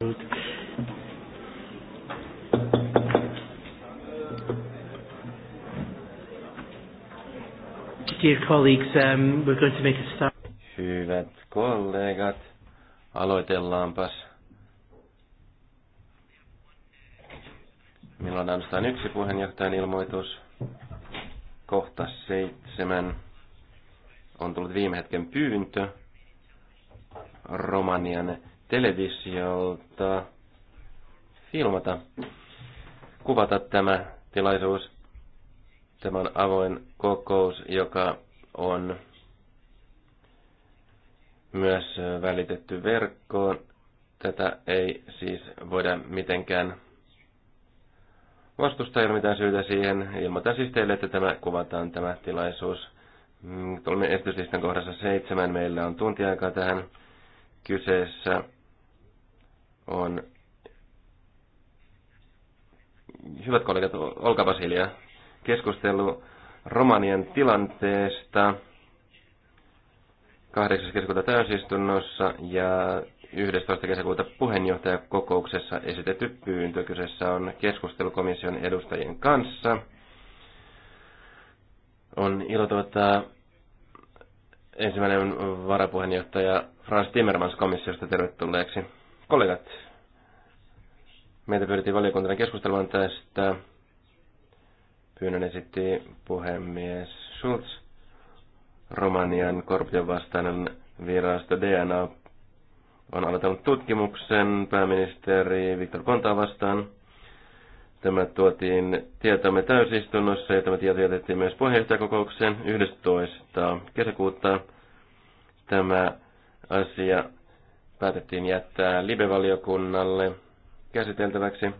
Dear colleagues, um, we're going to make a start. Hyvät kollegat, aloitellaanpas. Meillä on ainoastaan yksi puheenjohtajan ilmoitus. Kohta seitsemän on tullut viime hetken pyyntö Romanian televisiolta filmata, kuvata tämä tilaisuus. Tämä on avoin kokous, joka on myös välitetty verkkoon. Tätä ei siis voida mitenkään vastustaa, ei ole mitään syytä siihen. Ilmoitan siis teille, että tämä kuvataan tämä tilaisuus. Tulemme mm, esityslistan kohdassa seitsemän. Meillä on tuntiaikaa tähän kyseessä on... Hyvät kollegat, olkaa Vasilia. Keskustelu Romanian tilanteesta 8. kesäkuuta täysistunnossa ja 11. kesäkuuta puheenjohtajakokouksessa esitetty pyyntö. Kyseessä on keskustelukomission edustajien kanssa. On ilo tuottaa ensimmäinen varapuheenjohtaja Frans Timmermans komissiosta tervetulleeksi. Kollegat, meitä pyydettiin valiokuntana keskustelemaan tästä. Pyynnön esitti puhemies Schulz, Romanian korruption vastainen virasto DNA on aloittanut tutkimuksen pääministeri Viktor Kontaa vastaan. Tämä tuotiin tietämme täysistunnossa ja tämä tieto jätettiin myös puheenjohtajakokoukseen 11. kesäkuuta. Tämä asia päätettiin jättää live-valiokunnalle käsiteltäväksi.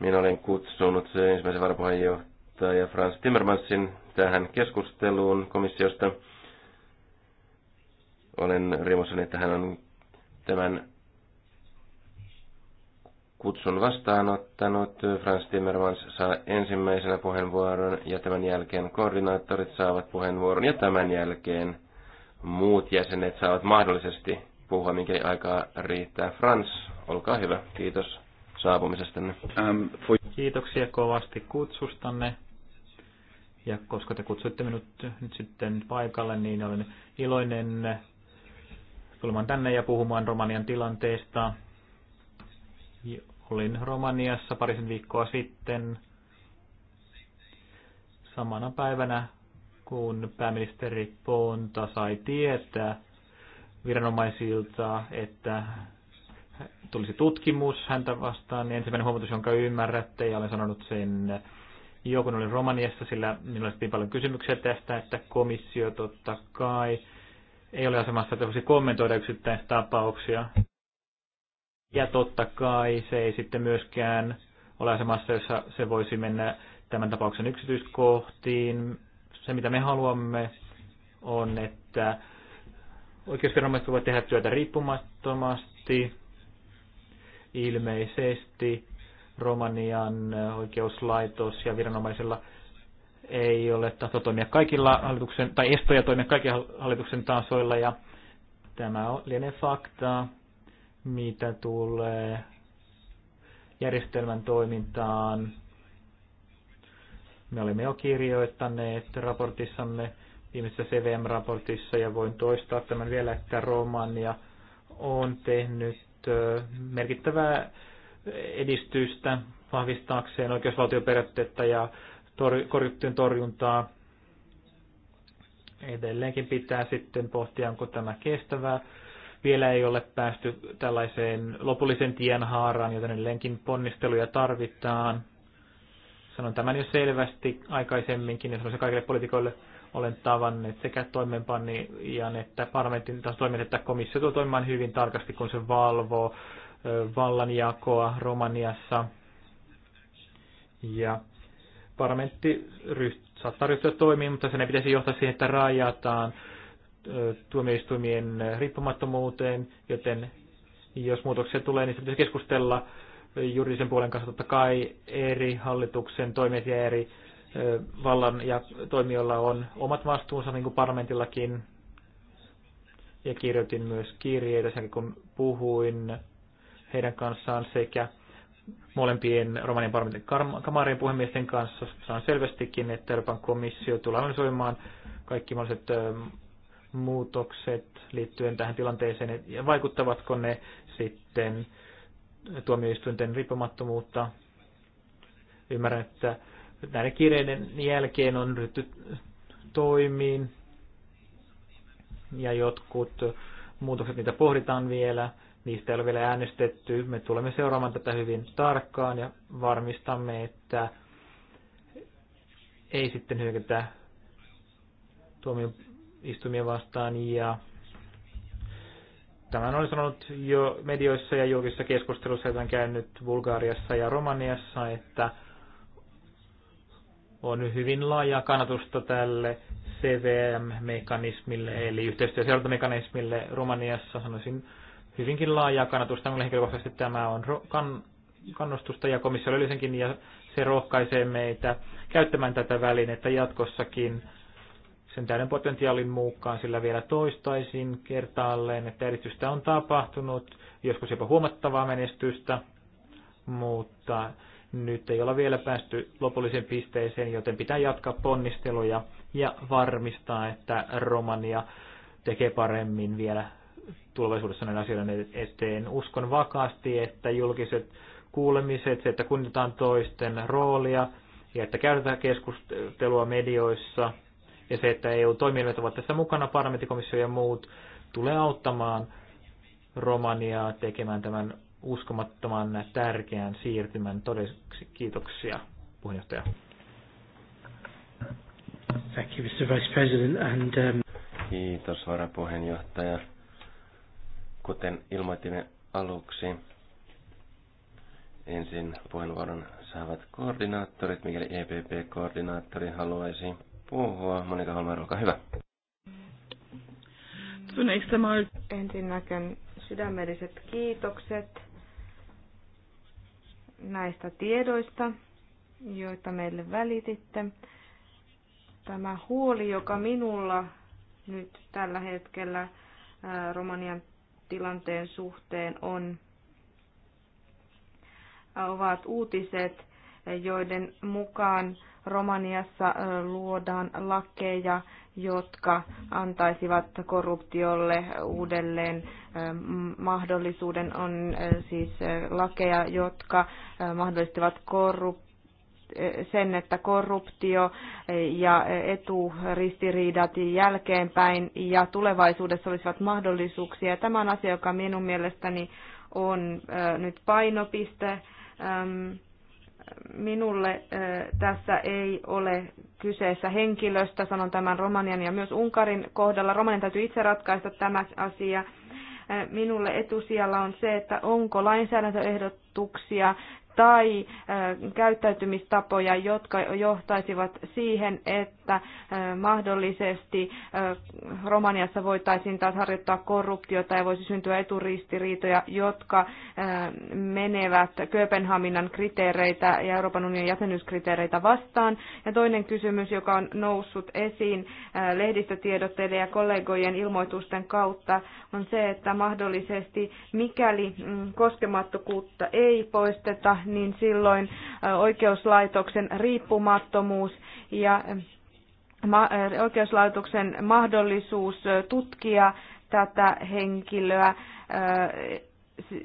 Minä olen kutsunut ensimmäisen varapuheenjohtaja Frans Timmermansin tähän keskusteluun komissiosta. Olen riemuissani, että hän on tämän kutsun vastaanottanut. Frans Timmermans saa ensimmäisenä puheenvuoron ja tämän jälkeen koordinaattorit saavat puheenvuoron ja tämän jälkeen muut jäsenet saavat mahdollisesti puhua, mikäli aikaa riittää. Frans, olkaa hyvä. Kiitos saapumisestanne. Um, for... Kiitoksia kovasti kutsustanne. Ja koska te kutsuitte minut nyt sitten paikalle, niin olen iloinen tulemaan tänne ja puhumaan Romanian tilanteesta. Olin Romaniassa parisen viikkoa sitten samana päivänä, kun pääministeri Ponta sai tietää, viranomaisilta, että tulisi tutkimus häntä vastaan, niin ensimmäinen huomautus, jonka ymmärrätte, ja olen sanonut sen jo, kun olin Romaniassa, sillä minulla oli paljon kysymyksiä tästä, että komissio totta kai ei ole asemassa, että voisi kommentoida tapauksia Ja totta kai se ei sitten myöskään ole asemassa, jossa se voisi mennä tämän tapauksen yksityiskohtiin. Se, mitä me haluamme, on, että oikeusviranomaiset voivat tehdä työtä riippumattomasti. Ilmeisesti Romanian oikeuslaitos ja viranomaisilla ei ole tahto toimia kaikilla hallituksen, tai estoja toimia kaikilla hallituksen tasoilla, ja tämä on lienee fakta, mitä tulee järjestelmän toimintaan. Me olemme jo kirjoittaneet raportissamme viimeisessä CVM-raportissa, ja voin toistaa tämän vielä, että Romania on tehnyt merkittävää edistystä vahvistaakseen oikeusvaltioperiaatteetta ja korruption torjuntaa. Edelleenkin pitää sitten pohtia, onko tämä kestävää. Vielä ei ole päästy tällaiseen lopullisen tien haaraan, joten edelleenkin ponnisteluja tarvitaan. Sanon tämän jo selvästi aikaisemminkin, ja sanoisin kaikille poliitikoille, olen tavannut sekä toimeenpanijan että parlamentin taas toimin, että komissio tulee toimimaan hyvin tarkasti, kun se valvoo vallanjakoa Romaniassa. Ja parlamentti ryht, saattaa ryhtyä toimiin, mutta sen ei pitäisi johtaa siihen, että rajataan tuomioistuimien riippumattomuuteen, joten jos muutoksia tulee, niin se pitäisi keskustella juridisen puolen kanssa totta kai eri hallituksen toimijat ja eri vallan ja toimijoilla on omat vastuunsa, niin kuin parlamentillakin. Ja kirjoitin myös kirjeitä, sen kun puhuin heidän kanssaan sekä molempien Romanian parlamentin kamarien puhemiesten kanssa. Saan selvästikin, että Euroopan komissio tulee analysoimaan kaikki mahdolliset muutokset liittyen tähän tilanteeseen ja vaikuttavatko ne sitten tuomioistuinten riippumattomuutta. Ymmärrän, että näiden kiireiden jälkeen on ryhty toimiin ja jotkut muutokset, niitä pohditaan vielä, niistä ei ole vielä äänestetty. Me tulemme seuraamaan tätä hyvin tarkkaan ja varmistamme, että ei sitten hyökätä tuomioistumia vastaan ja Tämän olen sanonut jo medioissa ja julkisissa keskustelussa, joita on käynyt Bulgariassa ja Romaniassa, että on hyvin laajaa kannatusta tälle CVM-mekanismille, eli yhteistyö- ja seurantamekanismille Romaniassa, sanoisin hyvinkin laajaa kannatusta. Minulle henkilökohtaisesti tämä on kan- kannustusta ja komissio löysenkin, ja se rohkaisee meitä käyttämään tätä välinettä jatkossakin sen täyden potentiaalin mukaan, sillä vielä toistaisin kertaalleen, että edistystä on tapahtunut, joskus jopa huomattavaa menestystä, mutta nyt ei olla vielä päästy lopulliseen pisteeseen, joten pitää jatkaa ponnisteluja ja varmistaa, että Romania tekee paremmin vielä tulevaisuudessa näiden asioiden eteen. Uskon vakaasti, että julkiset kuulemiset, se, että kunnitetaan toisten roolia ja että käytetään keskustelua medioissa ja se, että EU-toimielimet ovat tässä mukana, parlamenttikomissio ja muut, tulee auttamaan Romaniaa tekemään tämän uskomattoman tärkeän siirtymän todeksi. Kiitoksia, puheenjohtaja. Thank you, Mr. Vice President. And, um... Kiitos, varapuheenjohtaja. Kuten ilmoitimme aluksi, ensin puheenvuoron saavat koordinaattorit, mikäli EPP-koordinaattori haluaisi puhua. Monika Holmer, olkaa hyvä. Ensinnäkin sydämelliset kiitokset näistä tiedoista, joita meille välititte. Tämä huoli, joka minulla nyt tällä hetkellä Romanian tilanteen suhteen on, ovat uutiset joiden mukaan Romaniassa luodaan lakeja, jotka antaisivat korruptiolle uudelleen mahdollisuuden. On siis lakeja, jotka mahdollistavat korruptiolle sen, että korruptio ja eturistiriidat jälkeenpäin ja tulevaisuudessa olisivat mahdollisuuksia. Tämä on asia, joka minun mielestäni on nyt painopiste. Minulle tässä ei ole kyseessä henkilöstä, sanon tämän Romanian ja myös Unkarin kohdalla. Romanian täytyy itse ratkaista tämä asia. Minulle etusijalla on se, että onko lainsäädäntöehdotuksia tai käyttäytymistapoja, jotka johtaisivat siihen, että mahdollisesti Romaniassa voitaisiin taas harjoittaa korruptiota ja voisi syntyä eturistiriitoja, jotka menevät Kööpenhaminan kriteereitä ja Euroopan unionin jäsenyyskriteereitä vastaan. Ja toinen kysymys, joka on noussut esiin lehdistötiedotteiden ja kollegojen ilmoitusten kautta, on se, että mahdollisesti mikäli mm, koskemattokuutta ei poisteta, niin silloin oikeuslaitoksen riippumattomuus ja oikeuslaitoksen mahdollisuus tutkia tätä henkilöä,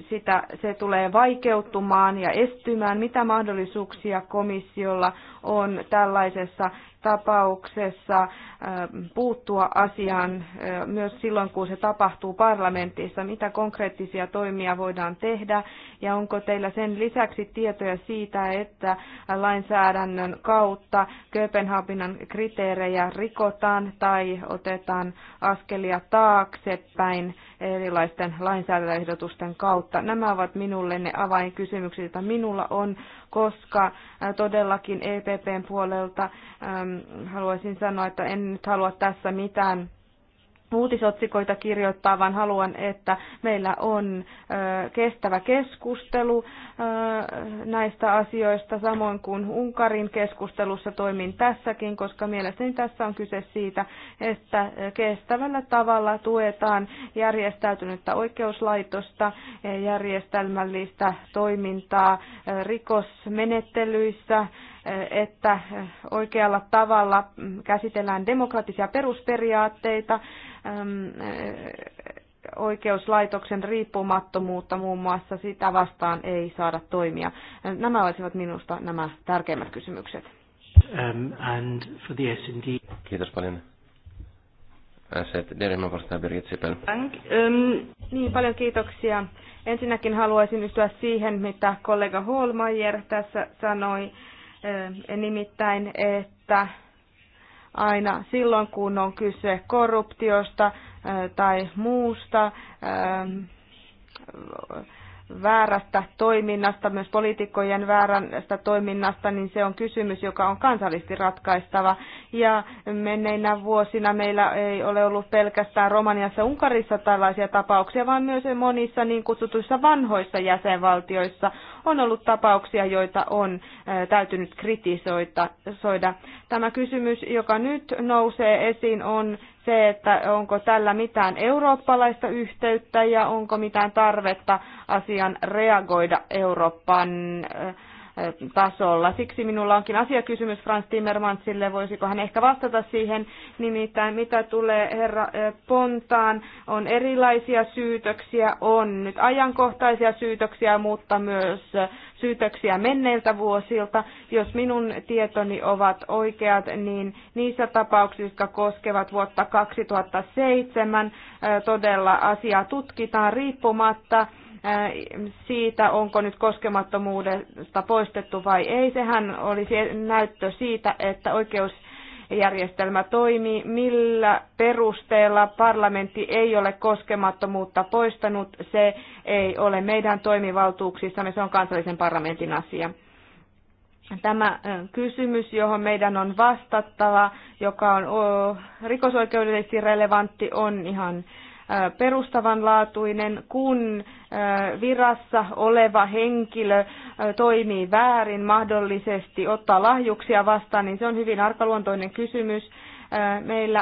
sitä, se tulee vaikeutumaan ja estymään. Mitä mahdollisuuksia komissiolla on tällaisessa tapauksessa äh, puuttua asiaan äh, myös silloin, kun se tapahtuu parlamentissa? Mitä konkreettisia toimia voidaan tehdä ja onko teillä sen lisäksi tietoja siitä, että lainsäädännön kautta Kööpenhaminan kriteerejä rikotaan tai otetaan askelia taaksepäin erilaisten lainsäädäntöehdotusten kautta. Nämä ovat minulle ne avainkysymykset, joita minulla on, koska todellakin EPPn puolelta haluaisin sanoa, että en nyt halua tässä mitään uutisotsikoita kirjoittaa, vaan haluan, että meillä on kestävä keskustelu näistä asioista, samoin kuin Unkarin keskustelussa toimin tässäkin, koska mielestäni tässä on kyse siitä, että kestävällä tavalla tuetaan järjestäytynyttä oikeuslaitosta, järjestelmällistä toimintaa rikosmenettelyissä, että oikealla tavalla käsitellään demokraattisia perusperiaatteita, oikeuslaitoksen riippumattomuutta muun muassa, sitä vastaan ei saada toimia. Nämä olisivat minusta nämä tärkeimmät kysymykset. Um, and for the S&D. Kiitos paljon. ryhmän Birgit Sipel. Niin, paljon kiitoksia. Ensinnäkin haluaisin yhtyä siihen, mitä kollega Holmeier tässä sanoi nimittäin, että aina silloin, kun on kyse korruptiosta tai muusta, väärästä toiminnasta, myös poliitikkojen väärästä toiminnasta, niin se on kysymys, joka on kansallisesti ratkaistava. Ja menneinä vuosina meillä ei ole ollut pelkästään Romaniassa ja Unkarissa tällaisia tapauksia, vaan myös monissa niin kutsutuissa vanhoissa jäsenvaltioissa on ollut tapauksia, joita on eh, täytynyt kritisoida. Tämä kysymys, joka nyt nousee esiin, on se, että onko tällä mitään eurooppalaista yhteyttä ja onko mitään tarvetta asian reagoida Euroopan tasolla. Siksi minulla onkin asiakysymys Frans Timmermansille, voisiko hän ehkä vastata siihen, nimittäin mitä tulee herra Pontaan, on erilaisia syytöksiä, on nyt ajankohtaisia syytöksiä, mutta myös syytöksiä menneiltä vuosilta. Jos minun tietoni ovat oikeat, niin niissä tapauksissa, jotka koskevat vuotta 2007, todella asiaa tutkitaan riippumatta Äh, siitä, onko nyt koskemattomuudesta poistettu vai ei. Sehän oli näyttö siitä, että oikeus järjestelmä toimii, millä perusteella parlamentti ei ole koskemattomuutta poistanut, se ei ole meidän toimivaltuuksissamme, se on kansallisen parlamentin asia. Tämä äh, kysymys, johon meidän on vastattava, joka on oh, rikosoikeudellisesti relevantti, on ihan perustavanlaatuinen, kun virassa oleva henkilö toimii väärin, mahdollisesti ottaa lahjuksia vastaan, niin se on hyvin arkaluontoinen kysymys. Meillä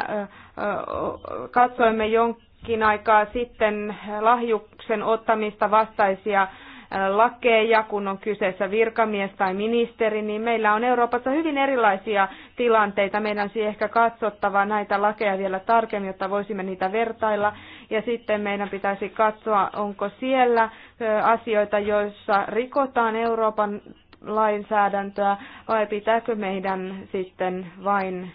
katsoimme jonkin aikaa sitten lahjuksen ottamista vastaisia lakeja, kun on kyseessä virkamies tai ministeri, niin meillä on Euroopassa hyvin erilaisia tilanteita. Meidän on ehkä katsottava näitä lakeja vielä tarkemmin, jotta voisimme niitä vertailla. Ja sitten meidän pitäisi katsoa, onko siellä asioita, joissa rikotaan Euroopan lainsäädäntöä vai pitääkö meidän sitten vain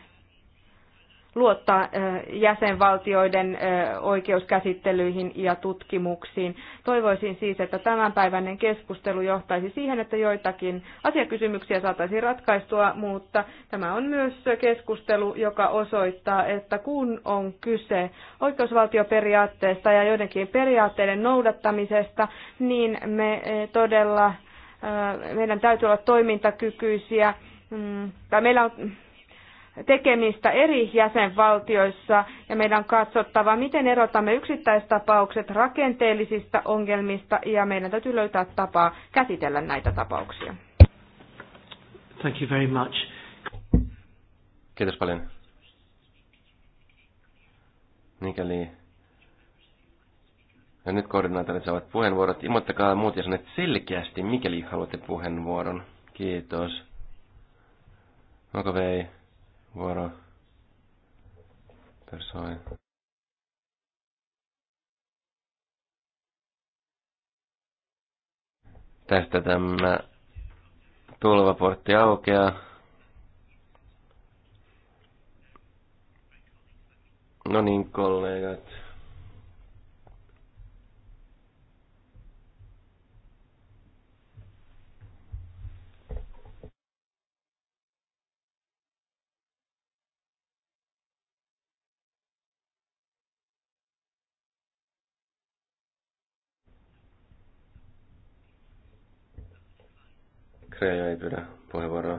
luottaa jäsenvaltioiden oikeuskäsittelyihin ja tutkimuksiin. Toivoisin siis, että tämänpäiväinen keskustelu johtaisi siihen, että joitakin asiakysymyksiä saataisiin ratkaistua, mutta tämä on myös keskustelu, joka osoittaa, että kun on kyse oikeusvaltioperiaatteesta ja joidenkin periaatteiden noudattamisesta, niin me e, todella, meidän täytyy olla toimintakykyisiä, mm, tai meillä on tekemistä eri jäsenvaltioissa ja meidän on katsottava, miten erotamme yksittäistapaukset rakenteellisista ongelmista ja meidän täytyy löytää tapaa käsitellä näitä tapauksia. Thank you very much. Kiitos paljon. Mikäli... Ja nyt koordinaatorit saavat puheenvuorot. Ilmoittakaa muut jäsenet selkeästi, mikäli haluatte puheenvuoron. Kiitos. Makavei. Okay. Vara, per soi. Tästä tämä tulvaportti aukeaa. No niin, kollegat. Kreja ei pyydä puheenvuoroa.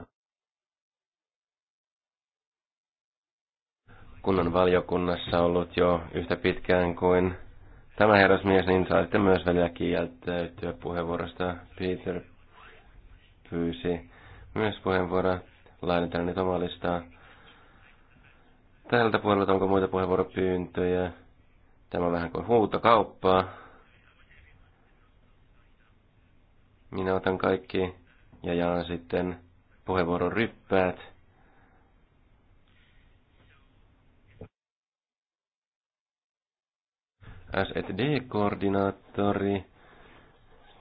Kunnan valiokunnassa ollut jo yhtä pitkään kuin tämä herrasmies, niin saitte myös välillä kieltäytyä puheenvuorosta. Peter pyysi myös puheenvuoroa. Laitetaan nyt omaa listaa. Tältä puolelta onko muita puheenvuoropyyntöjä? Tämä on vähän kuin huutokauppaa. Minä otan kaikki ja jaan sitten puheenvuoron ryppäät. SED-koordinaattori,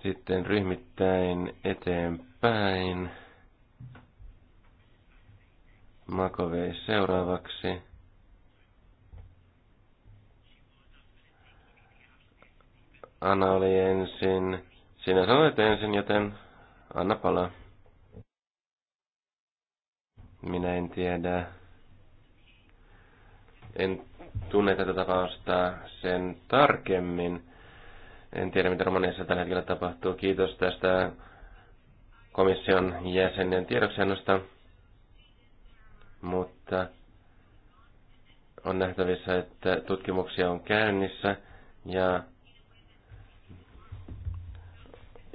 sitten ryhmittäin eteenpäin. Makovei seuraavaksi. Anna oli ensin. Sinä sanoit ensin, joten Anna palaa. Minä en tiedä. En tunne tätä tapausta sen tarkemmin. En tiedä, mitä Romaniassa tällä hetkellä tapahtuu. Kiitos tästä komission jäsenen tiedoksiannosta. Mutta on nähtävissä, että tutkimuksia on käynnissä ja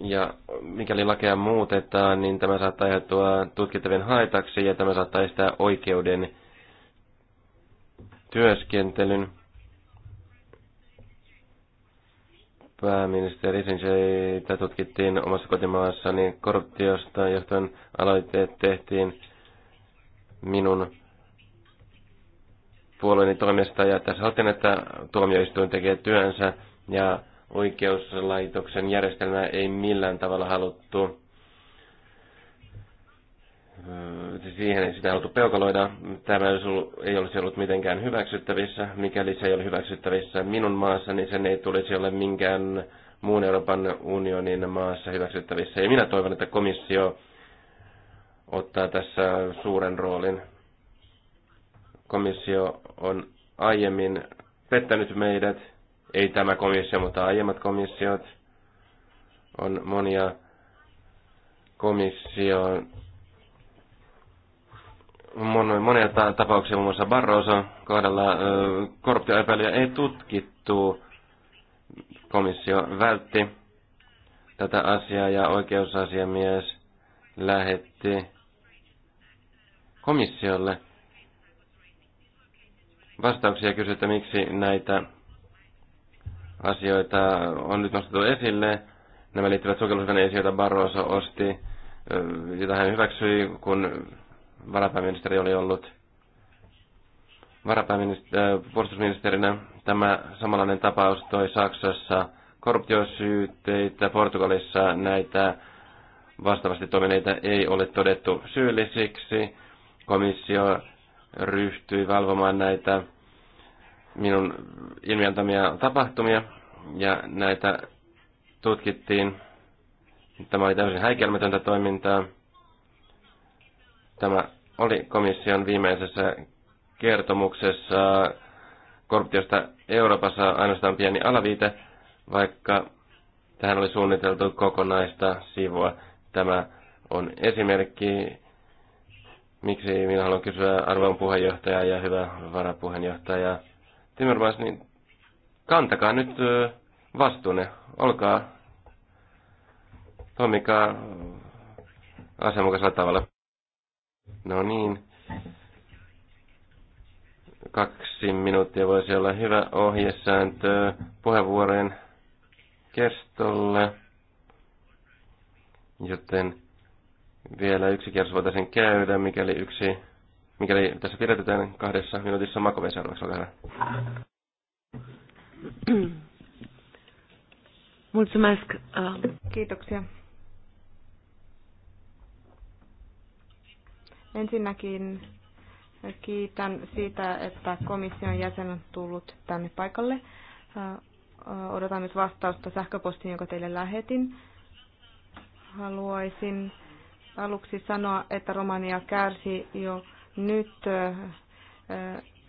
ja mikäli lakea muutetaan, niin tämä saattaa aiheutua tutkittavien haitaksi ja tämä saattaa estää oikeuden työskentelyn. Pääministeri Sinseitä tutkittiin omassa kotimaassani niin korruptiosta, johtuen aloitteet tehtiin minun puolueeni toimesta ja tässä haluttiin, että tuomioistuin tekee työnsä ja oikeuslaitoksen järjestelmää ei millään tavalla haluttu öö, siihen ei sitä haluttu peukaloida. Tämä ei olisi ollut mitenkään hyväksyttävissä. Mikäli se ei ole hyväksyttävissä minun maassa, niin sen ei tulisi olla minkään muun Euroopan unionin maassa hyväksyttävissä. Ja minä toivon, että komissio ottaa tässä suuren roolin. Komissio on aiemmin pettänyt meidät ei tämä komissio, mutta aiemmat komissiot, on monia komission monia tapauksia, muun muassa Barroso kohdalla korruptioepäilyjä ei tutkittu. Komissio vältti tätä asiaa ja oikeusasiamies lähetti komissiolle vastauksia kysyttä, miksi näitä asioita on nyt nostettu esille. Nämä liittyvät sukellusveneisiin, joita Barroso osti, jota hän hyväksyi, kun varapääministeri oli ollut puolustusministerinä. Tämä samanlainen tapaus toi Saksassa korruptiosyytteitä, Portugalissa näitä vastaavasti toimineita ei ole todettu syyllisiksi. Komissio ryhtyi valvomaan näitä minun ilmiantamia tapahtumia ja näitä tutkittiin. Tämä oli täysin häikelmätöntä toimintaa. Tämä oli komission viimeisessä kertomuksessa korruptiosta Euroopassa ainoastaan pieni alaviite, vaikka tähän oli suunniteltu kokonaista sivua. Tämä on esimerkki, miksi minä haluan kysyä arvon puheenjohtajaa ja hyvä varapuheenjohtaja Timmermans, niin kantakaa nyt vastuunne. Olkaa, toimikaa asianmukaisella tavalla. No niin. Kaksi minuuttia voisi olla hyvä ohjesääntö puheenvuorojen kestolle. Joten vielä yksi kierros voitaisiin käydä, mikäli yksi Mikäli tässä pidetään kahdessa minuutissa makoveen seuraavaksi, olkaa hyvä. Mulțumesc. Uh, kiitoksia. Ensinnäkin kiitän siitä, että komission jäsen on tullut tänne paikalle. Uh, odotan nyt vastausta sähköpostiin, jonka teille lähetin. Haluaisin aluksi sanoa, että Romania kärsi jo nyt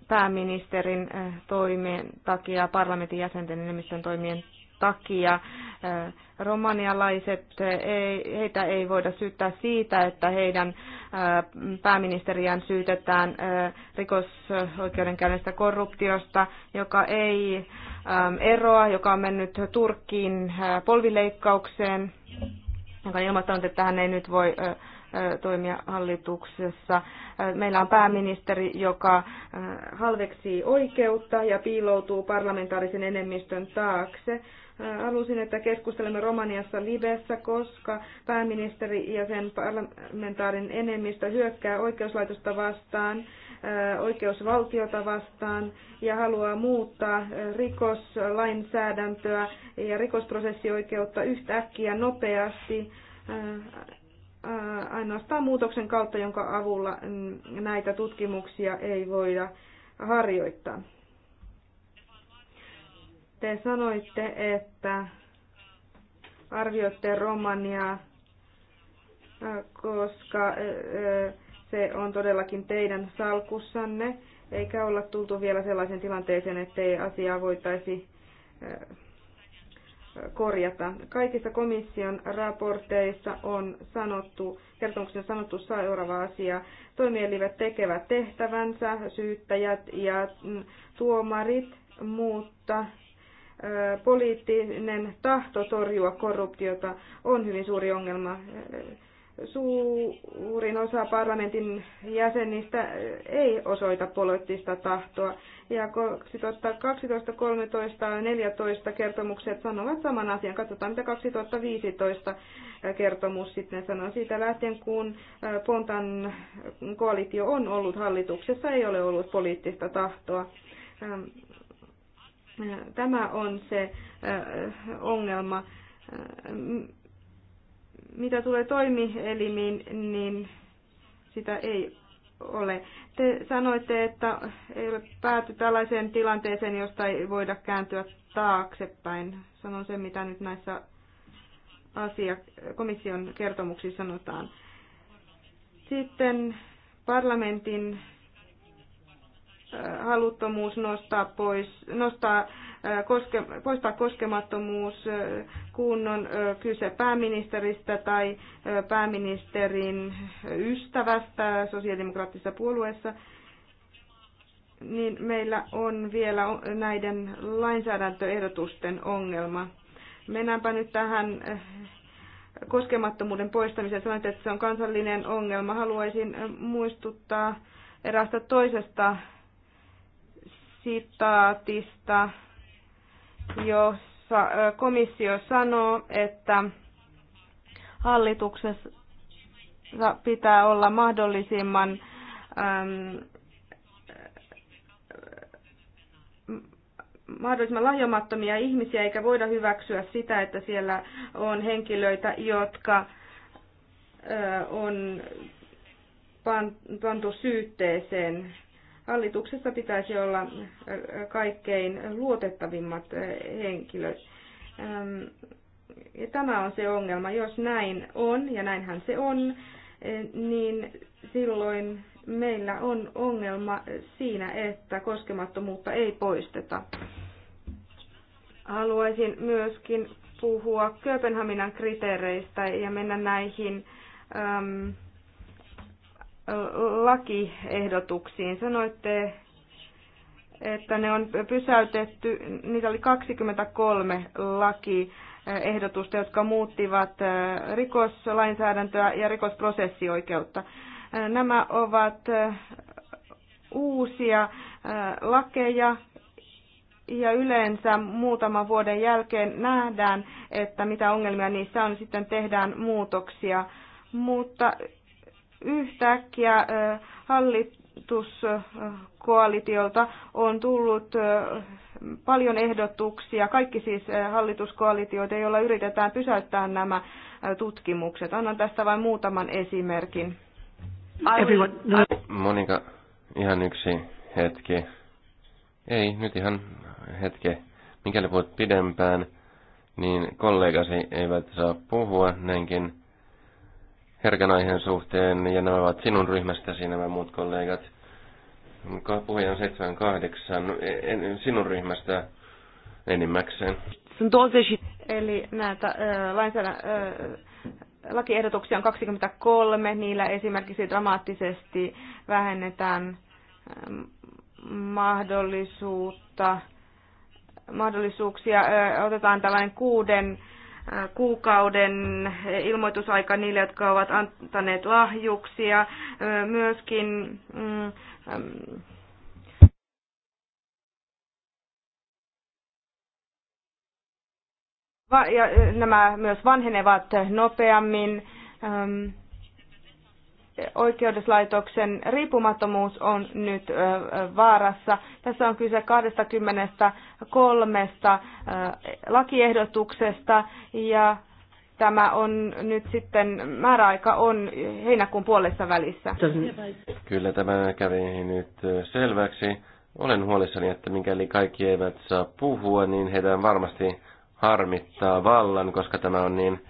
pääministerin toimien takia, parlamentin jäsenten enemmistön toimien takia romanialaiset, heitä ei voida syyttää siitä, että heidän pääministeriään syytetään rikosoikeudenkäynnistä korruptiosta, joka ei eroa, joka on mennyt Turkkiin polvileikkaukseen, joka on ilmoittanut, että hän ei nyt voi toimia hallituksessa. Meillä on pääministeri, joka halveksii oikeutta ja piiloutuu parlamentaarisen enemmistön taakse. Halusin, että keskustelemme Romaniassa livessä, koska pääministeri ja sen parlamentaarin enemmistö hyökkää oikeuslaitosta vastaan, oikeusvaltiota vastaan ja haluaa muuttaa rikoslainsäädäntöä ja rikosprosessioikeutta yhtäkkiä nopeasti ainoastaan muutoksen kautta, jonka avulla mm, näitä tutkimuksia ei voida harjoittaa. Te sanoitte, että arvioitte Romaniaa, koska se on todellakin teidän salkussanne, eikä olla tultu vielä sellaisen tilanteeseen, ettei asiaa voitaisi korjata. Kaikissa komission raporteissa on sanottu, kertomuksessa on sanottu seuraava asia. Toimielivät tekevät tehtävänsä, syyttäjät ja mm, tuomarit, mutta poliittinen tahto torjua korruptiota on hyvin suuri ongelma suurin osa parlamentin jäsenistä ei osoita poliittista tahtoa. Ja 2012, 13 ja 14 kertomukset sanovat saman asian. Katsotaan, mitä 2015 kertomus sitten sanoo. Siitä lähtien, kun Pontan koalitio on ollut hallituksessa, ei ole ollut poliittista tahtoa. Ähm, tämä on se ongelma ähm, mitä tulee toimielimiin, niin sitä ei ole. Te sanoitte, että ei ole pääty tällaiseen tilanteeseen, josta ei voida kääntyä taaksepäin. Sanon sen, mitä nyt näissä asia, komission kertomuksissa sanotaan. Sitten parlamentin äh, haluttomuus nostaa pois, nostaa koske, poistaa koskemattomuus, kun on kyse pääministeristä tai pääministerin ystävästä sosiaalidemokraattisessa puolueessa, niin meillä on vielä näiden lainsäädäntöehdotusten ongelma. Mennäänpä nyt tähän koskemattomuuden poistamiseen. Sanoit, että se on kansallinen ongelma. Haluaisin muistuttaa eräästä toisesta sitaatista jossa komissio sanoo, että hallituksessa pitää olla mahdollisimman ähm, mahdollisimman lahjomattomia ihmisiä, eikä voida hyväksyä sitä, että siellä on henkilöitä, jotka on pantu syytteeseen Hallituksessa pitäisi olla äh, kaikkein luotettavimmat äh, henkilöt. Ähm, ja tämä on se ongelma. Jos näin on, ja näinhän se on, äh, niin silloin meillä on ongelma siinä, että koskemattomuutta ei poisteta. Haluaisin myöskin puhua Kööpenhaminan kriteereistä ja mennä näihin ähm, lakiehdotuksiin. Sanoitte, että ne on pysäytetty, niitä oli 23 lakiehdotusta, jotka muuttivat äh, rikoslainsäädäntöä ja rikosprosessioikeutta. Äh, nämä ovat äh, uusia lakeja, ja yleensä muutaman vuoden jälkeen nähdään, että mitä ongelmia niissä on, sitten tehdään muutoksia. Mutta yhtäkkiä hallituskoalitiolta on tullut paljon ehdotuksia, kaikki siis hallituskoalitioita, joilla yritetään pysäyttää nämä tutkimukset. Annan tästä vain muutaman esimerkin. No. Monika, ihan yksi hetki. Ei, nyt ihan hetki. Mikäli puhut pidempään, niin kollegasi eivät saa puhua näinkin herkän aiheen suhteen, ja ne ovat sinun ryhmästäsi nämä muut kollegat. Puhuja on 78, sinun ryhmästä enimmäkseen. Eli näitä äh, lainsäädä, lakiehdotuksia on 23, niillä esimerkiksi dramaattisesti vähennetään mahdollisuutta, mahdollisuuksia, otetaan tällainen kuuden kuukauden ilmoitusaika niille, jotka ovat antaneet lahjuksia. Myöskin mm, ja nämä myös vanhenevat nopeammin oikeuslaitoksen riippumattomuus on nyt vaarassa. Tässä on kyse 23 lakiehdotuksesta ja tämä on nyt sitten, määräaika on heinäkuun puolessa välissä. Kyllä tämä kävi nyt selväksi. Olen huolissani, että mikäli kaikki eivät saa puhua, niin heidän varmasti harmittaa vallan, koska tämä on niin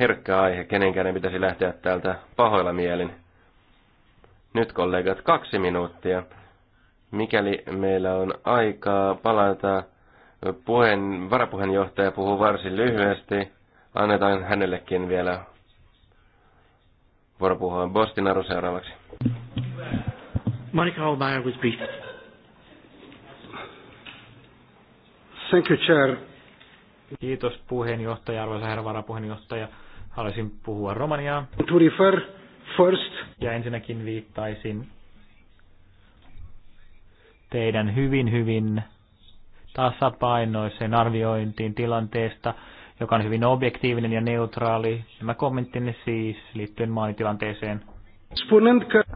herkkä aihe, kenenkään ei pitäisi lähteä täältä pahoilla mielin. Nyt kollegat, kaksi minuuttia. Mikäli meillä on aikaa palata, puheen, varapuheenjohtaja puhuu varsin lyhyesti. Annetaan hänellekin vielä vuoropuhua aru seuraavaksi. Monika Holmeyer was brief. Thank you, Chair. Kiitos puheenjohtaja, arvoisa herra varapuheenjohtaja. Haluaisin puhua Romaniaa. To refer first. Ja ensinnäkin viittaisin teidän hyvin, hyvin tasapainoiseen arviointiin tilanteesta, joka on hyvin objektiivinen ja neutraali. Nämä kommenttinne siis liittyen maanitilanteeseen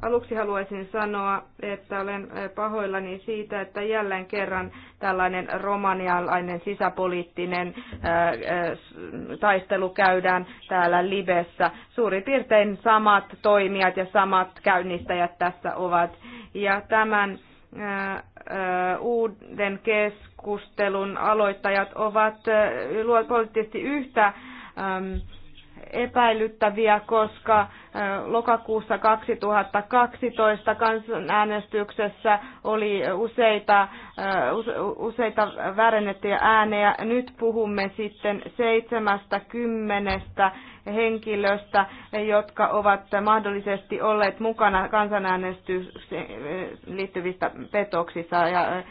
Aluksi haluaisin sanoa, että olen eh, pahoillani siitä, että jälleen kerran tällainen romanialainen sisäpoliittinen eh, eh, taistelu käydään täällä Libessä. Suurin piirtein samat toimijat ja samat käynnistäjät tässä ovat. Ja tämän uuden keskustelun aloittajat ovat poliittisesti yhtä ehm, epäilyttäviä, koska lokakuussa 2012 kansanäänestyksessä oli useita, useita väärennettyjä ääniä. Nyt puhumme sitten seitsemästä kymmenestä henkilöstä, jotka ovat mahdollisesti olleet mukana kansanäänestyksiin liittyvistä petoksissa ja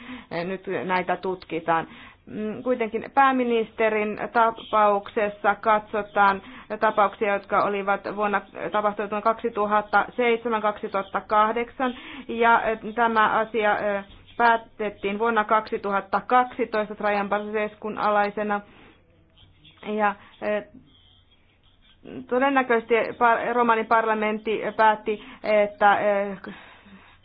nyt näitä tutkitaan. Mm, kuitenkin pääministerin tapauksessa katsotaan tapauksia, jotka olivat vuonna tapahtunut 2007-2008 ja tämä asia päätettiin vuonna 2012 Trajan Basescun alaisena. Ja todennäköisesti romanin parlamentti päätti, että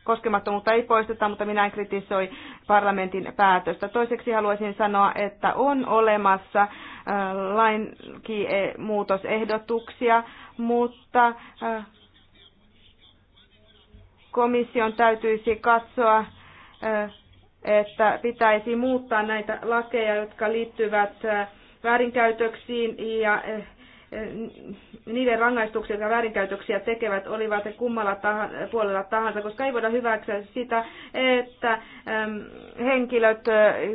koskemattomuutta ei poisteta, mutta minä en kritisoi parlamentin päätöstä. Toiseksi haluaisin sanoa, että on olemassa äh, muutosehdotuksia, mutta äh, komission täytyisi katsoa, äh, että pitäisi muuttaa näitä lakeja, jotka liittyvät väärinkäytöksiin ja niiden rangaistuksia, jotka väärinkäytöksiä tekevät, olivat kummalla tahansa, puolella tahansa, koska ei voida hyväksyä sitä, että henkilöt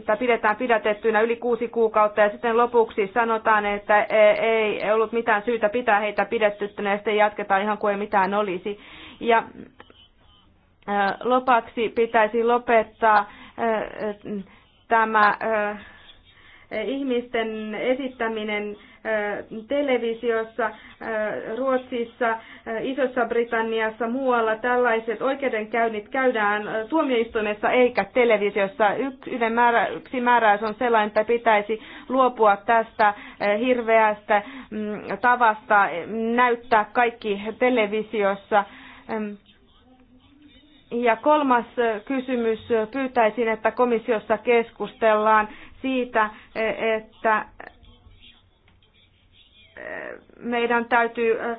tai pidetään pidätettynä yli kuusi kuukautta ja sitten lopuksi sanotaan, että ei ollut mitään syytä pitää heitä pidettyttynä ja sitten jatketaan ihan kuin ei mitään olisi. Ja lopaksi pitäisi lopettaa tämä ihmisten esittäminen televisiossa, Ruotsissa, Isossa Britanniassa, muualla tällaiset oikeudenkäynnit käydään tuomioistuimessa eikä televisiossa. Yksi, määrä, yksi määräys on sellainen, että pitäisi luopua tästä hirveästä mm, tavasta näyttää kaikki televisiossa. Ja kolmas kysymys, pyytäisin, että komissiossa keskustellaan siitä, e, että e, meidän täytyy e,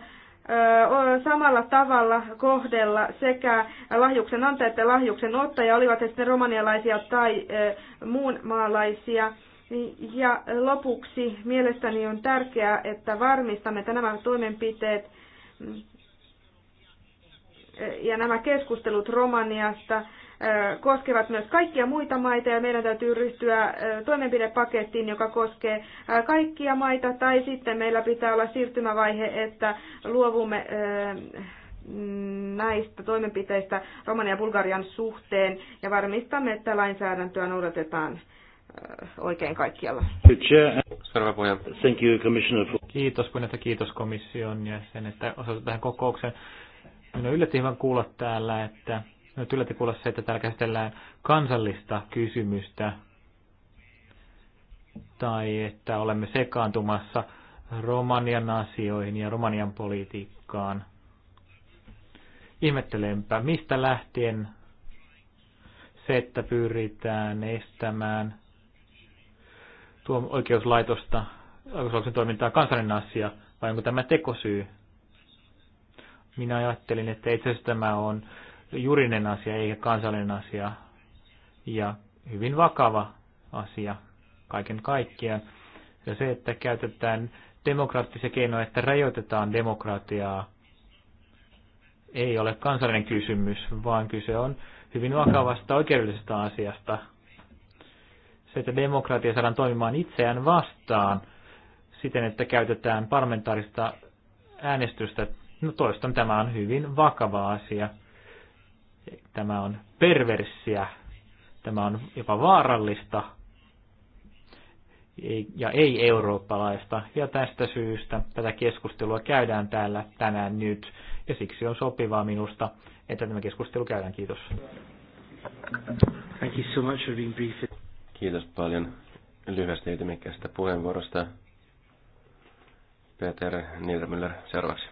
samalla tavalla kohdella sekä lahjuksen antaja että lahjuksen ottaja, olivat he sitten romanialaisia tai muun maalaisia. Ja lopuksi mielestäni on tärkeää, että varmistamme, että nämä toimenpiteet ja nämä keskustelut Romaniasta koskevat myös kaikkia muita maita ja meidän täytyy ryhtyä toimenpidepakettiin, joka koskee kaikkia maita, tai sitten meillä pitää olla siirtymävaihe, että luovumme näistä toimenpiteistä Romania ja Bulgarian suhteen ja varmistamme, että lainsäädäntöä noudatetaan oikein kaikkialla. Thank you, Commissioner. Kiitos kiitos komission ja sen, että osallistui tähän kokoukseen. Minua yllätti hyvän kuulla täällä, että nyt yllätti kuulla se, että täällä käsitellään kansallista kysymystä tai että olemme sekaantumassa Romanian asioihin ja Romanian politiikkaan. Ihmettelenpä, mistä lähtien se, että pyritään estämään tuo oikeuslaitosta, oikeuslaitoksen toimintaa kansallinen asia, vai onko tämä tekosyy? Minä ajattelin, että itse asiassa tämä on juridinen asia eikä kansallinen asia ja hyvin vakava asia kaiken kaikkiaan. Ja se, että käytetään demokraattisia keinoja, että rajoitetaan demokratiaa, ei ole kansallinen kysymys, vaan kyse on hyvin vakavasta oikeudellisesta asiasta. Se, että demokratia saadaan toimimaan itseään vastaan siten, että käytetään parlamentaarista äänestystä, no toistan, tämä on hyvin vakava asia. Tämä on perverssiä, tämä on jopa vaarallista ja ei-eurooppalaista. Ja tästä syystä tätä keskustelua käydään täällä tänään nyt. Ja siksi on sopivaa minusta, että tämä keskustelu käydään. Kiitos. Thank you so much for being brief. Kiitos paljon lyhyestä ytimekkäästä puheenvuorosta. Peter Niedermüller seuraavaksi.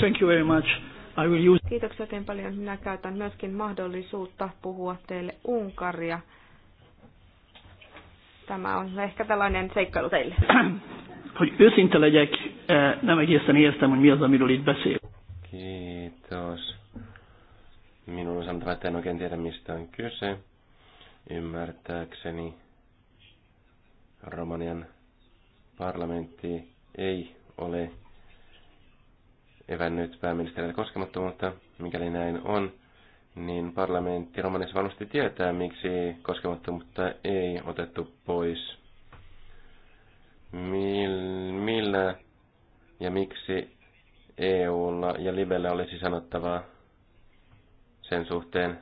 Thank you very much. I will use... Kiitoksia oikein paljon. Minä käytän myöskin mahdollisuutta puhua teille Unkaria. Tämä on ehkä tällainen seikkailu teille. Hogy őszinte legyek, eh, nem egészen értem, hogy mi az, amiről itt beszél. Kiitos. Minun on sanottava, että en oikein tiedä, mistä on kyse. Ymmärtääkseni Romanian parlamentti ei ole evännyt pääministeriä koskemattomuutta. Mikäli näin on, niin parlamentti Romanissa varmasti tietää, miksi koskemattomuutta ei otettu pois. Millä ja miksi EUlla ja Libellä olisi sanottavaa sen suhteen,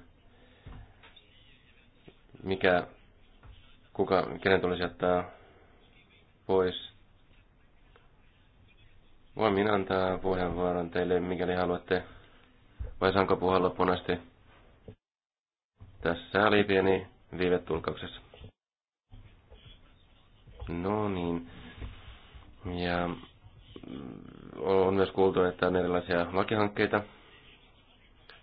mikä, kuka, kenen tulisi jättää pois Voin minä antaa puheenvuoron teille, mikäli haluatte. Vai saanko puhua loppuun asti? Tässä oli pieni viive tulkauksessa. No niin. Ja on myös kuultu, että on erilaisia lakihankkeita.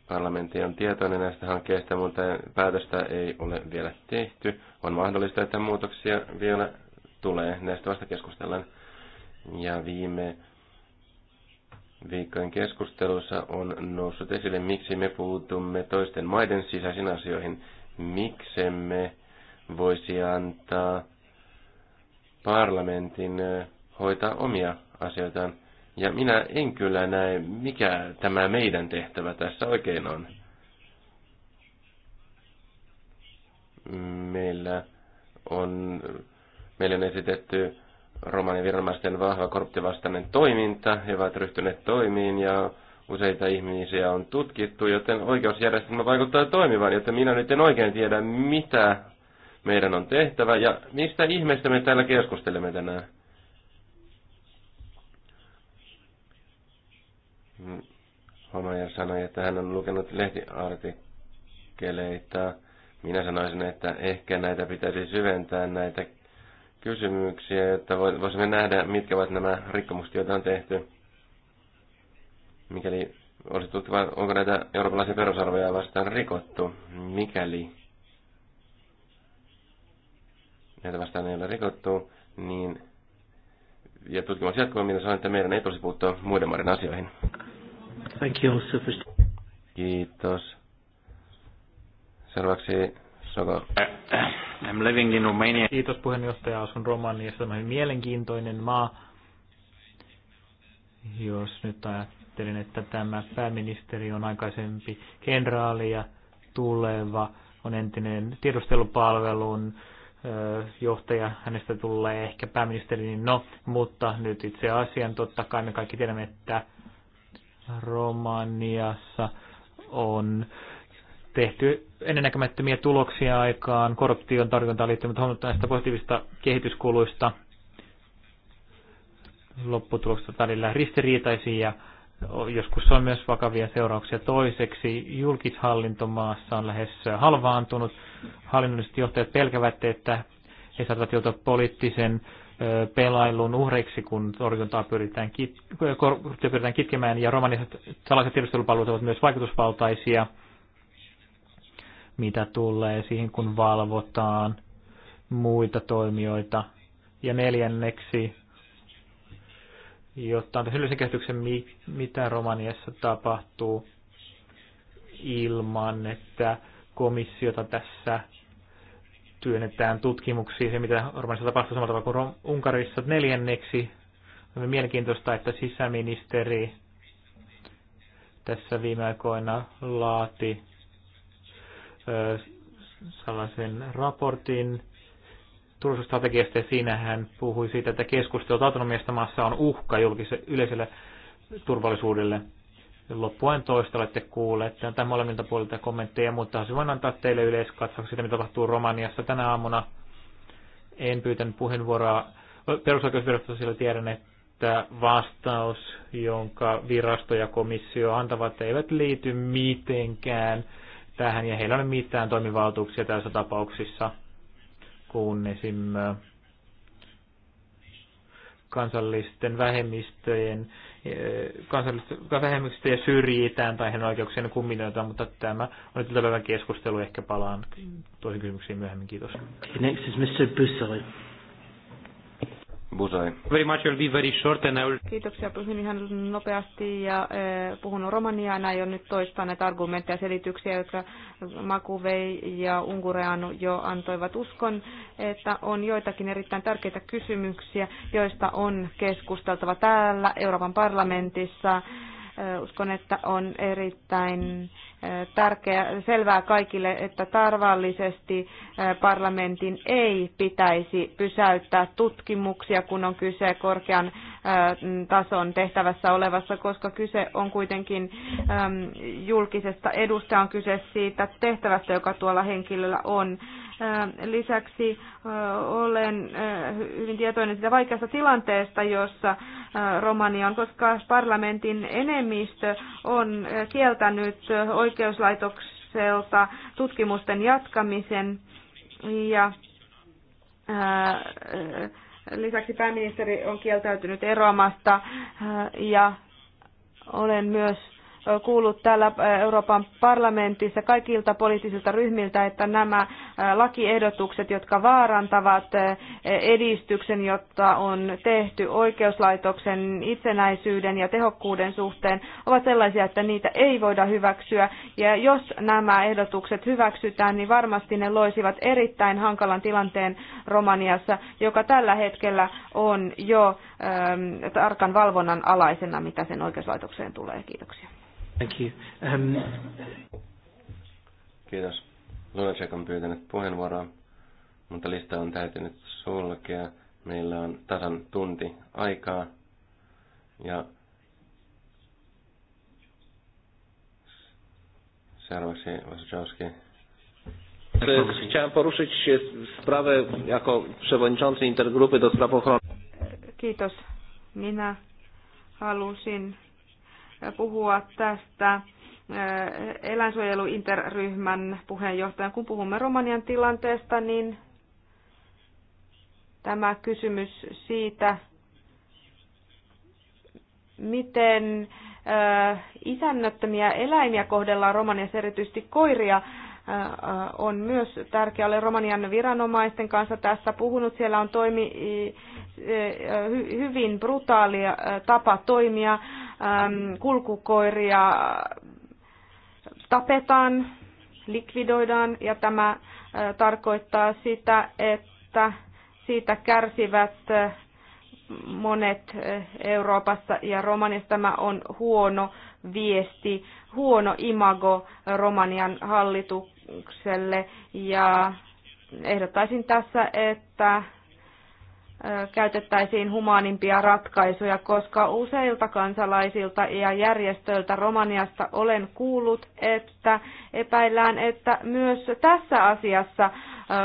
Parlamentti on tietoinen näistä hankkeista, mutta päätöstä ei ole vielä tehty. On mahdollista, että muutoksia vielä tulee. Näistä vasta keskustellaan. Ja viime Viikkojen keskustelussa on noussut esille, miksi me puutumme toisten maiden sisäisiin asioihin, miksemme voisi antaa parlamentin hoitaa omia asioitaan. Ja minä en kyllä näe, mikä tämä meidän tehtävä tässä oikein on. Meillä on, meillä on esitetty Romanin viranomaisten vahva korruptivastainen toiminta. He ovat ryhtyneet toimiin ja useita ihmisiä on tutkittu, joten oikeusjärjestelmä vaikuttaa toimivan, joten minä nyt en oikein tiedä, mitä meidän on tehtävä ja mistä ihmeestä me täällä keskustelemme tänään. Homaja sanoi, että hän on lukenut lehtiartikkeleita. Minä sanoisin, että ehkä näitä pitäisi syventää näitä kysymyksiä, että voisimme nähdä, mitkä ovat nämä rikkomukset, joita on tehty. Mikäli olisi tutkiva, onko näitä eurooppalaisia perusarvoja vastaan rikottu, mikäli näitä vastaan ei ole rikottu, niin ja tutkimus jatkuu, minä sanoin, että meidän ei tulisi puuttua muiden maiden asioihin. Thank you also for... Kiitos. Seuraavaksi I'm living in Romania. Kiitos puheenjohtaja, asun Romaniassa. Tämä on mielenkiintoinen maa. Jos nyt ajattelin, että tämä pääministeri on aikaisempi kenraali ja tuleva on entinen tiedustelupalvelun johtaja, hänestä tulee ehkä pääministeri, niin no, mutta nyt itse asian, totta kai me kaikki tiedämme, että Romaniassa on tehty ennennäkemättömiä tuloksia aikaan korruption tarjontaan liittyen, mutta näistä positiivista kehityskuluista lopputulokset välillä ristiriitaisia joskus on myös vakavia seurauksia. Toiseksi julkishallinto maassa on lähes halvaantunut. Hallinnolliset johtajat pelkävät, että he saattavat joutua poliittisen pelailun uhreiksi, kun torjuntaa pyritään, kit- pyritään kitkemään. Ja romaniset salaiset tiedustelupalvelut ovat myös vaikutusvaltaisia mitä tulee siihen, kun valvotaan muita toimijoita. Ja neljänneksi, jotta on yleisen käsityksen, mitä Romaniassa tapahtuu ilman, että komissiota tässä työnnetään tutkimuksiin, se mitä Romaniassa tapahtuu samalla tavalla kuin Unkarissa. Neljänneksi on mielenkiintoista, että sisäministeri tässä viime aikoina laati sellaisen raportin turvallisuusstrategiasta ja siinä hän puhui siitä, että keskustelut autonomiasta maassa on uhka julkiselle yleiselle turvallisuudelle. Loppuen toista olette kuulleet tämän molemmilta puolilta kommentteja, mutta voin antaa teille yleiskatsauksen siitä, mitä tapahtuu Romaniassa tänä aamuna. En pyytänyt puheenvuoroa perusoikeusvirastossa, sillä tiedän, että vastaus, jonka virasto ja komissio antavat, eivät liity mitenkään tähän, ja heillä ei ole mitään toimivaltuuksia tässä tapauksissa, kun esim. kansallisten vähemmistöjen kansallisten vähemmistöjen syrjitään tai heidän oikeuksien kumminoitaan, mutta tämä on nyt tämän keskustelu. Ehkä palaan toisiin kysymyksiin myöhemmin. Kiitos. Okay, next is Mr. Bussoy. Busai. Very much, will be very short and I will... Kiitoksia, pysyn ihan nopeasti ja eh, puhun romaniaa, Näin on nyt toistaa näitä argumentteja ja selityksiä, jotka Makuvei ja Ungureanu jo antoivat uskon, että on joitakin erittäin tärkeitä kysymyksiä, joista on keskusteltava täällä Euroopan parlamentissa. Eh, uskon, että on erittäin tärkeä, selvää kaikille, että tarvallisesti parlamentin ei pitäisi pysäyttää tutkimuksia, kun on kyse korkean tason tehtävässä olevassa, koska kyse on kuitenkin julkisesta edusta, on kyse siitä tehtävästä, joka tuolla henkilöllä on. Lisäksi olen hyvin tietoinen sitä vaikeasta tilanteesta, jossa Romania on, koska parlamentin enemmistö on kieltänyt oikeastaan oikeuslaitokselta tutkimusten jatkamisen ja lisäksi pääministeri on kieltäytynyt eroamasta ja olen myös kuullut täällä Euroopan parlamentissa kaikilta poliittisilta ryhmiltä, että nämä lakiehdotukset, jotka vaarantavat edistyksen, jotta on tehty oikeuslaitoksen itsenäisyyden ja tehokkuuden suhteen, ovat sellaisia, että niitä ei voida hyväksyä. Ja jos nämä ehdotukset hyväksytään, niin varmasti ne loisivat erittäin hankalan tilanteen Romaniassa, joka tällä hetkellä on jo ähm, tarkan valvonnan alaisena, mitä sen oikeuslaitokseen tulee. Kiitoksia. Thank you. Um... Kiitos. Lunacek on pyytänyt puheenvuoroa, mutta lista on täytynyt sulkea. Meillä on tasan tunti aikaa ja seuraavaksi Wasiczowski. Chciałem poruszyć sprawę jako przewodniczący intergrupy do spraw ochrony. Kiitos. Minä halusin puhua tästä eh, eläinsuojeluinterryhmän puheenjohtajan. Kun puhumme Romanian tilanteesta, niin tämä kysymys siitä, miten eh, isännöttömiä eläimiä kohdellaan Romaniassa, erityisesti koiria, eh, on myös tärkeää Olen Romanian viranomaisten kanssa tässä puhunut. Siellä on toimi, hyvin brutaali tapa toimia. Ähm, kulkukoiria tapetaan, likvidoidaan ja tämä äh, tarkoittaa sitä, että siitä kärsivät äh, monet äh, Euroopassa ja Romanissa tämä on huono viesti, huono imago Romanian hallitukselle ja ehdottaisin tässä, että käytettäisiin humaanimpia ratkaisuja, koska useilta kansalaisilta ja järjestöiltä Romaniasta olen kuullut, että epäillään, että myös tässä asiassa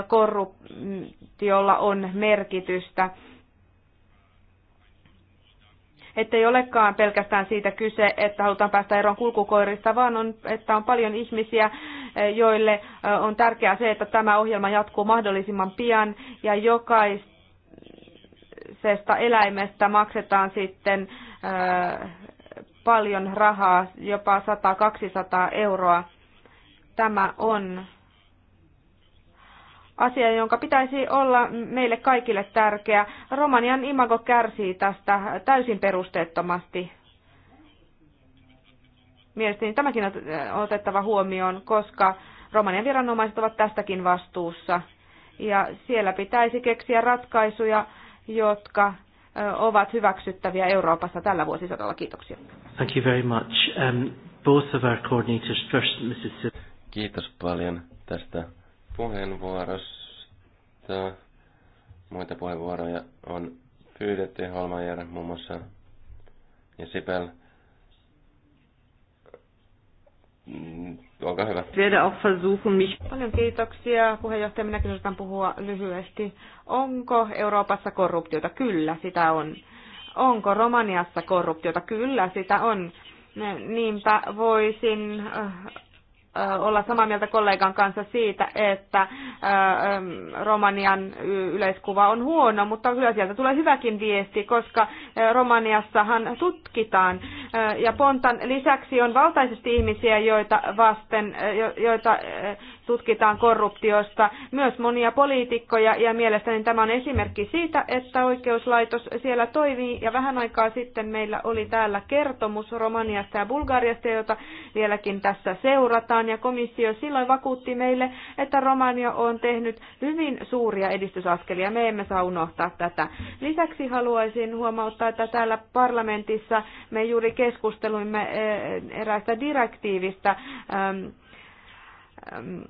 korruptiolla on merkitystä. Ettei olekaan pelkästään siitä kyse, että halutaan päästä eroon kulkukoirista, vaan on, että on paljon ihmisiä, joille on tärkeää se, että tämä ohjelma jatkuu mahdollisimman pian ja jokaista kyseisestä eläimestä maksetaan sitten paljon rahaa, jopa 100-200 euroa. Tämä on asia, jonka pitäisi olla meille kaikille tärkeä. Romanian imago kärsii tästä täysin perusteettomasti. Mielestäni tämäkin on otettava huomioon, koska Romanian viranomaiset ovat tästäkin vastuussa. Ja siellä pitäisi keksiä ratkaisuja jotka ovat hyväksyttäviä Euroopassa tällä vuosisadalla. Kiitoksia. Thank you very much. Um, both of our coordinators first, Mrs. Kiitos paljon tästä puheenvuorosta. Muita puheenvuoroja on pyydetty Holmajer muun muassa ja Sipel. Olkaa hyvä. Viedä auch versuchen mich. Paljon kiitoksia. Puheenjohtaja, minäkin yritän puhua lyhyesti. Onko Euroopassa korruptiota? Kyllä, sitä on. Onko Romaniassa korruptiota? Kyllä, sitä on. Niinpä voisin äh, olla samaa mieltä kollegan kanssa siitä, että Romanian yleiskuva on huono, mutta kyllä sieltä tulee hyväkin viesti, koska Romaniassahan tutkitaan. Ja Pontan lisäksi on valtaisesti ihmisiä, joita vasten, joita tutkitaan korruptiosta, myös monia poliitikkoja, ja mielestäni tämä on esimerkki siitä, että oikeuslaitos siellä toimii, ja vähän aikaa sitten meillä oli täällä kertomus Romaniasta ja Bulgariasta, jota vieläkin tässä seurataan, ja komissio silloin vakuutti meille, että Romania on tehnyt hyvin suuria edistysaskelia, me emme saa unohtaa tätä. Lisäksi haluaisin huomauttaa, että täällä parlamentissa me juuri keskusteluimme eh, eräästä direktiivistä, ehm, Ähm,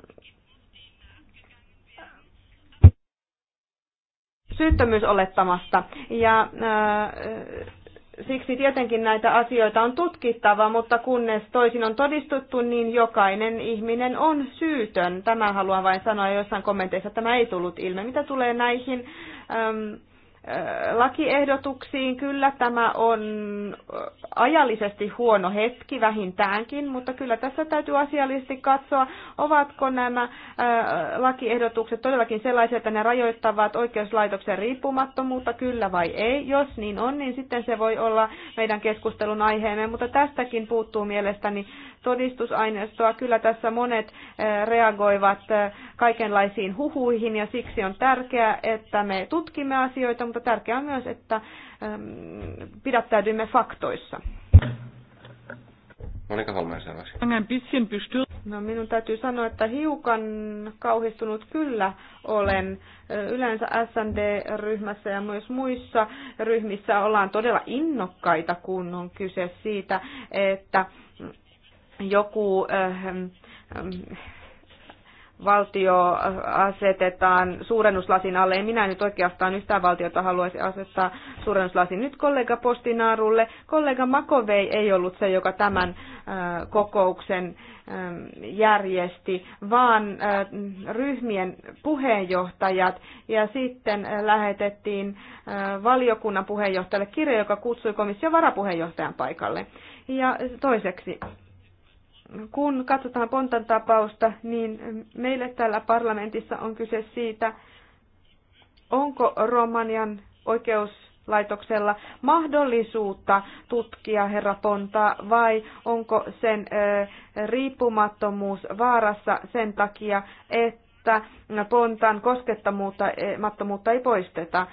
syyttömyysolettamasta. Ja äh, siksi tietenkin näitä asioita on tutkittava, mutta kunnes toisin on todistettu, niin jokainen ihminen on syytön. Tämä haluan vain sanoa, joissain kommenteissa tämä ei tullut ilme. Mitä tulee näihin ähm, lakiehdotuksiin. Kyllä tämä on ajallisesti huono hetki vähintäänkin, mutta kyllä tässä täytyy asiallisesti katsoa, ovatko nämä lakiehdotukset todellakin sellaisia, että ne rajoittavat oikeuslaitoksen riippumattomuutta, kyllä vai ei. Jos niin on, niin sitten se voi olla meidän keskustelun aiheemme, mutta tästäkin puuttuu mielestäni todistusaineistoa. Kyllä tässä monet reagoivat kaikenlaisiin huhuihin ja siksi on tärkeää, että me tutkimme asioita, mutta tärkeää on myös, että ähm, pidättäydymme faktoissa. Monika Holmeen seuraavaksi. No minun täytyy sanoa, että hiukan kauhistunut kyllä olen. Yleensä SND-ryhmässä ja myös muissa ryhmissä ollaan todella innokkaita, kun on kyse siitä, että joku äh, valtio asetetaan suurennuslasin alle. En minä nyt oikeastaan yhtään valtiota haluaisi asettaa suurennuslasin nyt kollega Postinaarulle. Kollega Makovei ei ollut se, joka tämän äh, kokouksen ähm, järjesti, vaan äh, ryhmien puheenjohtajat. Ja sitten äh, lähetettiin valiokunnan puheenjohtajalle kirja, joka kutsui komission varapuheenjohtajan paikalle. Ja toiseksi kun katsotaan Pontan tapausta, niin meille täällä parlamentissa on kyse siitä, onko Romanian oikeuslaitoksella mahdollisuutta tutkia herra Pontaa vai onko sen riippumattomuus vaarassa sen takia, että että pontan koskettamattomuutta ei poisteta.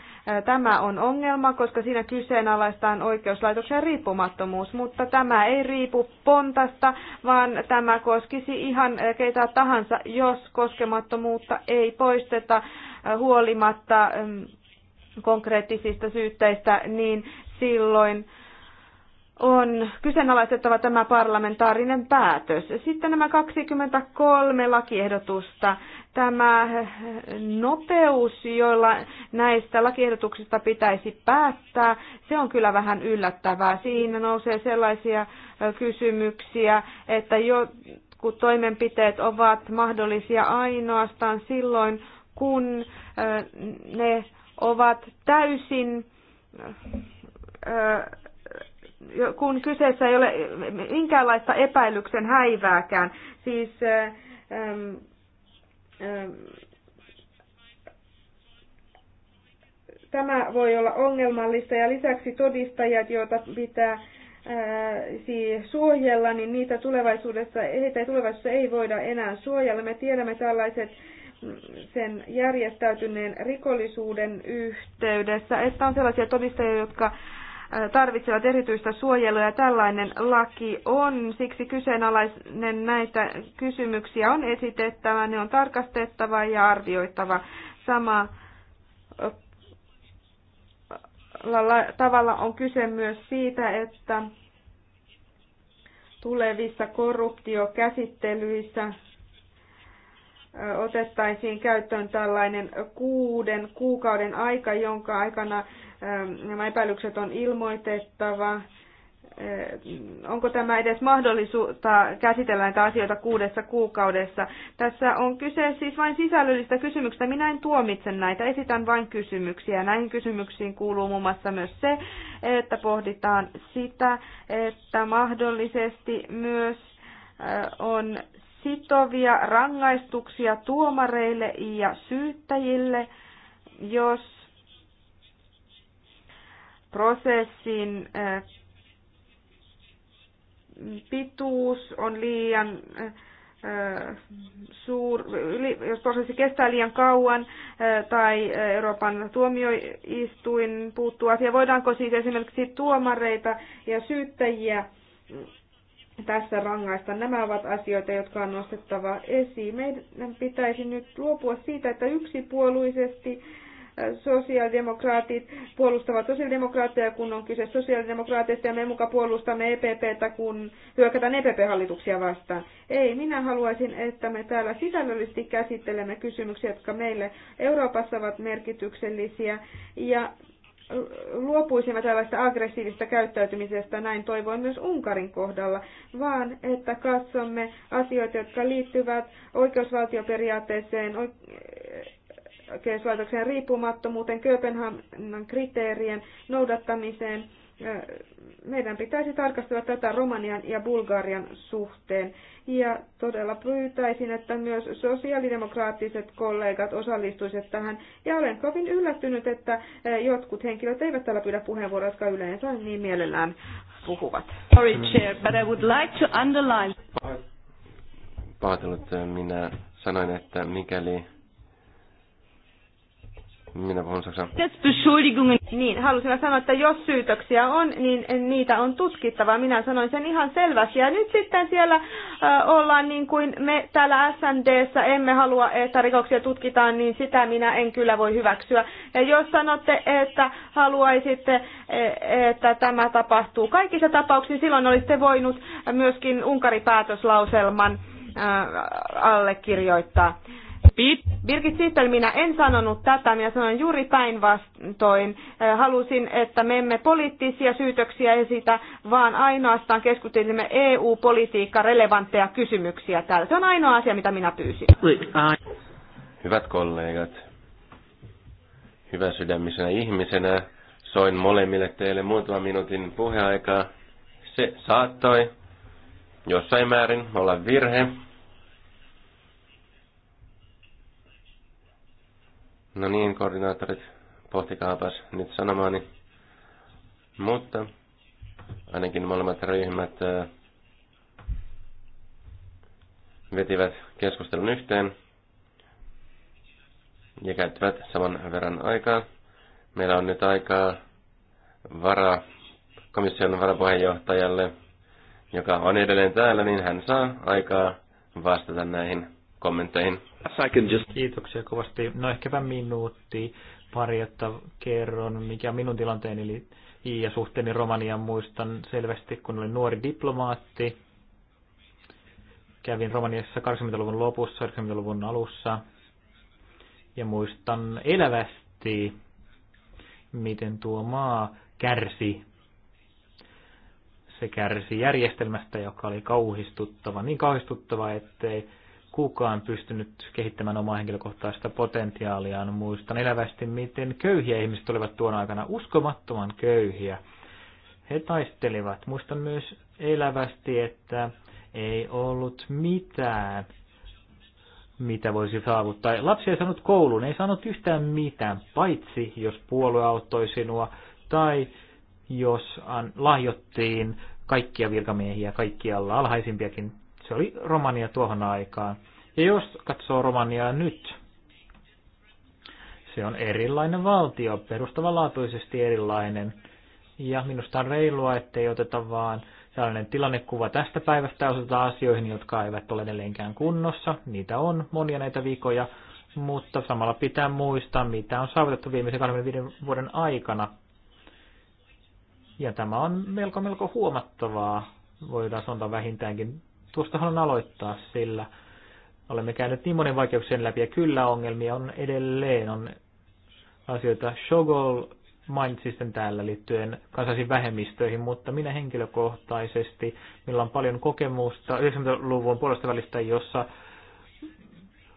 Tämä on ongelma, koska siinä kyseenalaistaan oikeuslaitoksen riippumattomuus, mutta tämä ei riipu pontasta, vaan tämä koskisi ihan keitä tahansa, jos koskemattomuutta ei poisteta huolimatta mm, konkreettisista syytteistä, niin silloin on kyseenalaistettava tämä parlamentaarinen päätös. Sitten nämä 23 lakiehdotusta. Tämä nopeus, jolla näistä lakiehdotuksista pitäisi päättää, se on kyllä vähän yllättävää. Siinä nousee sellaisia kysymyksiä, että kun toimenpiteet ovat mahdollisia ainoastaan silloin, kun ne ovat täysin kun kyseessä ei ole minkäänlaista epäilyksen häivääkään. Siis ähm, ähm, tämä voi olla ongelmallista ja lisäksi todistajat, joita pitää siis suojella, niin niitä tulevaisuudessa, heitä tulevaisuudessa ei voida enää suojella. Me tiedämme tällaiset mm, sen järjestäytyneen rikollisuuden yhteydessä, että on sellaisia todistajia, jotka tarvitsevat erityistä suojelua ja tällainen laki on. Siksi kyseenalainen näitä kysymyksiä on esitettävä, ne on tarkastettava ja arvioitava. Sama tavalla on kyse myös siitä, että tulevissa korruptiokäsittelyissä otettaisiin käyttöön tällainen kuuden kuukauden aika, jonka aikana Ähm, nämä epäilykset on ilmoitettava. Äh, onko tämä edes mahdollisuutta käsitellä näitä asioita kuudessa kuukaudessa? Tässä on kyse siis vain sisällöllistä kysymyksistä. Minä en tuomitse näitä, esitän vain kysymyksiä. Näihin kysymyksiin kuuluu muun mm. muassa myös se, että pohditaan sitä, että mahdollisesti myös äh, on sitovia rangaistuksia tuomareille ja syyttäjille, jos prosessin äh, pituus on liian äh, suur, jos prosessi kestää liian kauan äh, tai Euroopan tuomioistuin puuttuu asia. voidaanko siis esimerkiksi tuomareita ja syyttäjiä mm, tässä rangaista. Nämä ovat asioita, jotka on nostettava esiin. Meidän pitäisi nyt luopua siitä, että yksipuoluisesti sosiaalidemokraatit puolustavat sosiaalidemokraatteja, kun on kyse sosiaalidemokraateista, ja me muka puolustamme EPPtä, kun hyökätään EPP-hallituksia vastaan. Ei, minä haluaisin, että me täällä sisällöllisesti käsittelemme kysymyksiä, jotka meille Euroopassa ovat merkityksellisiä, ja luopuisimme tällaista aggressiivista käyttäytymisestä, näin toivoin myös Unkarin kohdalla, vaan että katsomme asioita, jotka liittyvät oikeusvaltioperiaatteeseen, oikeuslaitoksen riippumattomuuteen, Kööpenhaminan kriteerien noudattamiseen. Meidän pitäisi tarkastella tätä Romanian ja Bulgarian suhteen. Ja todella pyytäisin, että myös sosiaalidemokraattiset kollegat osallistuisivat tähän. Ja olen kovin yllättynyt, että e, jotkut henkilöt eivät täällä pyydä puheenvuoroa, jotka yleensä niin mielellään puhuvat. Sorry, chair, but I would like to underline... Pahoittelut, minä sanoin, että mikäli minä puhun saksaa. Niin, halusin sanoa, että jos syytöksiä on, niin niitä on tutkittava. Minä sanoin sen ihan selvästi. Ja nyt sitten siellä äh, ollaan niin kuin me täällä SNDssä emme halua, että rikoksia tutkitaan, niin sitä minä en kyllä voi hyväksyä. Ja jos sanotte, että haluaisitte, e, että tämä tapahtuu kaikissa tapauksissa, silloin olisitte voinut myöskin Unkarin päätöslauselman äh, allekirjoittaa. Äh, Birgit Sittel, minä en sanonut tätä, minä sanoin juuri päinvastoin. Äh, halusin, että me emme poliittisia syytöksiä esitä, vaan ainoastaan keskustelimme EU-politiikka relevantteja kysymyksiä täällä. Se on ainoa asia, mitä minä pyysin. Hyvät kollegat, hyvä sydämisenä ihmisenä, soin molemmille teille muutaman minuutin puheaikaa. Se saattoi jossain määrin olla virhe, No niin, koordinaattorit, pohtikaapas nyt sanomaani. Mutta ainakin molemmat ryhmät vetivät keskustelun yhteen ja käyttivät saman verran aikaa. Meillä on nyt aikaa vara komission varapuheenjohtajalle, joka on edelleen täällä, niin hän saa aikaa vastata näihin kommentteihin. Kiitoksia kovasti. No ehkäpä minuutti pari, että kerron, mikä minun tilanteeni eli ja suhteeni Romaniaan muistan selvästi, kun olin nuori diplomaatti. Kävin Romaniassa 80-luvun lopussa, 80-luvun alussa. Ja muistan elävästi, miten tuo maa kärsi. Se kärsi järjestelmästä, joka oli kauhistuttava. Niin kauhistuttava, ettei kukaan pystynyt kehittämään omaa henkilökohtaista potentiaaliaan. Muistan elävästi, miten köyhiä ihmiset olivat tuon aikana, uskomattoman köyhiä. He taistelivat. Muistan myös elävästi, että ei ollut mitään, mitä voisi saavuttaa. Lapsi ei saanut kouluun, ei saanut yhtään mitään, paitsi jos puolue auttoi sinua tai jos lahjottiin kaikkia virkamiehiä kaikkialla, alhaisimpiakin se oli Romania tuohon aikaan. Ja jos katsoo Romaniaa nyt, se on erilainen valtio, perustavanlaatuisesti erilainen. Ja minusta on reilua, ettei oteta vaan tällainen tilannekuva tästä päivästä osata asioihin, jotka eivät ole edelleenkään kunnossa. Niitä on monia näitä viikkoja, mutta samalla pitää muistaa, mitä on saavutettu viimeisen 25 vuoden aikana. Ja tämä on melko melko huomattavaa, voidaan sanoa vähintäänkin tuosta haluan aloittaa, sillä olemme käyneet niin monen vaikeuksien läpi, ja kyllä ongelmia on edelleen, on asioita. Shogol mainitsi sitten täällä liittyen kansallisiin vähemmistöihin, mutta minä henkilökohtaisesti, millä on paljon kokemusta 90-luvun puolesta välistä, jossa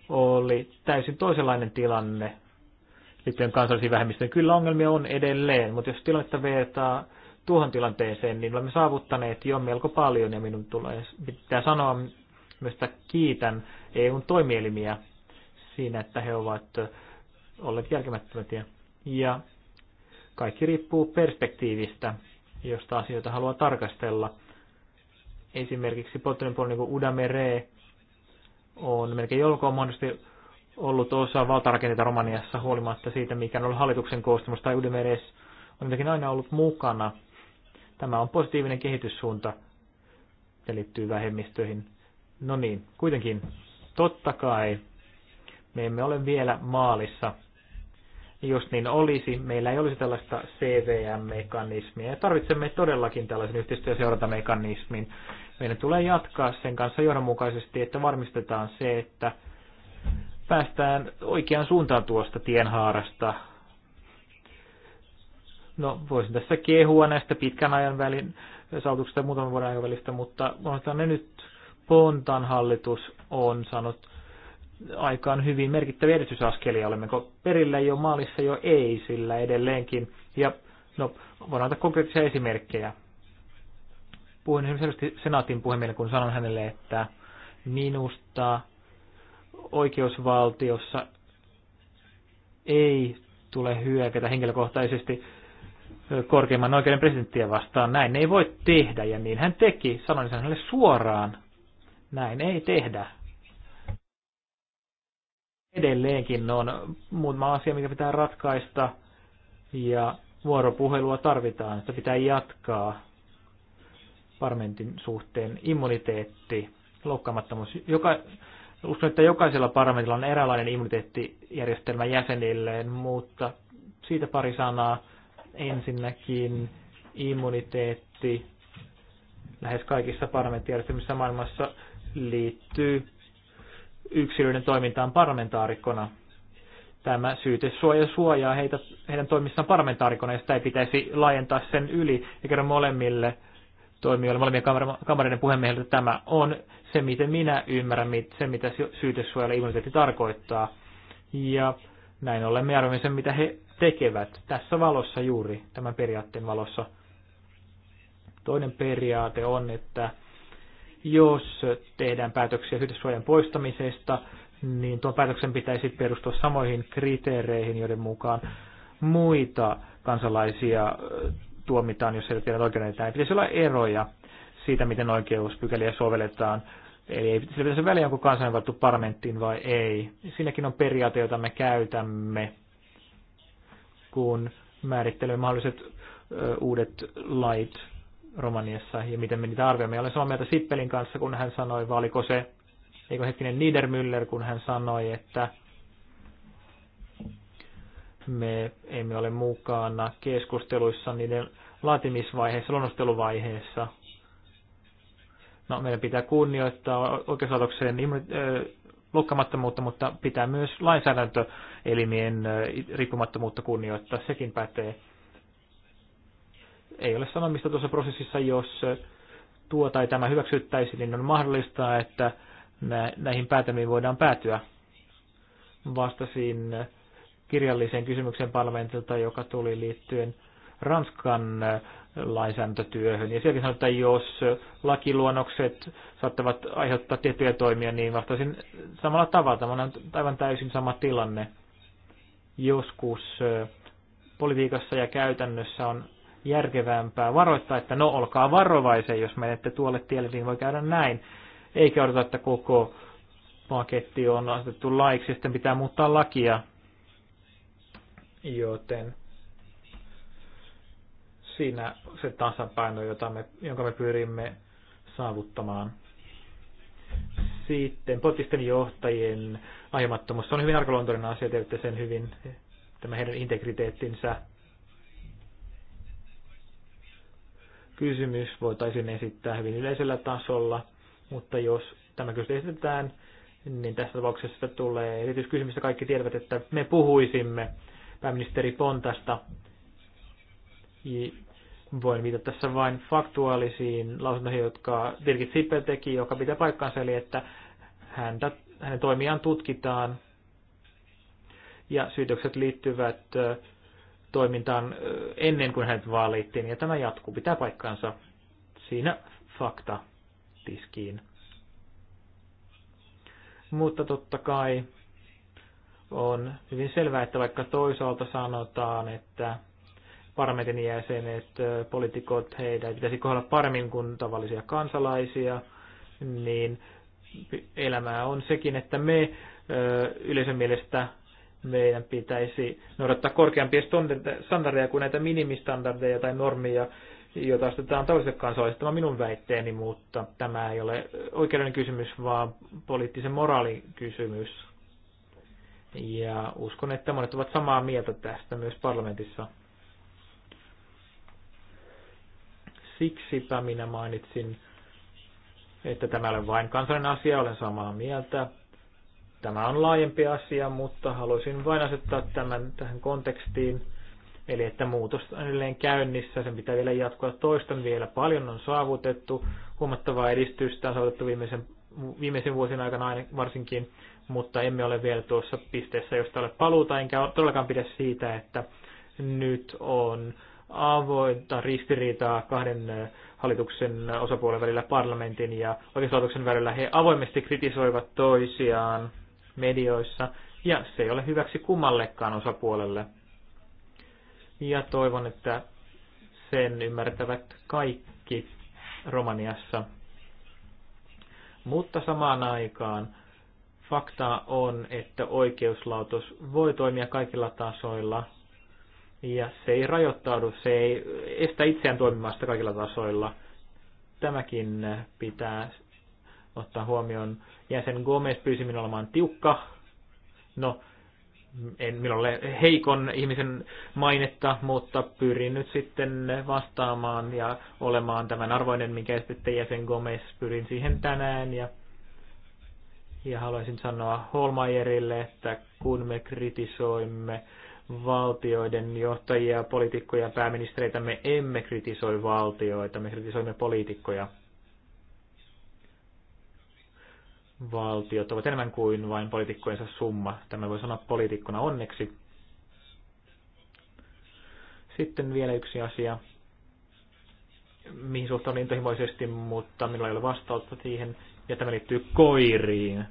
oli täysin toisenlainen tilanne liittyen kansallisiin vähemmistöihin. Kyllä ongelmia on edelleen, mutta jos tilannetta vertaa tuohon tilanteeseen, niin olemme saavuttaneet jo melko paljon ja minun tulee, pitää sanoa myös, että kiitän EUn toimielimiä siinä, että he ovat olleet jälkimättömiä. Ja kaikki riippuu perspektiivistä, josta asioita haluaa tarkastella. Esimerkiksi polttoaineen puolella niin Udamere on melkein jolkoon mahdollisesti ollut osa valtarakenteita Romaniassa huolimatta siitä, mikä on ollut hallituksen koostumus, tai Udameres on jotenkin aina ollut mukana Tämä on positiivinen kehityssuunta ja liittyy vähemmistöihin. No niin, kuitenkin totta kai me emme ole vielä maalissa. Jos niin olisi, meillä ei olisi tällaista CVM-mekanismia ja tarvitsemme todellakin tällaisen yhteistyö- ja seurantamekanismin. Meidän tulee jatkaa sen kanssa johdonmukaisesti, että varmistetaan se, että päästään oikeaan suuntaan tuosta tienhaarasta No voisin tässä kehua näistä pitkän ajan välin saavutuksista ja muutaman vuoden ajan välistä, mutta onhan ne nyt Pontan hallitus on saanut aikaan hyvin merkittäviä edistysaskelia. Olemmeko perillä jo maalissa jo ei sillä edelleenkin. Ja no, voin antaa konkreettisia esimerkkejä. Puhuin esimerkiksi senaatin puhemiehelle, kun sanon hänelle, että minusta oikeusvaltiossa ei tule hyökätä henkilökohtaisesti korkeimman oikeuden presidenttiä vastaan. Näin ei voi tehdä, ja niin hän teki. Sanoin sen hänelle suoraan. Näin ei tehdä. Edelleenkin on muutama asia, mikä pitää ratkaista, ja vuoropuhelua tarvitaan. Sitä pitää jatkaa parlamentin suhteen. Immuniteetti, loukkaamattomuus. Joka, uskon, että jokaisella parlamentilla on eräänlainen immuniteettijärjestelmä jäsenilleen, mutta siitä pari sanaa Ensinnäkin immuniteetti lähes kaikissa parlamenttijärjestelmissä maailmassa liittyy yksilöiden toimintaan parlamentaarikkona. Tämä syytesuoja suojaa heitä, heidän toimissaan parlamentaarikkona, ja sitä ei pitäisi laajentaa sen yli ja kerran molemmille toimijoille, molemmien kamareiden puhemiehille, että tämä on se, miten minä ymmärrän se, mitä ja immuniteetti tarkoittaa. Ja näin ollen me arvioimme sen, mitä he tekevät tässä valossa juuri, tämän periaatteen valossa. Toinen periaate on, että jos tehdään päätöksiä syytesuojan poistamisesta, niin tuon päätöksen pitäisi perustua samoihin kriteereihin, joiden mukaan muita kansalaisia tuomitaan, jos ei tiedä oikeuden että Pitäisi olla eroja siitä, miten oikeuspykäliä sovelletaan. Eli ei sillä pitäisi väliä, onko kansainvälinen parlamenttiin vai ei. Siinäkin on periaate, jota me käytämme kun määrittelemme mahdolliset uudet lait Romaniassa ja miten me niitä arvioimme. Olen samaa mieltä Sippelin kanssa, kun hän sanoi, vai oliko se, eikö hetkinen Niedermüller, kun hän sanoi, että me emme ole mukana keskusteluissa niiden laatimisvaiheessa, luonnosteluvaiheessa. No, meidän pitää kunnioittaa oikeuslaitoksen lukkamattomuutta, mutta pitää myös lainsäädäntöelimien riippumattomuutta kunnioittaa. Sekin pätee. Ei ole sanomista tuossa prosessissa, jos tuo tai tämä hyväksyttäisi, niin on mahdollista, että näihin päätelmiin voidaan päätyä. Vastasin kirjalliseen kysymykseen parlamentilta, joka tuli liittyen Ranskan lainsäädäntötyöhön. Ja sielläkin sanotaan, että jos lakiluonnokset saattavat aiheuttaa tiettyjä toimia, niin vastaisin samalla tavalla. Tämä on aivan täysin sama tilanne. Joskus politiikassa ja käytännössä on järkevämpää varoittaa, että no olkaa varovaisia, jos menette tuolle tielle, niin voi käydä näin. Eikä odota, että koko paketti on asetettu laiksi ja sitten pitää muuttaa lakia. Joten siinä se tasapaino, jota me, jonka me pyrimme saavuttamaan. Sitten poliittisten johtajien aiemattomuus Se on hyvin arkaluontoinen asia, tiedätte sen hyvin, tämä heidän integriteettinsä. Kysymys voitaisiin esittää hyvin yleisellä tasolla, mutta jos tämä kysymys esitetään, niin tässä tapauksessa tulee erityiskysymys, kaikki tiedävät, että me puhuisimme pääministeri Pontasta Voin viitata tässä vain faktuaalisiin lausuntoihin, jotka Dirkit Sippel teki, joka pitää paikkaansa, eli että häntä, hänen toimiaan tutkitaan ja syytökset liittyvät toimintaan ennen kuin hänet valittiin, ja tämä jatkuu, pitää paikkaansa siinä faktatiskiin. Mutta totta kai on hyvin selvää, että vaikka toisaalta sanotaan, että parlamentin jäsenet, poliitikot, heidän pitäisi kohdella paremmin kuin tavallisia kansalaisia, niin elämää on sekin, että me yleisön mielestä meidän pitäisi noudattaa korkeampia standardeja kuin näitä minimistandardeja tai normeja, joita astetaan tavallisille kansalaisille. Tämä on minun väitteeni, mutta tämä ei ole oikeuden kysymys, vaan poliittisen moraalin kysymys. Ja uskon, että monet ovat samaa mieltä tästä myös parlamentissa. Siksipä minä mainitsin, että tämä ei ole vain kansallinen asia, olen samaa mieltä. Tämä on laajempi asia, mutta haluaisin vain asettaa tämän tähän kontekstiin. Eli että muutos on edelleen käynnissä, sen pitää vielä jatkoa toistan vielä. Paljon on saavutettu, huomattavaa edistystä on saavutettu viimeisen, viimeisen vuosien aikana aina varsinkin, mutta emme ole vielä tuossa pisteessä, josta ole paluuta, enkä todellakaan pidä siitä, että nyt on avointa ristiriitaa kahden eh, hallituksen osapuolen välillä parlamentin ja oikeuslaitoksen välillä. He avoimesti kritisoivat toisiaan medioissa ja se ei ole hyväksi kummallekaan osapuolelle. Ja toivon, että sen ymmärtävät kaikki Romaniassa. Mutta samaan aikaan faktaa on, että oikeuslautos voi toimia kaikilla tasoilla – ja se ei rajoittaudu, se ei estä itseään toimimasta kaikilla tasoilla. Tämäkin pitää ottaa huomioon. Jäsen Gomez pyysi minua olemaan tiukka. No, en minulla ole heikon ihmisen mainetta, mutta pyrin nyt sitten vastaamaan ja olemaan tämän arvoinen, minkä sitten jäsen Gomez. Pyrin siihen tänään ja, ja haluaisin sanoa Holmajerille, että kun me kritisoimme valtioiden johtajia, poliitikkoja ja pääministereitä. Me emme kritisoi valtioita, me kritisoimme poliitikkoja. Valtiot ovat enemmän kuin vain poliitikkojensa summa. Tämä voi sanoa poliitikkona onneksi. Sitten vielä yksi asia, mihin suhtaudun intohimoisesti, mutta minulla ei ole vastausta siihen, ja tämä liittyy koiriin.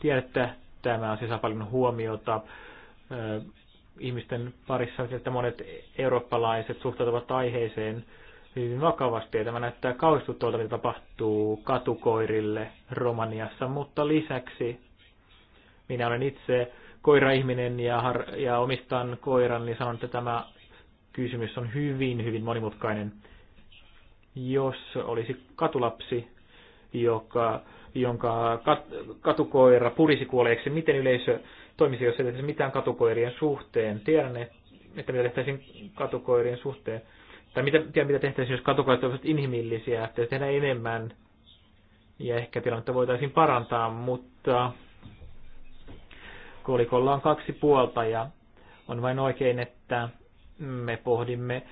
Tiedätte, tämä asia saa paljon huomiota ihmisten parissa, että monet eurooppalaiset suhtautuvat aiheeseen hyvin vakavasti. Ja tämä näyttää kauhistuttavalta, mitä tapahtuu katukoirille Romaniassa, mutta lisäksi minä olen itse koiraihminen ja, har- ja omistan koiran, niin sanon, että tämä kysymys on hyvin, hyvin monimutkainen. Jos olisi katulapsi, joka, jonka kat- katukoira purisi kuoleeksi, miten yleisö toimisi, jos ei tehtäisi mitään katukoirien suhteen. Tiedän, että mitä tehtäisiin katukoirien suhteen. Tai mitä, tiedän, mitä tehtäisiin, jos katukoirat olisivat inhimillisiä, että tehdä enemmän. Ja ehkä tilannetta voitaisiin parantaa, mutta kolikolla on kaksi puolta ja on vain oikein, että me pohdimme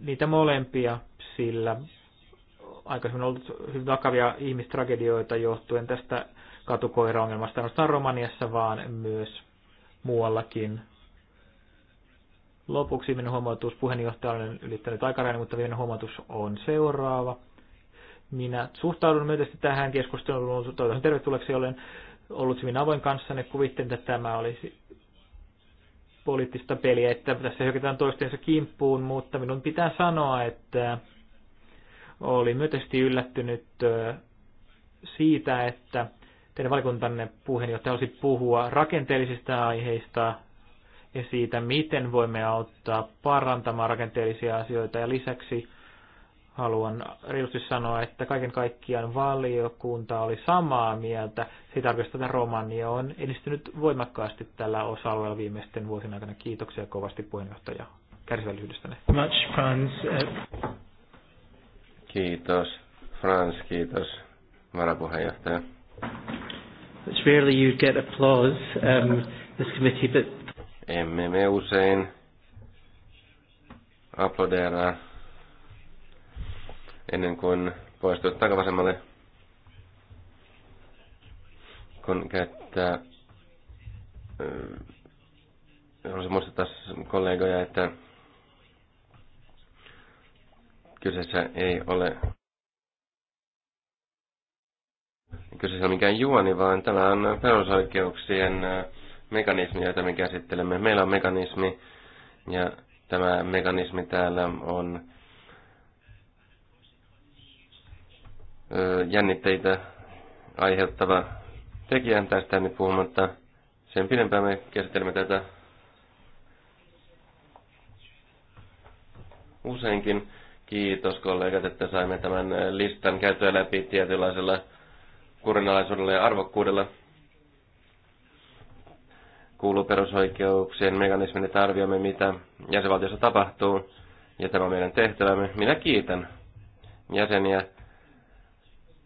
niitä molempia, sillä aikaisemmin on ollut hyvin vakavia ihmistragedioita johtuen tästä katukoiraongelmasta, ainoastaan Romaniassa, vaan myös muuallakin. Lopuksi minun huomautus, puheenjohtaja on ylittänyt aikarajan, mutta viimeinen huomautus on seuraava. Minä suhtaudun myönteisesti tähän keskusteluun, toivotan tervetulleeksi, olen ollut hyvin avoin kanssanne, Kuvittelen, että tämä olisi poliittista peliä, että tässä hyökätään toistensa kimppuun, mutta minun pitää sanoa, että olin myötästi yllättynyt siitä, että teidän valikuntanne puheenjohtaja olisi puhua rakenteellisista aiheista ja siitä, miten voimme auttaa parantamaan rakenteellisia asioita. Ja lisäksi haluan reilusti sanoa, että kaiken kaikkiaan valiokunta oli samaa mieltä siitä arviosta, että Romania on edistynyt voimakkaasti tällä osa-alueella viimeisten vuosien aikana. Kiitoksia kovasti puheenjohtaja kärsivällisyydestänne. Much, Franz. Kiitos, Frans, kiitos, varapuheenjohtaja. It's rarely you get applause, um, this committee, but... Emme me usein aplodeera ennen kuin poistuu takavasemmalle, kun käyttää... Äh, haluaisin muistuttaa kollegoja, että kyseessä ei ole kyseessä on mikään juoni, vaan tämä on perusoikeuksien mekanismi, jota me käsittelemme. Meillä on mekanismi, ja tämä mekanismi täällä on jännitteitä aiheuttava tekijä. Tästä nyt puhumatta sen pidempään me käsittelemme tätä useinkin. Kiitos kollegat, että saimme tämän listan käytyä läpi tietynlaisella kurinalaisuudella ja arvokkuudella kuuluu perusoikeuksien mekanismin, että arvioimme, mitä jäsenvaltiossa tapahtuu, ja tämä on meidän tehtävämme. Minä kiitän jäseniä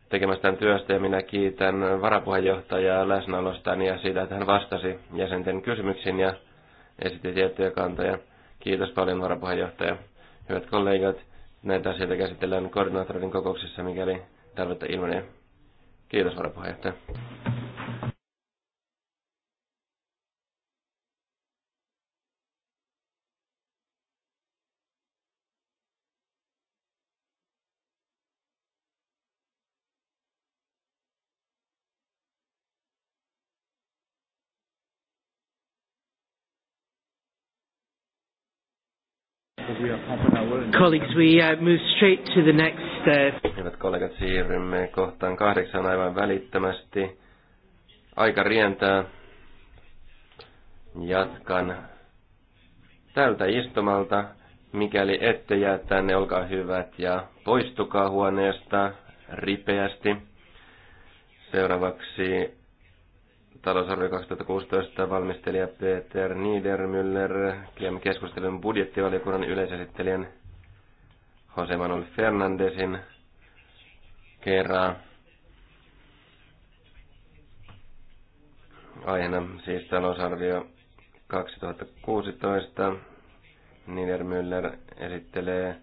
tekemästään työstä, ja minä kiitän varapuheenjohtajaa läsnäolostaan ja siitä, että hän vastasi jäsenten kysymyksiin ja esitti tiettyjä kantoja. Kiitos paljon varapuheenjohtaja. Hyvät kollegat, näitä asioita käsitellään koordinaattorin kokouksessa, mikäli tarvetta ilmenee. Kiitos, varapuheenjohtaja. colleagues, we uh, move straight to the next... Uh, hyvät kollegat, siirrymme kohtaan kahdeksan aivan välittömästi. Aika rientää. Jatkan tältä istumalta. Mikäli ette jää tänne, olkaa hyvät ja poistukaa huoneesta ripeästi. Seuraavaksi talousarvio 2016 valmistelija Peter Niedermüller, keskustelun budjettivaliokunnan yleisesittelijän Jose Manuel Fernandesin kerran. Aiheena siis talousarvio 2016. Niedermüller esittelee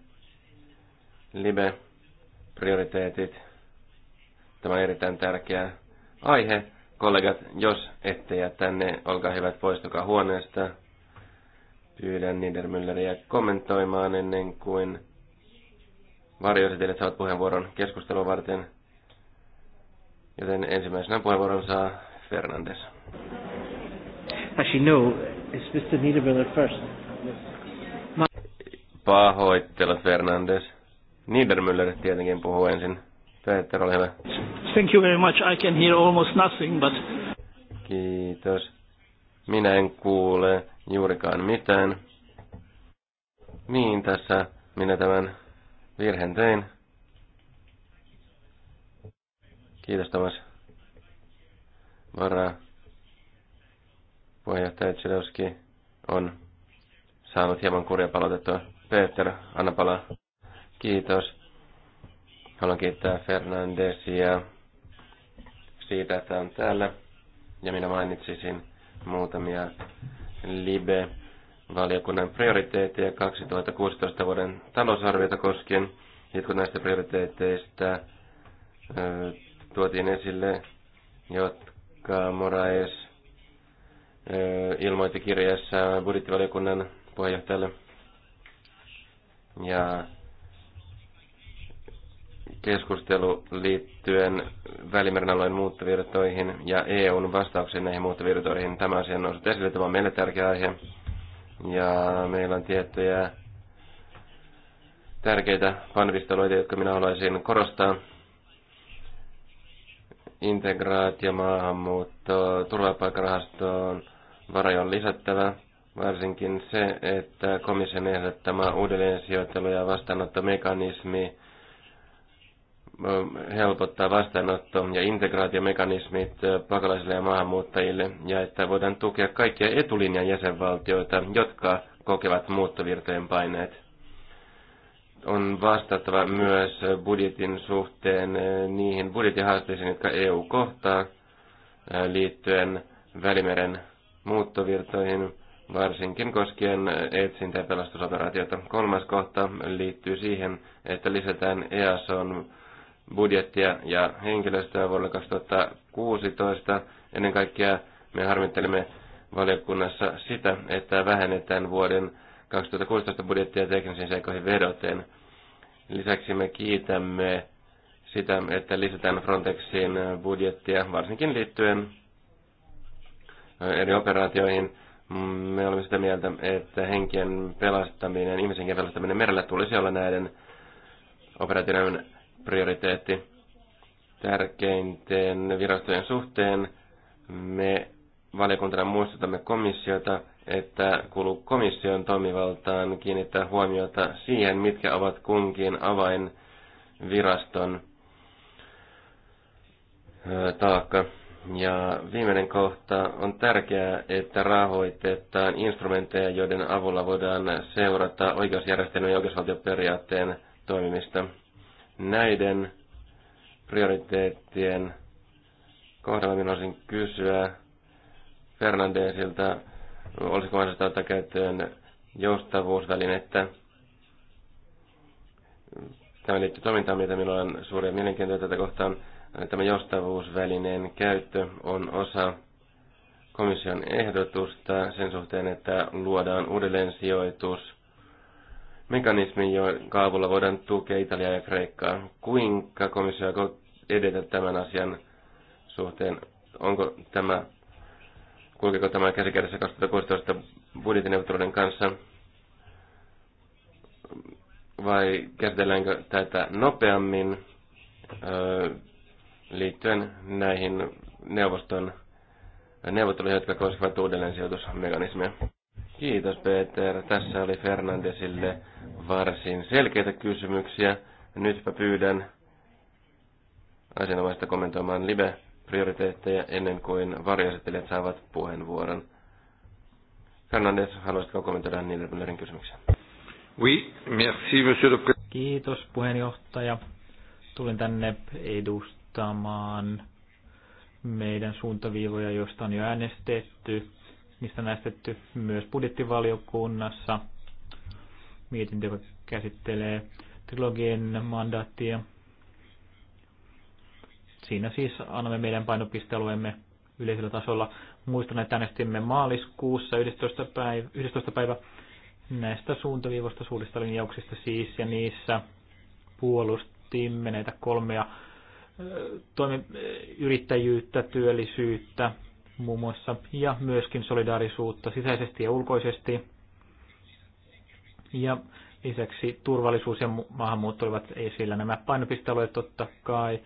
Libe-prioriteetit. Tämä on erittäin tärkeä aihe. Kollegat, jos ette jää tänne, olkaa hyvät, poistukaa huoneesta. Pyydän Niedermülleriä kommentoimaan ennen kuin varjoesitelijät saavat puheenvuoron keskustelua varten. Joten ensimmäisenä puheenvuoron saa Fernandes. Actually, no, it's Mr. Niedermüller first. Ma- Pahoittelut, Fernandes. Niedermüller tietenkin puhuu ensin. Peter, ole hyvä. Thank you very much. I can hear almost nothing, but... Kiitos. Minä en kuule juurikaan mitään. Niin, tässä minä tämän Virheen tein. Kiitos Tomas. Varaa. Puheenjohtaja Tsilowski on saanut hieman kurja palautettua. Peter, anna palaa. Kiitos. Haluan kiittää Fernandesia siitä, että on täällä. Ja minä mainitsisin muutamia libe valiokunnan prioriteetteja 2016 vuoden talousarviota koskien. Jotkut näistä prioriteetteista tuotiin esille, jotka Moraes ilmoitti kirjassa budjettivaliokunnan puheenjohtajalle. Ja keskustelu liittyen Välimeren alueen muuttovirtoihin ja EUn vastauksen näihin muuttovirtoihin. Tämä asia on noussut esille, tämä on meille tärkeä aihe ja meillä on tiettyjä tärkeitä painopistealueita, jotka minä haluaisin korostaa. Integraatio, maahanmuutto, turvapaikarahastoon, varoja on lisättävä. Varsinkin se, että komission ehdottama uudelleen sijoittelu ja vastaanottomekanismi helpottaa vastaanotto- ja integraatiomekanismit äh, pakolaisille ja maahanmuuttajille, ja että voidaan tukea kaikkia etulinjan jäsenvaltioita, jotka kokevat muuttovirtojen paineet. On vastattava myös budjetin suhteen äh, niihin budjettihaasteisiin, jotka EU kohtaa äh, liittyen Välimeren muuttovirtoihin, varsinkin koskien etsintä- ja pelastusoperaatiota. Kolmas kohta liittyy siihen, että lisätään EASOn budjettia ja henkilöstöä vuodelle 2016. Ennen kaikkea me harmittelimme valiokunnassa sitä, että vähennetään vuoden 2016 budjettia teknisiin seikoihin vedoten. Lisäksi me kiitämme sitä, että lisätään Frontexin budjettia, varsinkin liittyen äh, eri operaatioihin. Me olemme sitä mieltä, että henkien pelastaminen, ihmisen pelastaminen merellä tulisi olla näiden operaatioiden prioriteetti tärkeinten virastojen suhteen. Me valiokuntana muistutamme komissiota, että kuuluu komission toimivaltaan kiinnittää huomiota siihen, mitkä ovat kunkin avainviraston taakka. Ja viimeinen kohta on tärkeää, että rahoitetaan instrumentteja, joiden avulla voidaan seurata oikeusjärjestelmän ja oikeusvaltioperiaatteen toimimista. Näiden prioriteettien kohdalla minä olisin kysyä Fernandesilta, olisiko mahdollista ottaa käyttöön joustavuusvälinettä. Tämä liittyy toimintaan, mitä minulla on suuria mielenkiintoja tätä kohtaan. Tämä joustavuusvälineen käyttö on osa komission ehdotusta sen suhteen, että luodaan uudelleen sijoitus mekanismi, jonka avulla voidaan tukea Italiaa ja Kreikkaa. Kuinka komissio aikoo edetä tämän asian suhteen? Onko tämä, kulkeeko tämä käsikädessä 2016 budjettineuvotteluiden kanssa? Vai käsitelläänkö tätä nopeammin öö, liittyen näihin neuvoston neuvotteluihin, jotka koskevat uudelleen sijoitusmekanismia? Kiitos Peter. Tässä oli Fernandesille varsin selkeitä kysymyksiä. Nytpä pyydän asianomaista kommentoimaan live-prioriteetteja ennen kuin varjoesittelijät saavat puheenvuoron. Fernandes, haluaisitko kommentoida Niedermüllerin kysymyksiä? Oui, merci, monsieur le Kiitos puheenjohtaja. Tulin tänne edustamaan meidän suuntaviivoja, josta on jo äänestetty mistä on äästetty myös budjettivaliokunnassa. Mietintö, joka käsittelee trilogien mandaattia. Siinä siis annamme meidän painopistealueemme yleisellä tasolla. Muistan, että äänestimme maaliskuussa 11. päivä, 11. päivä näistä suuntaviivoista suurista linjauksista siis, ja niissä puolustimme näitä kolmea toimi, yrittäjyyttä, työllisyyttä muun muassa, ja myöskin solidaarisuutta sisäisesti ja ulkoisesti. Ja lisäksi turvallisuus ja maahanmuutto olivat esillä. Nämä painopistealueet totta kai,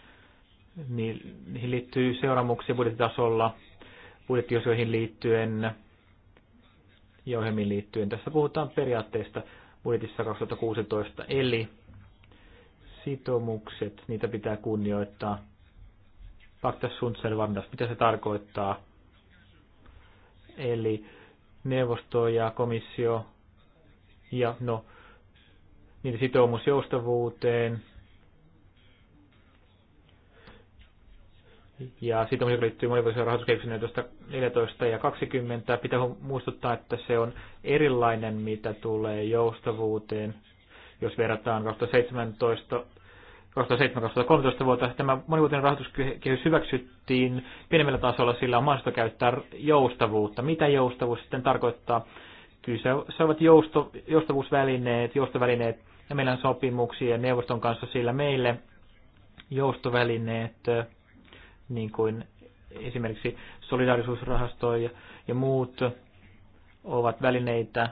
niin niihin liittyy seuraamuksia budjettitasolla, budjettiosioihin liittyen ja ohjelmiin liittyen. Tässä puhutaan periaatteista budjetissa 2016, eli sitoumukset, niitä pitää kunnioittaa. Pakta sunt mitä se tarkoittaa? eli neuvosto ja komissio ja no, niiden sitoumus joustavuuteen ja sitoumus, joka liittyy monivuotisen rahoituskehyksen 14 ja 20. Pitää muistuttaa, että se on erilainen, mitä tulee joustavuuteen, jos verrataan 2017 2007-2013 vuotta tämä monivuotinen rahoituskehys hyväksyttiin pienemmällä tasolla, sillä on mahdollista käyttää joustavuutta. Mitä joustavuus sitten tarkoittaa? Kyse ovat jousto, joustavuusvälineet, joustovälineet, ja meillä on sopimuksia neuvoston kanssa, sillä meille joustovälineet, niin kuin esimerkiksi solidaarisuusrahasto ja, ja muut, ovat välineitä,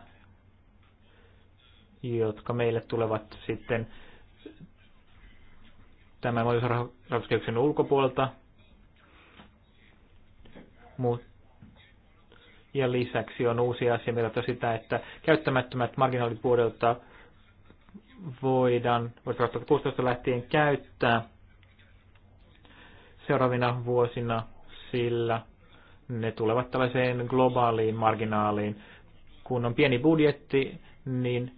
jotka meille tulevat sitten tämän valitusrahoituskehyksen ulkopuolelta. Mut, ja lisäksi on uusi asia, mitä sitä, että käyttämättömät marginaalit vuodelta voidaan vuodesta 2016 lähtien käyttää seuraavina vuosina, sillä ne tulevat tällaiseen globaaliin marginaaliin. Kun on pieni budjetti, niin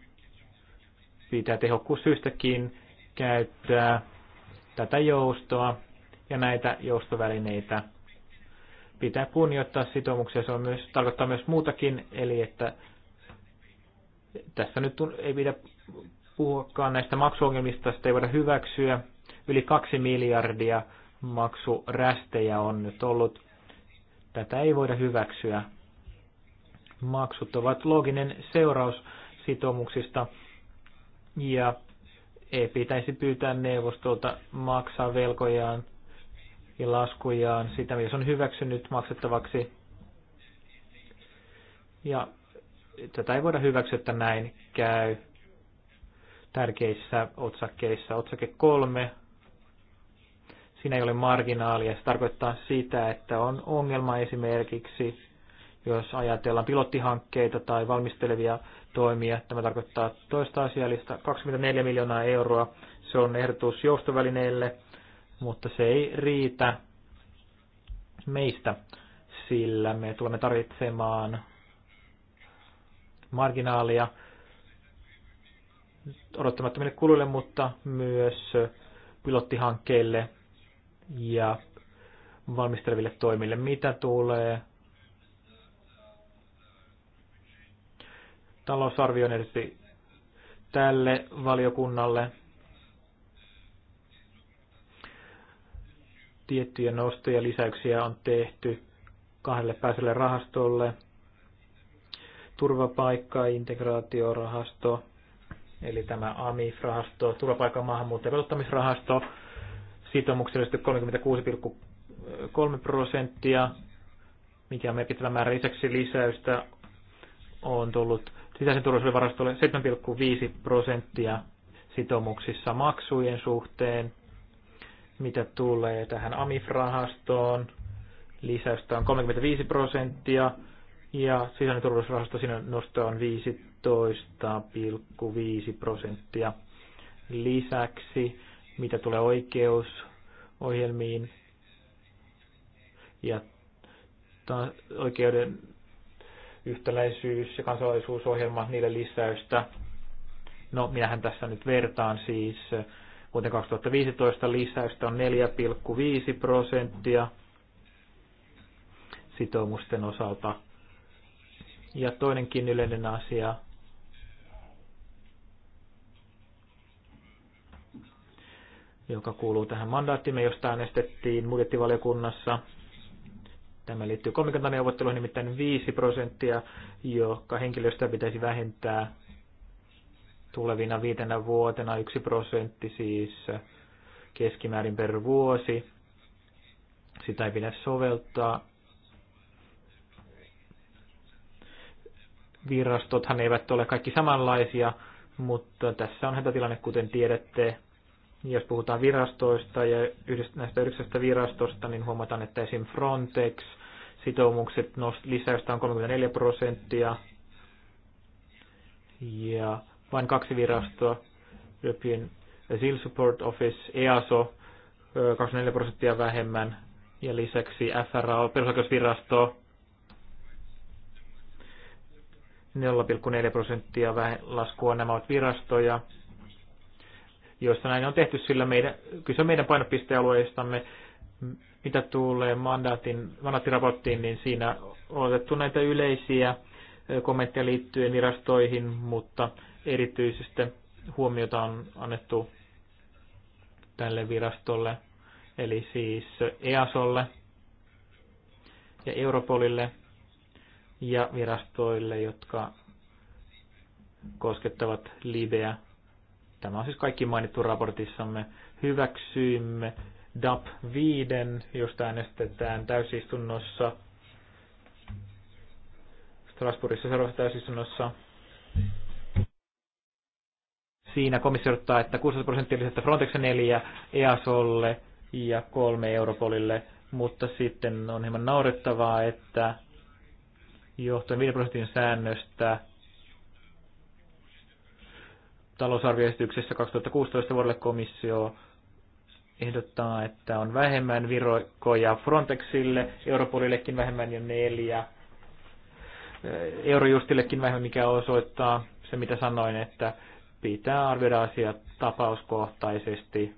pitää tehokkuussyistäkin käyttää tätä joustoa ja näitä joustovälineitä. Pitää kunnioittaa sitoumuksia. Se on myös, tarkoittaa myös muutakin, eli että tässä nyt ei pidä puhuakaan näistä maksuongelmista, sitä ei voida hyväksyä. Yli kaksi miljardia maksurästejä on nyt ollut. Tätä ei voida hyväksyä. Maksut ovat looginen seuraus sitoumuksista ja ei pitäisi pyytää neuvostolta maksaa velkojaan ja laskujaan sitä, jos on hyväksynyt maksettavaksi. Ja tätä ei voida hyväksyä, että näin käy tärkeissä otsakkeissa. Otsake kolme, siinä ei ole marginaalia. Se tarkoittaa sitä, että on ongelma esimerkiksi, jos ajatellaan pilottihankkeita tai valmistelevia toimia. Tämä tarkoittaa toista asialista 24 miljoonaa euroa. Se on ehdotus joustovälineelle, mutta se ei riitä meistä, sillä me tulemme tarvitsemaan marginaalia odottamattomille kuluille, mutta myös pilottihankkeille ja valmisteleville toimille. Mitä tulee talousarvion erityisesti tälle valiokunnalle tiettyjä nostoja lisäyksiä on tehty kahdelle pääselle rahastolle, turvapaikka, integraatiorahasto, eli tämä AMIF-rahasto, turvapaikka, maahanmuutto- ja velottamisrahasto, sitoumuksellisesti 36,3 prosenttia, mikä on merkittävä määrä lisäksi lisäystä on tullut sisäisen turvallisuuden varastolle 7,5 prosenttia sitoumuksissa maksujen suhteen, mitä tulee tähän AMIF-rahastoon, lisäystä on 35 prosenttia, ja sisäinen turvallisuusrahasto siinä nosto on 15,5 prosenttia. Lisäksi, mitä tulee oikeusohjelmiin ja oikeuden yhtäläisyys- ja kansalaisuusohjelma, niille lisäystä. No, minähän tässä nyt vertaan siis. Eh, Vuoden 2015 lisäystä on 4,5 prosenttia sitoumusten osalta. Ja toinenkin yleinen asia joka kuuluu tähän mandaattimme, josta äänestettiin budjettivaliokunnassa Tämä liittyy 30 neuvotteluihin, nimittäin 5 prosenttia, joka henkilöstöä pitäisi vähentää tulevina viitenä vuotena, 1 prosentti siis keskimäärin per vuosi. Sitä ei pidä soveltaa. Virastothan eivät ole kaikki samanlaisia, mutta tässä on hätätilanne, kuten tiedätte. Jos puhutaan virastoista ja yhdestä, näistä yhdeksästä virastosta, niin huomataan, että esim. Frontex sitoumukset nost, lisäystä on 34 prosenttia ja vain kaksi virastoa, European Asyl Support Office, EASO, 24 prosenttia vähemmän ja lisäksi FRA, perusoikeusvirasto, 0,4 prosenttia laskua. Nämä ovat virastoja, joissa näin on tehty, sillä meidän, kyse on meidän painopistealueistamme, mitä tulee mandaatin, mandaattiraporttiin, niin siinä on otettu näitä yleisiä kommentteja liittyen virastoihin, mutta erityisesti huomiota on annettu tälle virastolle, eli siis EASolle ja Europolille ja virastoille, jotka koskettavat Libeä Tämä on siis kaikki mainittu raportissamme. Hyväksyimme DAP 5, josta äänestetään täysistunnossa Strasbourgissa seuraavassa täysistunnossa. Siinä komissio ottaa, että 16 prosenttia lisättä Frontex 4 EASOlle ja 3 Europolille, mutta sitten on hieman naurettavaa, että johtuen 5 prosentin säännöstä talousarvioesityksessä 2016 vuodelle komissio ehdottaa, että on vähemmän virokoja Frontexille, Europolillekin vähemmän jo neljä, eh, Eurojustillekin vähemmän, mikä osoittaa se, mitä sanoin, että pitää arvioida asiat tapauskohtaisesti,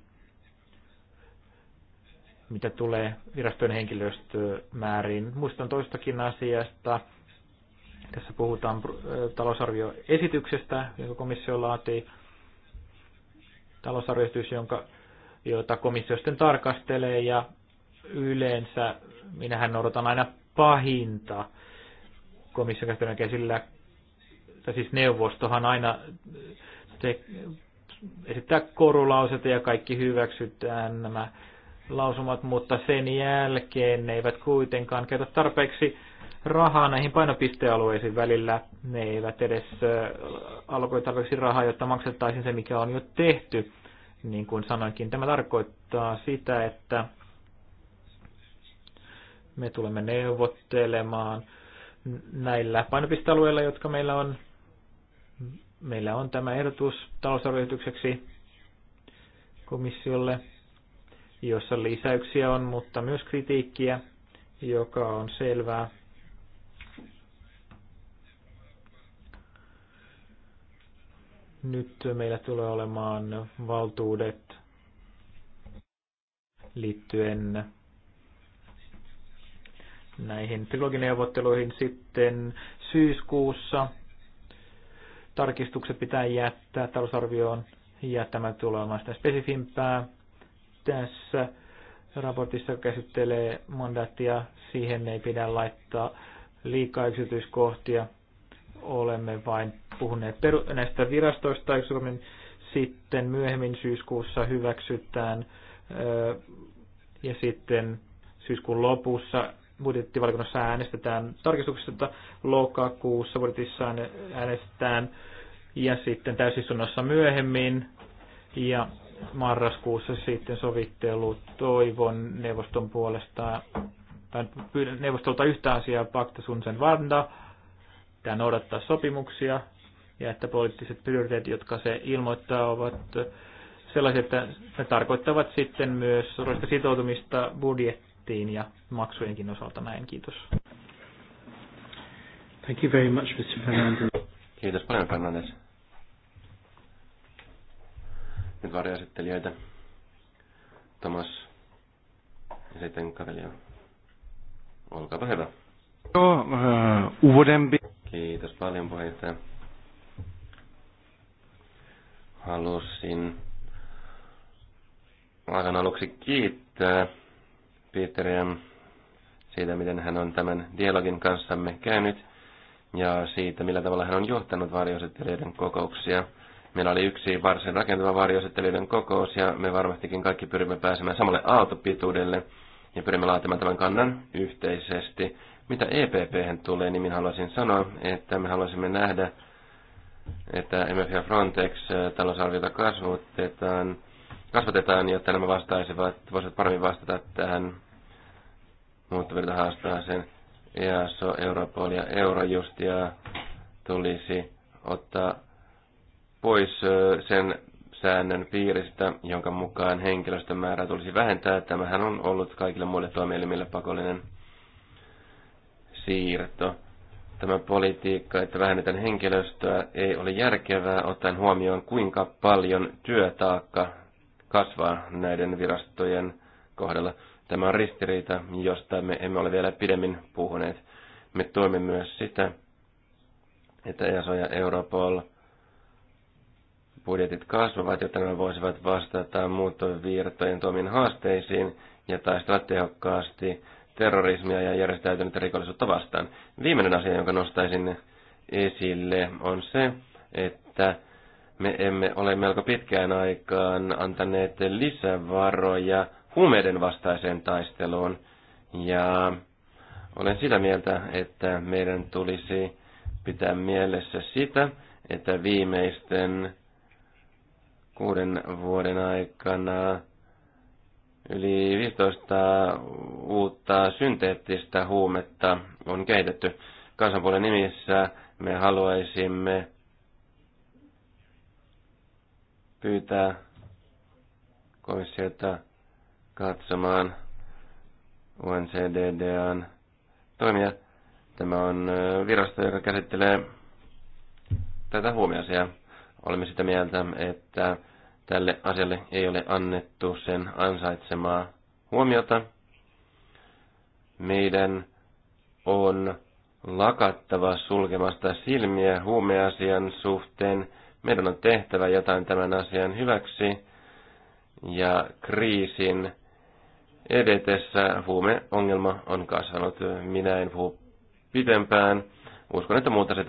mitä tulee virastojen henkilöstömääriin. Muistan toistakin asiasta, tässä puhutaan äh, talousarvioesityksestä, jonka komissio laatii. Talousarvioesitys, jonka, jota komissio sitten tarkastelee ja yleensä minähän noudatan aina pahinta komission käsittelyn käsillä. Tai siis neuvostohan aina te, esittää korulausetta ja kaikki hyväksytään nämä lausumat, mutta sen jälkeen ne eivät kuitenkaan käytä tarpeeksi rahaa näihin painopistealueisiin välillä. Ne eivät edes alkoi tarpeeksi rahaa, jotta maksettaisiin se, mikä on jo tehty. Niin kuin sanoinkin, tämä tarkoittaa sitä, että me tulemme neuvottelemaan näillä painopistealueilla, jotka meillä on. Meillä on tämä ehdotus talousarvioitukseksi komissiolle, jossa lisäyksiä on, mutta myös kritiikkiä, joka on selvää Nyt meillä tulee olemaan valtuudet liittyen näihin trilogineuvotteluihin sitten syyskuussa. Tarkistukset pitää jättää talousarvioon ja tämä tulee olemaan sitä spesifimpää. Tässä raportissa käsittelee mandaattia, siihen ei pidä laittaa liikaa yksityiskohtia. Olemme vain puhuneet näistä virastoista, sitten myöhemmin syyskuussa hyväksytään ja sitten syyskuun lopussa budjettivalikunnassa äänestetään tarkistuksesta, lokakuussa budjetissa äänestetään ja sitten täysistunnossa myöhemmin ja marraskuussa sitten sovittelu toivon neuvoston puolesta tai neuvostolta yhtä asiaa Pakta sun sen Vanda. Tämä noudattaa sopimuksia, ja että poliittiset prioriteetit, jotka se ilmoittaa, ovat sellaisia, että ne tarkoittavat sitten myös suurista sitoutumista budjettiin ja maksujenkin osalta näin. Kiitos. Thank you very much, Mr. Fernandez. Kiitos paljon, Fernandes. Nyt varjoesittelijöitä. Tomas ja sitten Kavelia. Olkaapa hyvä. Joo, uh, Kiitos paljon puheenjohtaja halusin aivan aluksi kiittää Peteriä siitä, miten hän on tämän dialogin kanssamme käynyt ja siitä, millä tavalla hän on johtanut varjoesittelijöiden kokouksia. Meillä oli yksi varsin rakentava varjoesittelijöiden kokous ja me varmastikin kaikki pyrimme pääsemään samalle aaltopituudelle ja pyrimme laatimaan tämän kannan yhteisesti. Mitä EPP tulee, niin minä haluaisin sanoa, että me haluaisimme nähdä että MF ja Frontex talousarviota kasvatetaan, kasvatetaan jotta nämä vastaisivat, voisivat paremmin vastata tähän muuttuvilta haastaaseen. EASO, Europol ja Eurojustia tulisi ottaa pois sen säännön piiristä, jonka mukaan henkilöstön määrää tulisi vähentää. Tämähän on ollut kaikille muille toimielimille pakollinen siirto. Tämä politiikka, että vähennetään henkilöstöä, ei ole järkevää ottaen huomioon, kuinka paljon työtaakka kasvaa näiden virastojen kohdalla. Tämä on ristiriita, josta me emme ole vielä pidemmin puhuneet. Me tuomme myös sitä, että ESO ja Europol budjetit kasvavat, jotta ne voisivat vastata muuttovirtojen tuomiin haasteisiin ja taistella tehokkaasti terrorismia ja järjestäytynyttä rikollisuutta vastaan. Viimeinen asia, jonka nostaisin esille, on se, että me emme ole melko pitkään aikaan antaneet lisävaroja huumeiden vastaiseen taisteluun. Ja olen sitä mieltä, että meidän tulisi pitää mielessä sitä, että viimeisten kuuden vuoden aikana Yli 15 uutta synteettistä huumetta on kehitetty. Kansanpuolen nimissä me haluaisimme pyytää komissiota katsomaan UNCDDAn toimia. Tämä on virasto, joka käsittelee tätä huomiosia. Olemme sitä mieltä, että Tälle asialle ei ole annettu sen ansaitsemaa huomiota. Meidän on lakattava sulkemasta silmiä huumeasian suhteen. Meidän on tehtävä jotain tämän asian hyväksi ja kriisin edetessä huumeongelma on kasvanut. Minä en puhu pidempään. Uskon, että muut asiat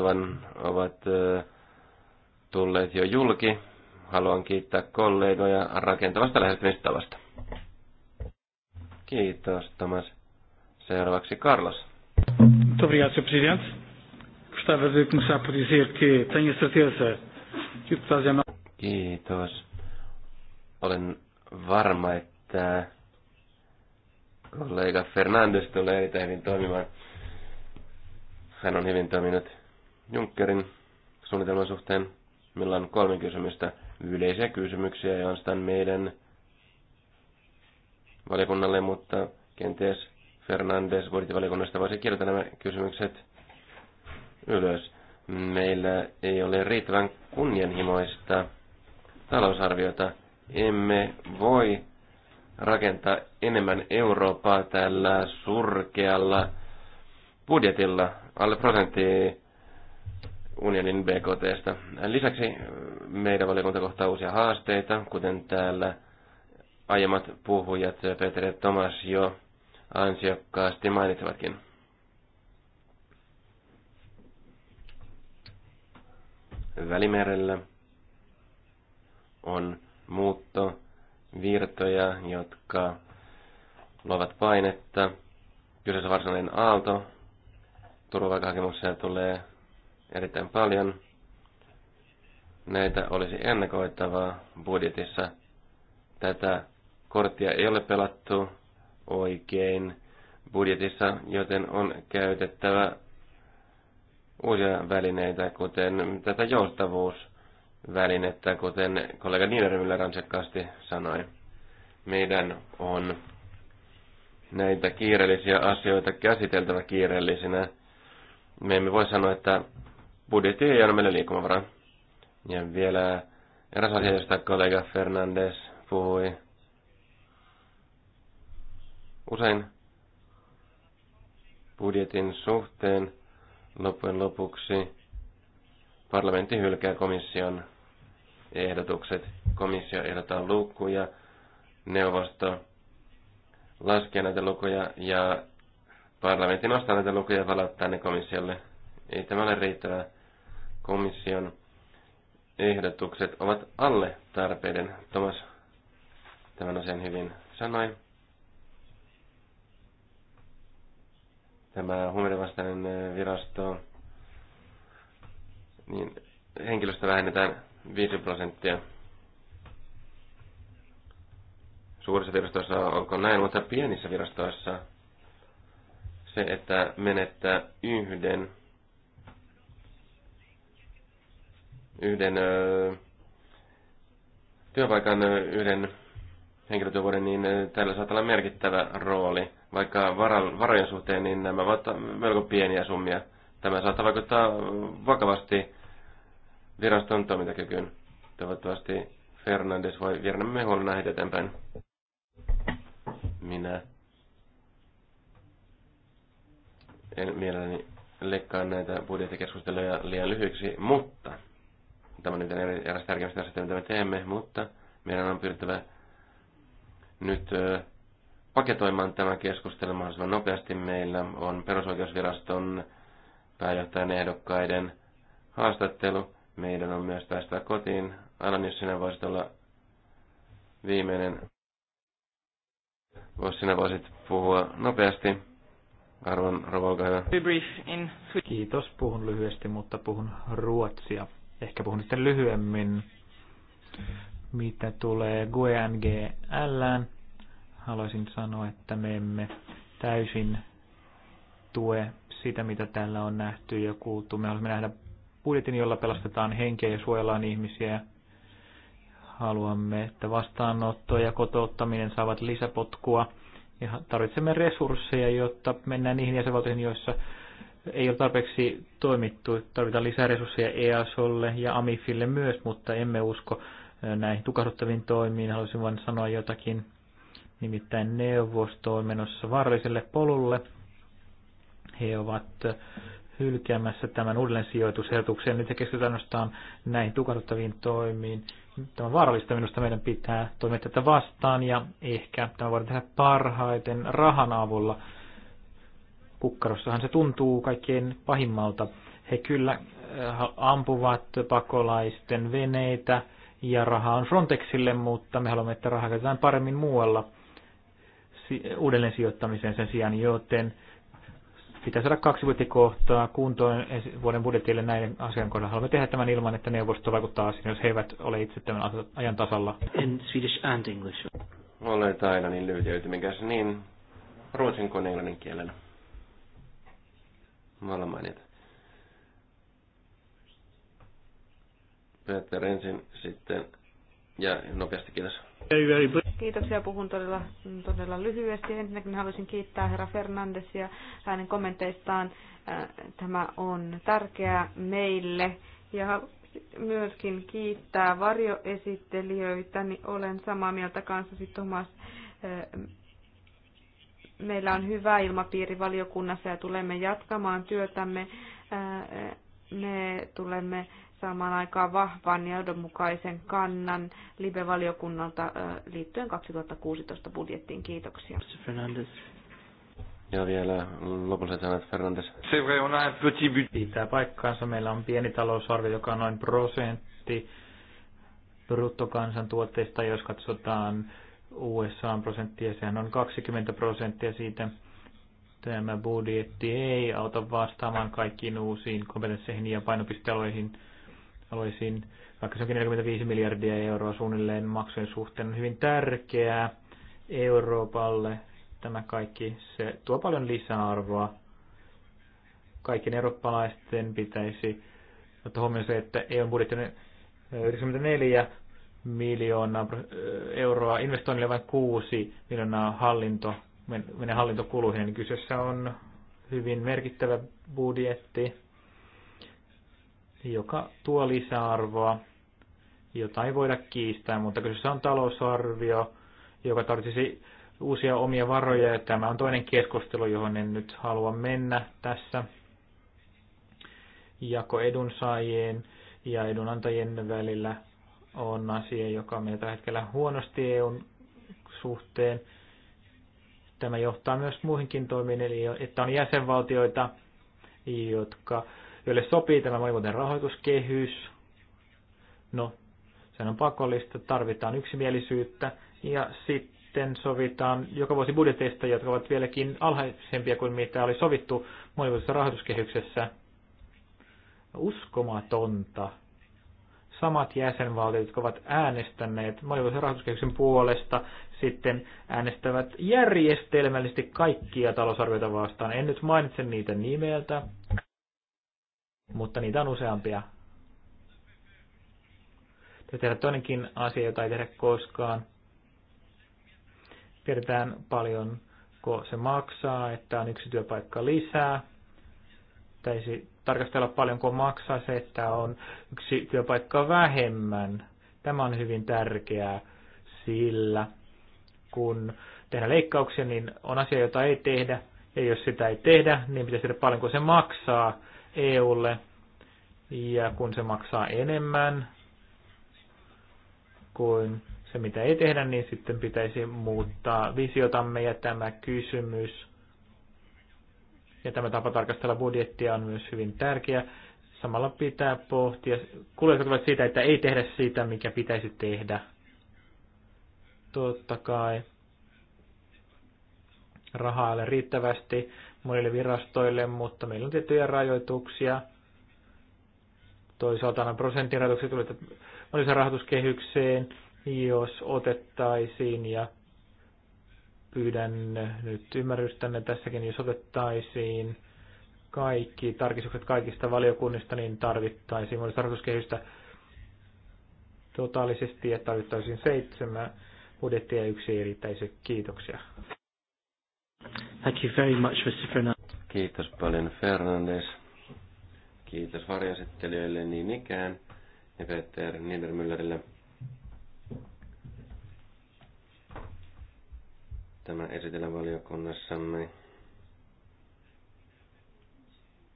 ovat tulleet jo julki haluan kiittää kollegoja rakentavasta lähestymistavasta. Kiitos, Tomas. Seuraavaksi Carlos. Muito obrigado, Sr. Presidente. de começar dizer que tenho certeza que o deputado Kiitos. Olen varma, että kollega Fernandes tulee erittäin hyvin toimimaan. Hän on hyvin toiminut Junckerin suunnitelman suhteen. Meillä on kolme kysymystä yleisiä kysymyksiä, ja on meidän valiokunnalle, mutta kenties Fernandes budjettivaliokunnasta voisi kirjoittaa nämä kysymykset ylös. Meillä ei ole riittävän kunnianhimoista talousarviota. Emme voi rakentaa enemmän Eurooppaa tällä surkealla budjetilla, alle prosentti unionin BKTstä. Lisäksi meidän valiokunta kohtaa uusia haasteita, kuten täällä aiemmat puhujat Peter ja Tomas jo ansiokkaasti mainitsevatkin. Välimerellä on muutto virtoja, jotka luovat painetta. Kyseessä varsinainen aalto. Turvapaikkahakemuksia tulee erittäin paljon. Näitä olisi ennakoitavaa budjetissa. Tätä korttia ei ole pelattu oikein budjetissa, joten on käytettävä uusia välineitä, kuten tätä joustavuusvälinettä, kuten kollega Niedermüller ansiokkaasti sanoi. Meidän on näitä kiireellisiä asioita käsiteltävä kiireellisinä. Me emme voi sanoa, että budjetti ei anna meille liikkumavaraa. Ja vielä eräs asia, josta kollega Fernandes puhui. Usein budjetin suhteen loppujen lopuksi parlamentti hylkää komission ehdotukset. Komissio ehdottaa lukuja, neuvosto laskee näitä lukuja ja parlamentti nostaa näitä lukuja ja palauttaa ne komissiolle. Ei tämä ole riittävää komission ehdotukset ovat alle tarpeiden. Thomas tämän asian hyvin sanoi. Tämä huumeidenvastainen virasto, niin henkilöstä vähennetään 5 prosenttia. Suurissa virastoissa onko näin, mutta pienissä virastoissa se, että menettää yhden yhden työpaikan yhden henkilötyövuoden, niin tällä saattaa olla merkittävä rooli. Vaikka varojen suhteen, niin nämä ovat melko pieniä summia. Tämä saattaa vaikuttaa vakavasti viraston toimintakykyyn. Toivottavasti Fernandes voi viedä me huolenna eteenpäin. Minä en mielelläni leikkaa näitä budjettikeskusteluja liian lyhyiksi, mutta Tämä on nyt eräs tärkeimmistä asioista, mitä me teemme, mutta meidän on pyrittävä nyt paketoimaan tämä keskustelu mahdollisimman nopeasti. Meillä on perusoikeusviraston pääjohtajan ehdokkaiden haastattelu. Meidän on myös päästä kotiin. Alan, jos sinä voisit olla viimeinen, jos sinä voisit puhua nopeasti. Arvon rouva, olkaa hyvä. Kiitos, puhun lyhyesti, mutta puhun ruotsia. Ehkä puhun sitten lyhyemmin, mitä tulee GNGL. Haluaisin sanoa, että me emme täysin tue sitä, mitä täällä on nähty ja kuultu. Me haluamme nähdä budjetin, jolla pelastetaan henkeä ja suojellaan ihmisiä. Haluamme, että vastaanotto ja kotouttaminen saavat lisäpotkua. Ja tarvitsemme resursseja, jotta mennään niihin jäsenvaltioihin, joissa ei ole tarpeeksi toimittu. Tarvitaan lisää resursseja EASOlle ja AMIFille myös, mutta emme usko näihin tukahduttaviin toimiin. Haluaisin vain sanoa jotakin. Nimittäin neuvosto on menossa vaaralliselle polulle. He ovat hylkäämässä tämän uudelleen sijoitusehdotuksen. Nyt he keskitytään ainoastaan näihin tukahduttaviin toimiin. Tämä on vaarallista minusta. Meidän pitää toimia tätä vastaan ja ehkä tämä voidaan tehdä parhaiten rahan avulla kukkarossahan se tuntuu kaikkein pahimmalta. He kyllä äh, ampuvat pakolaisten veneitä ja raha on Frontexille, mutta me haluamme, että rahaa käytetään paremmin muualla uudelleen sijoittamiseen sen sijaan, joten pitää saada kaksi budjettikohtaa kuntoon vuoden budjetille näiden asian kohdalla. Haluamme tehdä tämän ilman, että neuvosto vaikuttaa asiaan, jos he eivät ole itse tämän ajan tasalla. In Swedish and English. Olet aina niin lyhyt ja ytimenkäs, niin ruotsin kuin englannin kielellä vailla mainita. Peter ensin sitten ja nopeasti kiitos. Kiitoksia, puhun todella, todella lyhyesti. Ensinnäkin haluaisin kiittää herra Fernandesia hänen kommenteistaan. Äh, tämä on tärkeää meille ja myöskin kiittää varjoesittelijöitä, niin olen samaa mieltä kanssasi Tomas äh, meillä on hyvä ilmapiiri valiokunnassa ja tulemme jatkamaan työtämme. Me tulemme saamaan aikaan vahvan ja johdonmukaisen kannan Libe-valiokunnalta liittyen 2016 budjettiin. Kiitoksia. Ja vielä lopulliset sanat Fernandes. Se on un petit but. Pitää paikkaansa. Meillä on pieni talousarvio, joka on noin prosentti bruttokansantuotteista, jos katsotaan USA prosenttia, sehän on 20 prosenttia siitä. Tämä budjetti ei auta vastaamaan kaikkiin uusiin kompetensseihin ja painopistealoihin, aloisiin, vaikka se onkin 45 miljardia euroa suunnilleen maksujen suhteen, on hyvin tärkeää Euroopalle tämä kaikki. Se tuo paljon lisäarvoa. Kaikkien eurooppalaisten pitäisi ottaa huomioon se, että eu budjetti on 94 miljoonaa euroa investoinnille vain 6 miljoonaa hallinto, menee hallintokuluihin, niin kyseessä on hyvin merkittävä budjetti, joka tuo lisäarvoa, jota ei voida kiistää, mutta kyseessä on talousarvio, joka tarvitsisi uusia omia varoja, ja tämä on toinen keskustelu, johon en nyt halua mennä tässä. Jako edunsaajien ja edunantajien välillä on asia, joka on meillä tällä hetkellä huonosti EUn suhteen. Tämä johtaa myös muihinkin toimiin, eli että on jäsenvaltioita, jotka, joille sopii tämä monivuotinen rahoituskehys. No, sehän on pakollista, tarvitaan yksimielisyyttä ja sitten sovitaan joka vuosi budjeteista, jotka ovat vieläkin alhaisempia kuin mitä oli sovittu monivuotisessa rahoituskehyksessä. Uskomatonta samat jäsenvaltiot, jotka ovat äänestäneet monivuotisen rahoituskehyksen puolesta, sitten äänestävät järjestelmällisesti kaikkia talousarvioita vastaan. En nyt mainitse niitä nimeltä, mutta niitä on useampia. Täytyy tehdään toinenkin asia, jota ei tehdä koskaan. Tiedetään paljon, kun se maksaa, että on yksi työpaikka lisää. Täisi tarkastella paljonko maksaa se, että on yksi työpaikka vähemmän. Tämä on hyvin tärkeää, sillä kun tehdään leikkauksia, niin on asia, jota ei tehdä. Ja jos sitä ei tehdä, niin pitäisi tehdä paljonko se maksaa EUlle. Ja kun se maksaa enemmän kuin se, mitä ei tehdä, niin sitten pitäisi muuttaa visiotamme ja tämä kysymys ja tämä tapa tarkastella budjettia on myös hyvin tärkeä. Samalla pitää pohtia, kuljetko siitä, että ei tehdä sitä, mikä pitäisi tehdä. Totta kai rahaa ole riittävästi monille virastoille, mutta meillä on tiettyjä rajoituksia. Toisaalta nämä prosentin rajoitukset tulevat rahoituskehykseen, jos otettaisiin ja pyydän nyt ymmärrystänne tässäkin, jos otettaisiin kaikki tarkistukset kaikista valiokunnista, niin tarvittaisiin monista tarkoituskehystä totaalisesti että tarvittaisiin seitsemän budjettia yksi riittäisi. Kiitoksia. Thank you very much, Mr. Kiitos paljon, Fernandes. Kiitos varjoesittelijöille niin ikään ja Peter Niedermüllerille tämä esitellä valiokunnassamme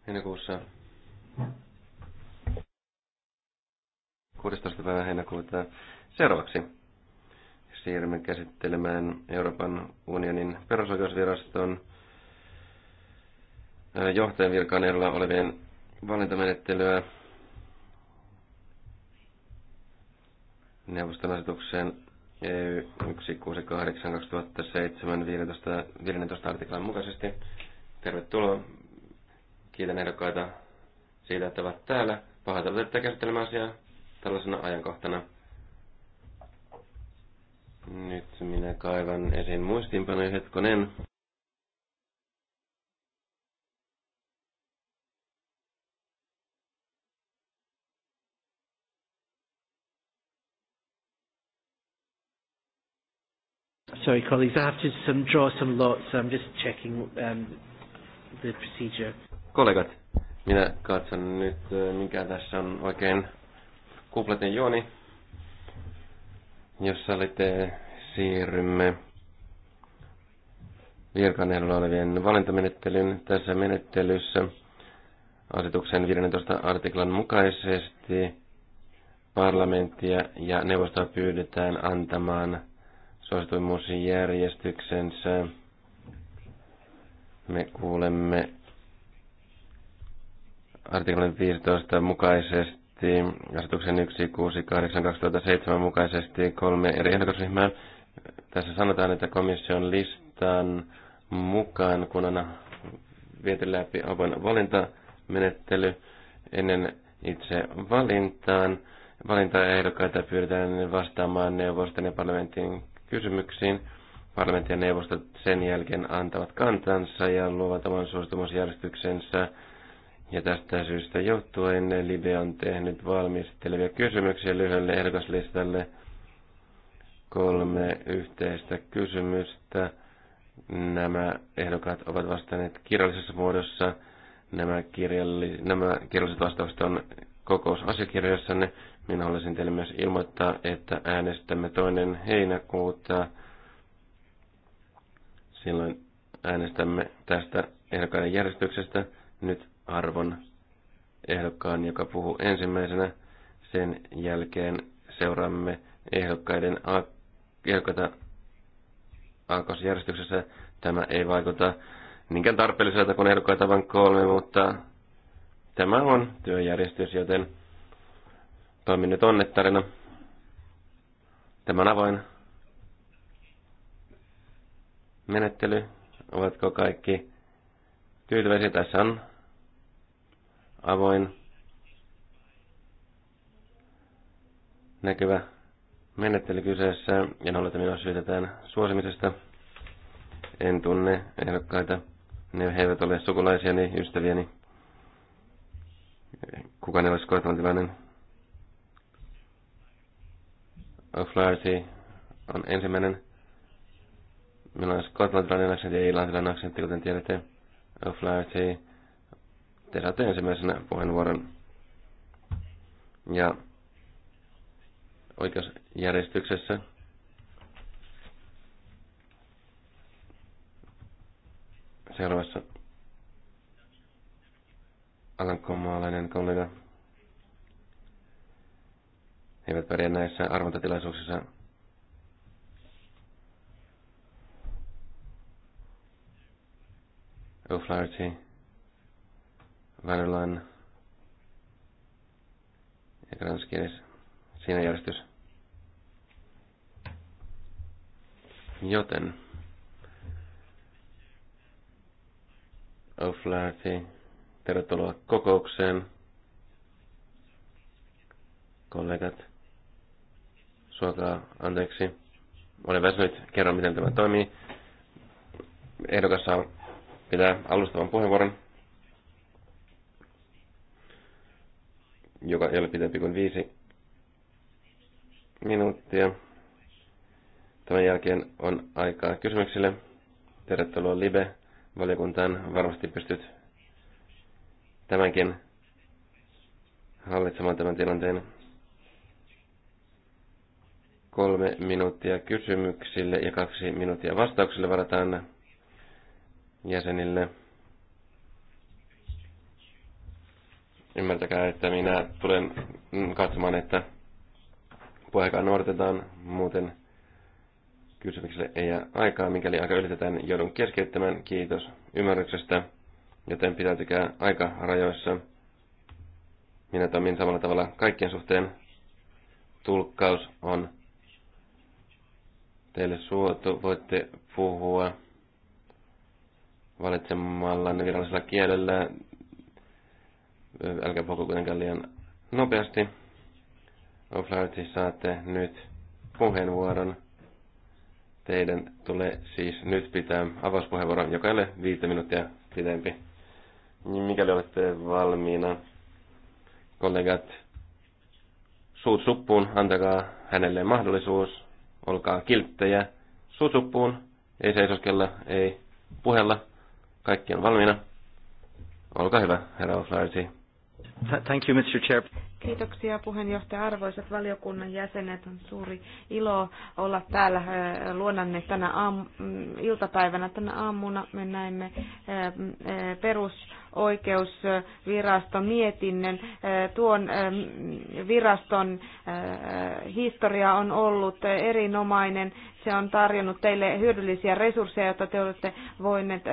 heinäkuussa 16. päivä heinäkuuta. Seuraavaksi siirrymme käsittelemään Euroopan unionin perusoikeusviraston johtajan virkaan olevien valintamenettelyä neuvoston asetukseen 168-2007 15, artiklan mukaisesti. Tervetuloa. Kiitän ehdokkaita siitä, että ovat täällä. Pahoitellaan, että käsittelemään asiaa tällaisena ajankohtana. Nyt minä kaivan esiin muistiinpanoja hetkonen. sorry, colleagues. I have to some, draw some lots, so I'm just checking um, the procedure. Kollegat, minä katson nyt, äh, mikä tässä on oikein kuplaten juoni. Jos sallitte, siirrymme virkanehdolla olevien valintamenettelyn tässä menettelyssä asetuksen 15 artiklan mukaisesti parlamenttia ja neuvostoa pyydetään antamaan – järjestyksensä Me kuulemme artiklan 15 mukaisesti, asetuksen 168-2007 mukaisesti kolme eri ehdokasryhmää. Tässä sanotaan, että komission listan mukaan, kun on viety läpi avoin valintamenettely ennen itse valintaan, valintaehdokkaita pyydetään vastaamaan neuvoston ja parlamentin kysymyksiin. Parlamentin ja neuvostot sen jälkeen antavat kantansa ja luovat oman suostumusjärjestyksensä. Ja tästä syystä johtuen Libe on tehnyt valmistelevia kysymyksiä lyhyelle ehdokaslistalle. Kolme yhteistä kysymystä. Nämä ehdokkaat ovat vastanneet kirjallisessa muodossa. Nämä, kirjalli, nämä kirjalliset vastaukset on kokousasiakirjoissanne. Minä haluaisin teille myös ilmoittaa, että äänestämme toinen heinäkuuta. Silloin äänestämme tästä ehdokkaiden järjestyksestä nyt arvon ehdokkaan, joka puhuu ensimmäisenä. Sen jälkeen seuraamme ehdokkaiden ehdokkaita aakosjärjestyksessä. Tämä ei vaikuta niinkään tarpeelliselta kuin ehdokkaita vain kolme, mutta tämä on työjärjestys, joten Toimin nyt onnettarina. Tämä on avoin menettely. Ovatko kaikki tyytyväisiä? Tässä on avoin näkyvä menettely kyseessä ja nolla, minua syytetään suosimisesta. En tunne ehdokkaita. Ne he eivät ole sukulaisiani, ystäviäni. Kukaan ei ole tilainen O'Flaherty on ensimmäinen. Minulla on skotlantilainen aksentti ja irlantilainen aksentti, kuten tiedätte. O'Flaherty, te saatte ensimmäisenä puheenvuoron. Ja oikeusjärjestyksessä seuraavassa alankomaalainen kollega he eivät pärjää näissä arvontatilaisuuksissa. O'Flaherty, Vanillan ja Granskiris Siinä järjestys. Joten O'Flaherty, tervetuloa kokoukseen. Kollegat, suokaa anteeksi. Olen väsynyt, kerron miten tämä toimii. Ehdokas saa pitää alustavan puheenvuoron, joka ei ole pitempi kuin viisi minuuttia. Tämän jälkeen on aikaa kysymyksille. Tervetuloa Libe-valiokuntaan. Varmasti pystyt tämänkin hallitsemaan tämän tilanteen Kolme minuuttia kysymyksille ja kaksi minuuttia vastauksille varataan jäsenille. Ymmärtäkää, että minä tulen katsomaan, että puheenkaan noudatetaan, muuten kysymykselle ei jää aikaa. Mikäli aika ylitetään, joudun keskeyttämään. Kiitos ymmärryksestä, joten pitäytykää rajoissa. Minä toimin samalla tavalla kaikkien suhteen. Tulkkaus on teille suotu. Voitte puhua valitsemalla virallisella kielellä. Älkää puhuko kuitenkaan liian nopeasti. Offlarti saatte nyt puheenvuoron. Teidän tulee siis nyt pitää avauspuheenvuoro, joka ei ole viittä minuuttia pidempi. Niin mikäli olette valmiina, kollegat, suut suppuun, antakaa hänelle mahdollisuus olkaa kilttejä susuppuun, ei seisoskella, ei puhella. Kaikki on valmiina. Olkaa hyvä, herra Oslaisi. Thank you, Mr. Chair. Kiitoksia puheenjohtaja. Arvoisat valiokunnan jäsenet, on suuri ilo olla täällä luonanne tänä aamu, mm, iltapäivänä. Tänä aamuna me näimme perusoikeusviraston mietinnön. Tuon viraston historia on ollut erinomainen. Se on tarjonnut teille hyödyllisiä resursseja, joita te olette voineet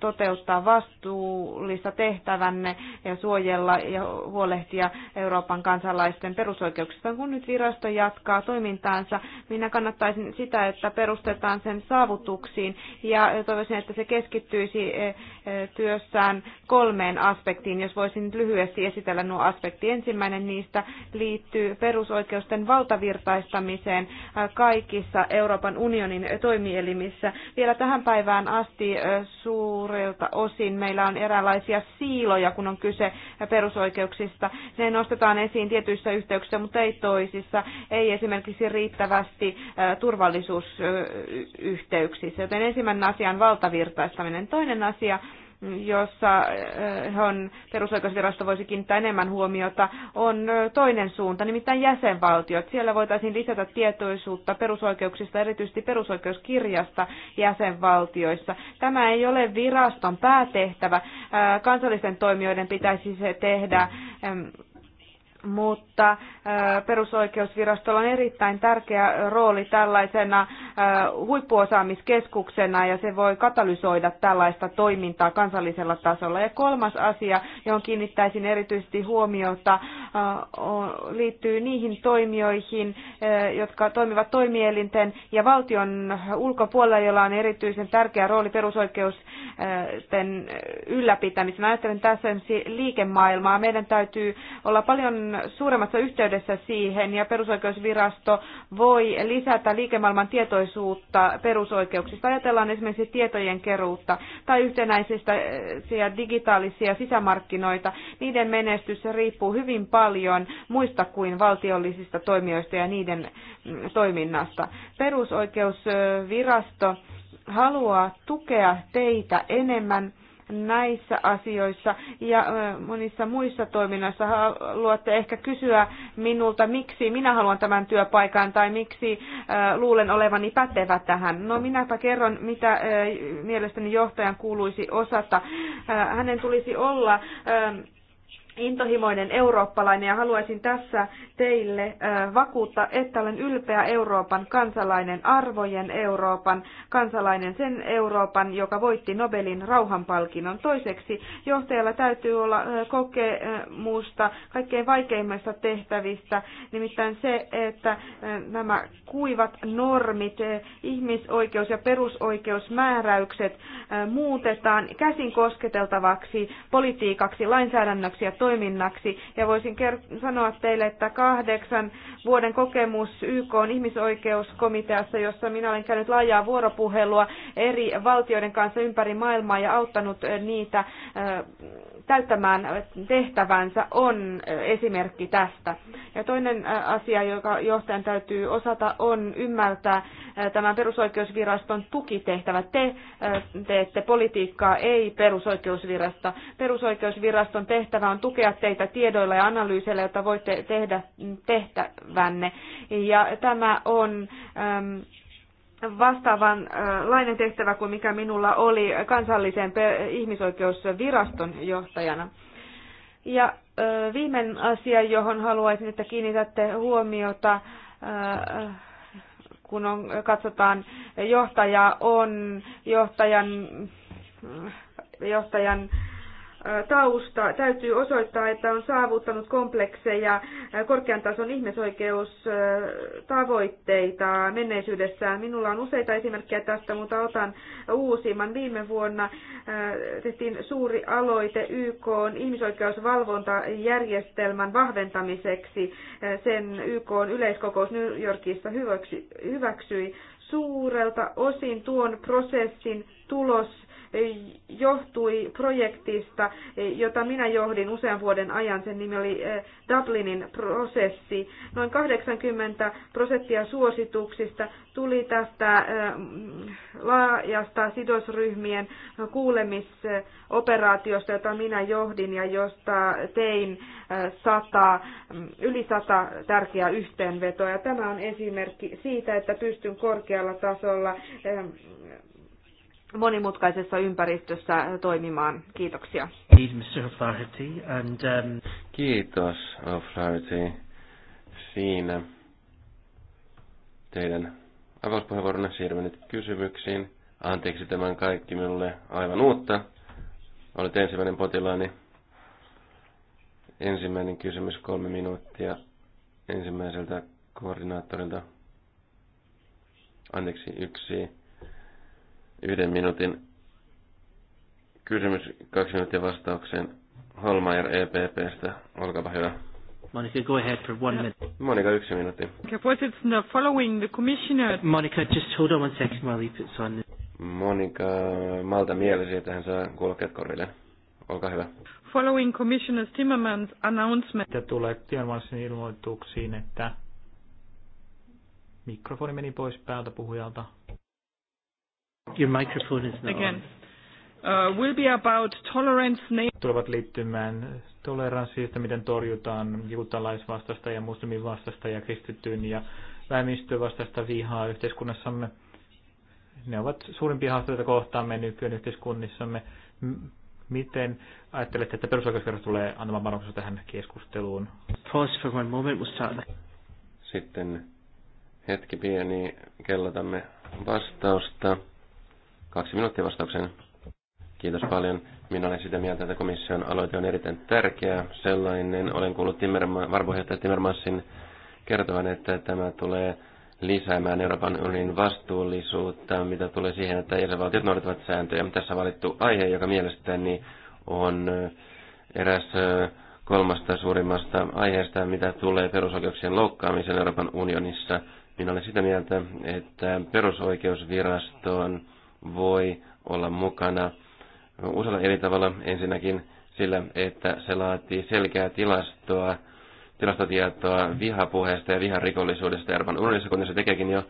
toteuttaa vastuullista tehtävänne ja suojella ja huolehtia Euroopan kansalaisten perusoikeuksista. Kun nyt virasto jatkaa toimintaansa, minä kannattaisin sitä, että perustetaan sen saavutuksiin ja toivoisin, että se keskittyisi eh, eh, työssään kolmeen aspektiin, jos voisin nyt lyhyesti esitellä nuo aspekti. Ensimmäinen niistä liittyy perusoikeusten valtavirtaistamiseen eh, kaikissa Euroopan unionin toimielimissä. Vielä tähän päivään asti suurelta osin meillä on eräänlaisia siiloja, kun on kyse perusoikeuksista yhteyksissä. Ne nostetaan esiin tietyissä yhteyksissä, mutta ei toisissa. Ei esimerkiksi riittävästi turvallisuusyhteyksissä. Joten ensimmäinen asia on valtavirtaistaminen. Toinen asia jossa eh, on perusoikeusvirasto voisi kiinnittää enemmän huomiota, on eh, toinen suunta, nimittäin jäsenvaltiot. Siellä voitaisiin lisätä tietoisuutta perusoikeuksista, erityisesti perusoikeuskirjasta jäsenvaltioissa. Tämä ei ole viraston päätehtävä. Eh, kansallisten toimijoiden pitäisi se tehdä mutta äh, perusoikeusvirastolla on erittäin tärkeä rooli tällaisena äh, huippuosaamiskeskuksena ja se voi katalysoida tällaista toimintaa kansallisella tasolla. Ja kolmas asia, johon kiinnittäisin erityisesti huomiota, äh, liittyy niihin toimijoihin, jotka toimivat toimielinten ja valtion ulkopuolella, jolla on erityisen tärkeä rooli perusoikeusten ylläpitämisen. Ajattelen tässä liikemaailmaa. Meidän täytyy olla paljon suuremmassa yhteydessä siihen ja perusoikeusvirasto voi lisätä liikemaailman tietoisuutta perusoikeuksista. Ajatellaan esimerkiksi tietojen keruutta tai yhtenäisistä eh, digitaalisia sisämarkkinoita. Niiden menestys riippuu hyvin paljon muista kuin valtiollisista toimijoista ja niiden mm, toiminnasta. Perusoikeusvirasto haluaa tukea teitä enemmän näissä asioissa ja monissa muissa toiminnassa. Haluatte ehkä kysyä minulta, miksi minä haluan tämän työpaikan tai miksi luulen olevani pätevä tähän. No minäpä kerron, mitä mielestäni johtajan kuuluisi osata. Hänen tulisi olla intohimoinen eurooppalainen ja haluaisin tässä teille vakuuttaa, että olen ylpeä Euroopan kansalainen, arvojen Euroopan kansalainen, sen Euroopan, joka voitti Nobelin rauhanpalkinnon. Toiseksi johtajalla täytyy olla kokemusta kaikkein vaikeimmista tehtävistä, nimittäin se, että nämä kuivat normit, ihmisoikeus- ja perusoikeusmääräykset muutetaan käsin kosketeltavaksi politiikaksi, lainsäädännöksi ja to- toiminnaksi. Ja voisin sanoa teille, että kahdeksan vuoden kokemus YK on ihmisoikeuskomiteassa, jossa minä olen käynyt laajaa vuoropuhelua eri valtioiden kanssa ympäri maailmaa ja auttanut eh, niitä eh, täyttämään tehtävänsä on eh, esimerkki tästä. Ja toinen eh, asia, joka johtajan täytyy osata, on ymmärtää eh, tämän perusoikeusviraston tukitehtävä. Te teette politiikkaa, ei perusoikeusvirasta. Perusoikeusviraston tehtävä on tukea teitä tiedoilla ja analyyseillä, jotta voitte tehdä mm, tehtävänne. Ja tämä on... Ähm, lainen tehtävä kuin mikä minulla oli kansallisen ihmisoikeusviraston johtajana. Ja viimeinen asia, johon haluaisin, että kiinnitätte huomiota, kun on, katsotaan johtaja on johtajan, johtajan tausta täytyy osoittaa, että on saavuttanut komplekseja korkean tason ihmisoikeustavoitteita menneisyydessään. Minulla on useita esimerkkejä tästä, mutta otan uusimman. Viime vuonna tehtiin suuri aloite YK ihmisoikeusvalvontajärjestelmän vahventamiseksi. Sen YK yleiskokous New Yorkissa hyväksyi suurelta osin tuon prosessin tulos johtui projektista, jota minä johdin usean vuoden ajan. Sen nimi oli eh, Dublinin prosessi. Noin 80 prosenttia suosituksista tuli tästä eh, mm, laajasta sidosryhmien kuulemisoperaatiosta, jota minä johdin ja josta tein eh, sata, mm, yli sata tärkeää yhteenvetoa. Ja tämä on esimerkki siitä, että pystyn korkealla tasolla monimutkaisessa ympäristössä toimimaan. Kiitoksia. Um, Kiitos, Flaherty, Siinä teidän avauspuheenvuoronne siirrymme nyt kysymyksiin. Anteeksi tämän kaikki minulle aivan uutta. Olet ensimmäinen potilaani. Ensimmäinen kysymys kolme minuuttia ensimmäiseltä koordinaattorilta. Anteeksi, yksi yhden minuutin kysymys kaksi minuuttia vastaukseen Holmeier EPPstä. Olkaapa hyvä. Monica, go ahead for one minute. Monica, yksi minuutti. Okay, the following the commissioner. Monica, just hold on one second while he puts on. Monica, malta mielesi, että hän saa kuulokkeet korville. Olkaa hyvä. Following Commissioner Timmermans announcement. Mitä tulee Timmermansin ilmoituksiin, että mikrofoni meni pois päältä puhujalta. Your microphone is not Again. Uh, will be about tolerance. name. Tulevat liittymään toleranssiista, miten torjutaan juutalaisvastasta ja muslimivastasta ja kristittyyn ja vähemmistövastaista vihaa yhteiskunnassamme. Ne ovat suurimpia haasteita kohtaamme nykyään yhteiskunnissamme. Miten ajattelette, että perusoikeusverkosto tulee antamaan panoksensa tähän keskusteluun? Pause for one moment, we'll start. Sitten hetki pieni, kellotamme vastausta. Kaksi minuuttia vastauksen. Kiitos paljon. Minä olen sitä mieltä, että komission aloite on erittäin tärkeä. Sellainen olen kuullut Timmerma, varapuheenjohtaja Timmermansin kertovan, että tämä tulee lisäämään Euroopan unionin vastuullisuutta, mitä tulee siihen, että jäsenvaltiot noudattavat sääntöjä. Tässä valittu aihe, joka mielestäni on eh, eräs eh, kolmasta suurimmasta aiheesta, mitä tulee perusoikeuksien loukkaamiseen Euroopan unionissa. Minä olen sitä mieltä, että perusoikeusvirastoon voi olla mukana usealla eri tavalla. Ensinnäkin sillä, että se laatii selkeää tilastoa, tilastotietoa vihapuheesta ja viharikollisuudesta Euroopan unionissa, kun se tekeekin jo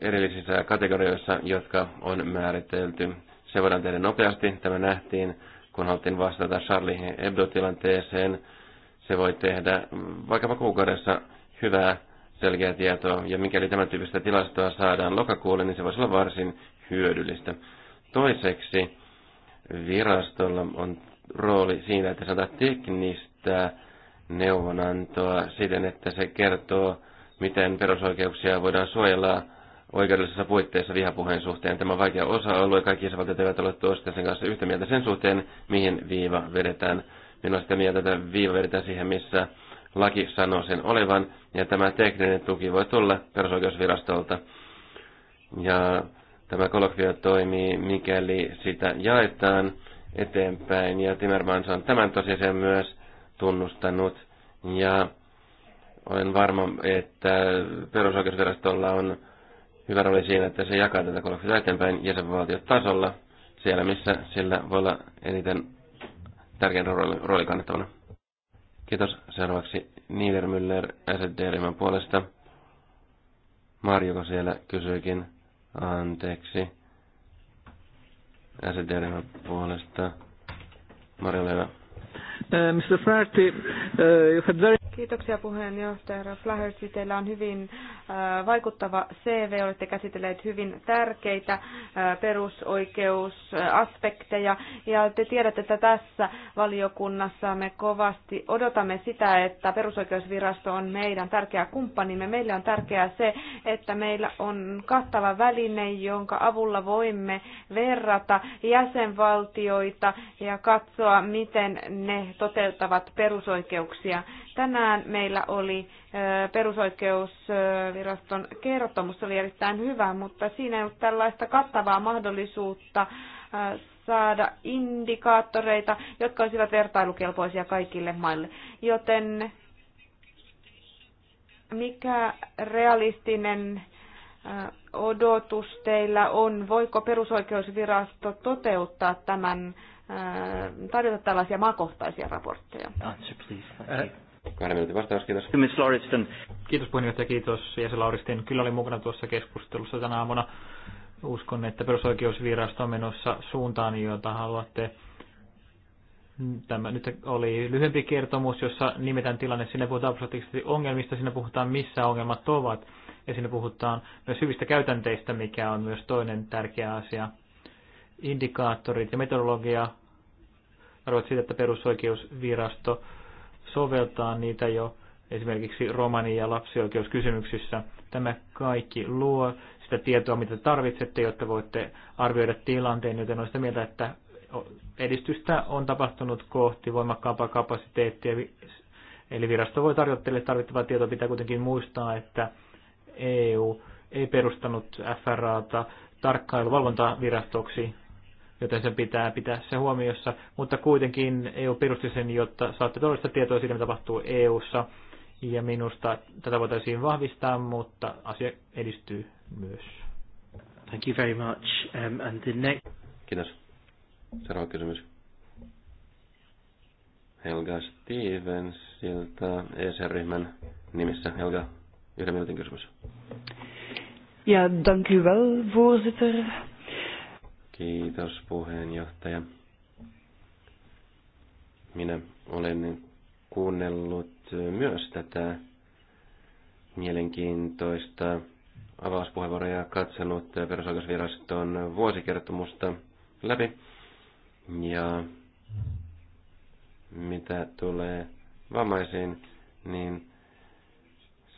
erillisissä kategorioissa, jotka on määritelty. Se voidaan tehdä nopeasti. Tämä nähtiin, kun haluttiin vastata Charlie Hebdo-tilanteeseen. Se voi tehdä vaikkapa kuukaudessa hyvää selkeää tietoa, ja mikäli tämän tyyppistä tilastoa saadaan lokakuulle, niin se voisi olla varsin hyödyllistä. Toiseksi virastolla on rooli siinä, että saadaan teknistä neuvonantoa siten, että se kertoo, miten perusoikeuksia voidaan suojella oikeudellisessa puitteissa vihapuheen suhteen. Tämä on vaikea osa-alue, kaikki isävaltiot eivät ole tuosta sen kanssa yhtä mieltä sen suhteen, mihin viiva vedetään. Minä olen sitä mieltä, että viiva vedetään siihen, missä laki sanoo sen olevan, ja tämä tekninen tuki voi tulla perusoikeusvirastolta. Ja tämä kolokvio toimii, mikäli sitä jaetaan eteenpäin, ja Timmermans on tämän tosiaan myös tunnustanut, ja olen varma, että perusoikeusvirastolla on hyvä rooli siinä, että se jakaa tätä kolokviota eteenpäin jäsenvaltiotasolla, siellä missä sillä voi olla eniten tärkeän rooli, rooli kannettavana. Kiitos. Seuraavaksi Niedermüller SD-ryhmän puolesta. Marjuko siellä kysyikin anteeksi. SD-ryhmän puolesta. Marjo Uh, Mr. uh, you had very... Kiitoksia puheenjohtaja Flaherty. Teillä on hyvin äh, vaikuttava CV. Olette käsitelleet hyvin tärkeitä äh, perusoikeusaspekteja. Ja te tiedätte, että tässä valiokunnassa me kovasti odotamme sitä, että perusoikeusvirasto on meidän tärkeä kumppanimme. Meille on tärkeää se, että meillä on kattava väline, jonka avulla voimme verrata jäsenvaltioita ja katsoa, miten ne toteuttavat perusoikeuksia Tänään meillä oli perusoikeusviraston kertomus, se oli erittäin hyvä, mutta siinä ei ollut tällaista kattavaa mahdollisuutta saada indikaattoreita, jotka olisivat vertailukelpoisia kaikille maille. Joten mikä realistinen odotus teillä on? Voiko perusoikeusvirasto toteuttaa tämän, tarjota tällaisia maakohtaisia raportteja? Answer, please. Äh, Kahden minuutin vastaus, kiitos. Miss Lauriston. Kiitos puheenjohtaja, kiitos jäsen Lauristin. Kyllä oli mukana tuossa keskustelussa tänä aamuna. Uskon, että perusoikeusvirasto on menossa suuntaan, jota haluatte. Tämä nyt oli lyhyempi kertomus, jossa nimetään tilanne. Sinne puhutaan absoluuttisesti ongelmista, sinne puhutaan missä ongelmat ovat. Ja sinne puhutaan myös hyvistä käytänteistä, mikä on myös toinen tärkeä asia. Indikaattorit ja metodologia arvoit siitä, että perusoikeusvirasto soveltaa niitä jo esimerkiksi romani- ja lapsioikeuskysymyksissä. Tämä kaikki luo sitä tietoa, mitä tarvitsette, jotta voitte arvioida tilanteen, joten on sitä mieltä, että edistystä on tapahtunut kohti voimakkaampaa kapasiteettia, eli virasto voi tarjota teille tarvittavaa tietoa. Pitää kuitenkin muistaa, että EU ei perustanut FRAta tarkkailuvalvontavirastoksi, joten sen pitää pitää se huomiossa, mutta kuitenkin EU perusti sen, jotta saatte todellista tietoa siitä, mitä tapahtuu EU:ssa ja minusta tätä voitaisiin vahvistaa, mutta asia edistyy myös. Thank you very much. Um, and the next... Kiitos. Seuraava kysymys. Helga sieltä ESR-ryhmän nimissä. Helga, yhden minuutin kysymys. Ja, dank u wel, voorzitter. Kiitos puheenjohtaja. Minä olen kuunnellut myös tätä mielenkiintoista avauspuheenvuoroa ja katsonut perusoikeusviraston vuosikertomusta läpi. Ja mitä tulee vammaisiin, niin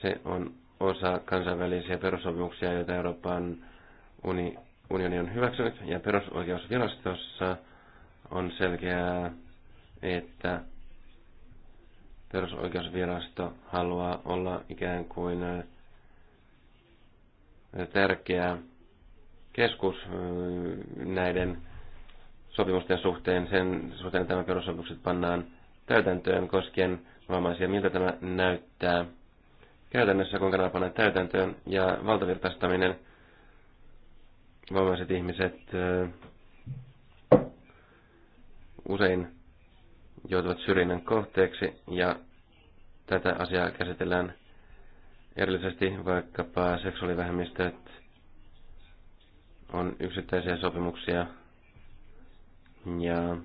se on osa kansainvälisiä perussopimuksia, joita Euroopan uni unioni on hyväksynyt ja perusoikeusvirastossa on selkeää, että perusoikeusvirasto haluaa olla ikään kuin äh, tärkeä keskus äh, näiden sopimusten suhteen, sen suhteen, että tämä perussopimukset pannaan täytäntöön koskien vammaisia, miltä tämä näyttää käytännössä, kuinka nämä pannaan täytäntöön, ja valtavirtaistaminen – vammaiset ihmiset usein joutuvat syrjinnän kohteeksi ja tätä asiaa käsitellään erillisesti, vaikkapa seksuaalivähemmistöt on yksittäisiä sopimuksia ja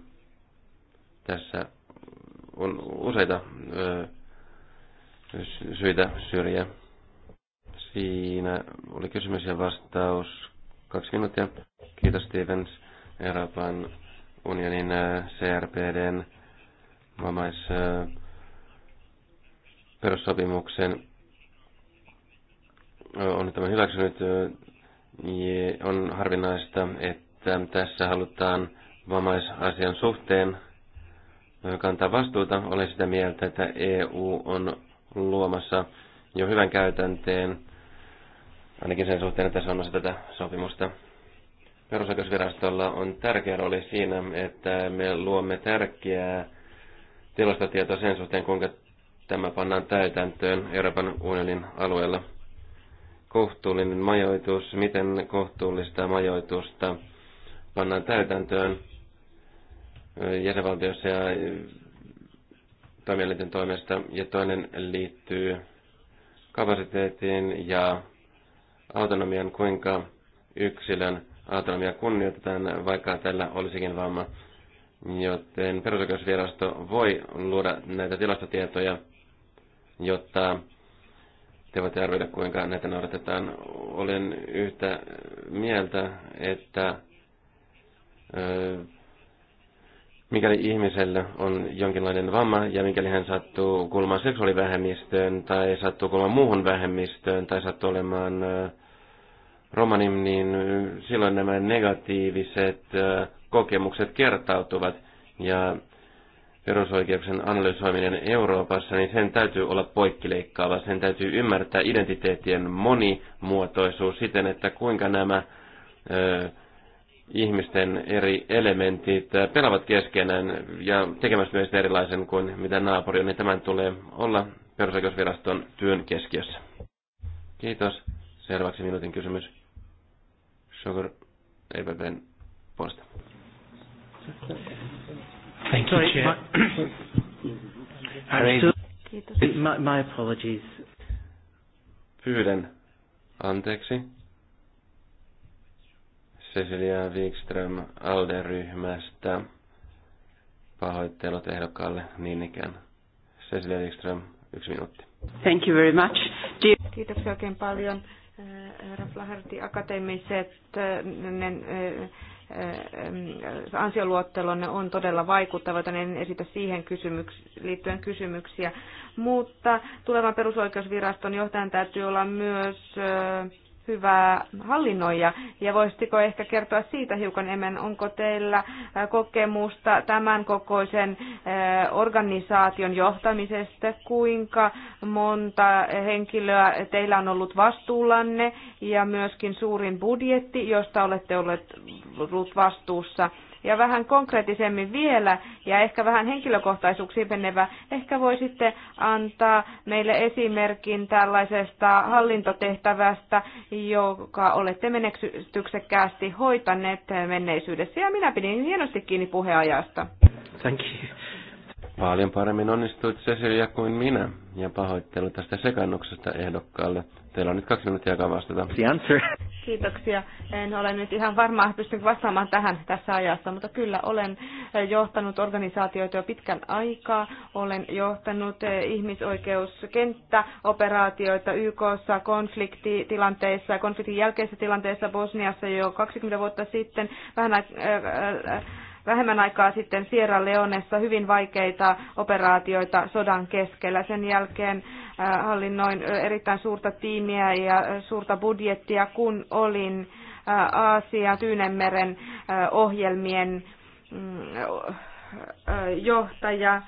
tässä on useita ö, syitä syrjää. Siinä oli kysymys ja vastaus Kaksi minuuttia. Kiitos Stevens. Euroopan unionin äh, CRPDn vammais äh, perussopimuksen äh, on tämä hyväksynyt. On harvinaista, että tässä halutaan vammaisasian suhteen kantaa vastuuta. Olen sitä mieltä, että EU on luomassa jo hyvän käytänteen ainakin sen suhteen, että se on osa tätä sopimusta. Perusoikeusvirastolla on tärkeä rooli siinä, että me luomme tärkeää tilastotietoa sen suhteen, kuinka tämä pannaan täytäntöön Euroopan unionin alueella. Kohtuullinen majoitus, miten kohtuullista majoitusta pannaan täytäntöön jäsenvaltiossa ja toimielinten toimesta. Ja toinen liittyy kapasiteettiin ja autonomian, kuinka yksilön autonomia kunnioitetaan, vaikka tällä olisikin vamma. Joten perusoikeusvirasto voi luoda näitä tilastotietoja, jotta te voitte arvioida, kuinka näitä noudatetaan. Olen yhtä mieltä, että mikäli ihmisellä on jonkinlainen vamma ja mikäli hän sattuu kuulumaan seksuaalivähemmistöön tai sattuu kuulumaan muuhun vähemmistöön tai sattuu olemaan romanim, niin silloin nämä negatiiviset kokemukset kertautuvat ja perusoikeuksien analysoiminen Euroopassa, niin sen täytyy olla poikkileikkaava. Sen täytyy ymmärtää identiteettien monimuotoisuus siten, että kuinka nämä ö, ihmisten eri elementit pelaavat keskenään ja tekemässä myös erilaisen kuin mitä naapuri on, niin tämän tulee olla perusoikeusviraston työn keskiössä. Kiitos. Seuraavaksi minuutin kysymys. Sugar EPPn puolesta. Thank you, Chair. Kiitos. My, my apologies. Pyydän anteeksi. Cecilia Wikström ALDE-ryhmästä. Pahoittelut ehdokkaalle niin ikään. Cecilia Wikström, yksi minuutti. Thank you very much. Kiitoksia oikein paljon. Herra Flaherty, akateemiset ansioluottelonne on todella joten en esitä siihen kysymyks- liittyen kysymyksiä. Mutta tulevan perusoikeusviraston johtajan täytyy olla myös hyvää hallinnoija. Ja voisitko ehkä kertoa siitä hiukan emen, onko teillä äh, kokemusta tämän kokoisen äh, organisaation johtamisesta, kuinka monta henkilöä teillä on ollut vastuullanne ja myöskin suurin budjetti, josta olette olleet vastuussa. Ja vähän konkreettisemmin vielä ja ehkä vähän henkilökohtaisuuksiin menevä, ehkä sitten antaa meille esimerkin tällaisesta hallintotehtävästä, joka olette menestyksekkäästi hoitaneet menneisyydessä. Ja minä pidin hienosti kiinni puheajasta. Thank you. Paljon paremmin onnistuit Cecilia kuin minä, ja pahoittelu tästä sekannuksesta ehdokkaalle. Teillä on nyt kaksi minuuttia aikaa vastata. Kiitoksia. En ole nyt ihan varma, pystyn vastaamaan tähän tässä ajassa, mutta kyllä olen johtanut organisaatioita jo pitkän aikaa. Olen johtanut ihmisoikeuskenttäoperaatioita YKssa, konfliktitilanteissa, konfliktin jälkeisessä tilanteessa Bosniassa jo 20 vuotta sitten, vähän äh, äh, vähemmän aikaa sitten Sierra Leonessa hyvin vaikeita operaatioita sodan keskellä. Sen jälkeen äh, hallinnoin erittäin suurta tiimiä ja suurta budjettia, kun olin äh, Aasia Tyynemeren äh, ohjelmien mm, johtaja,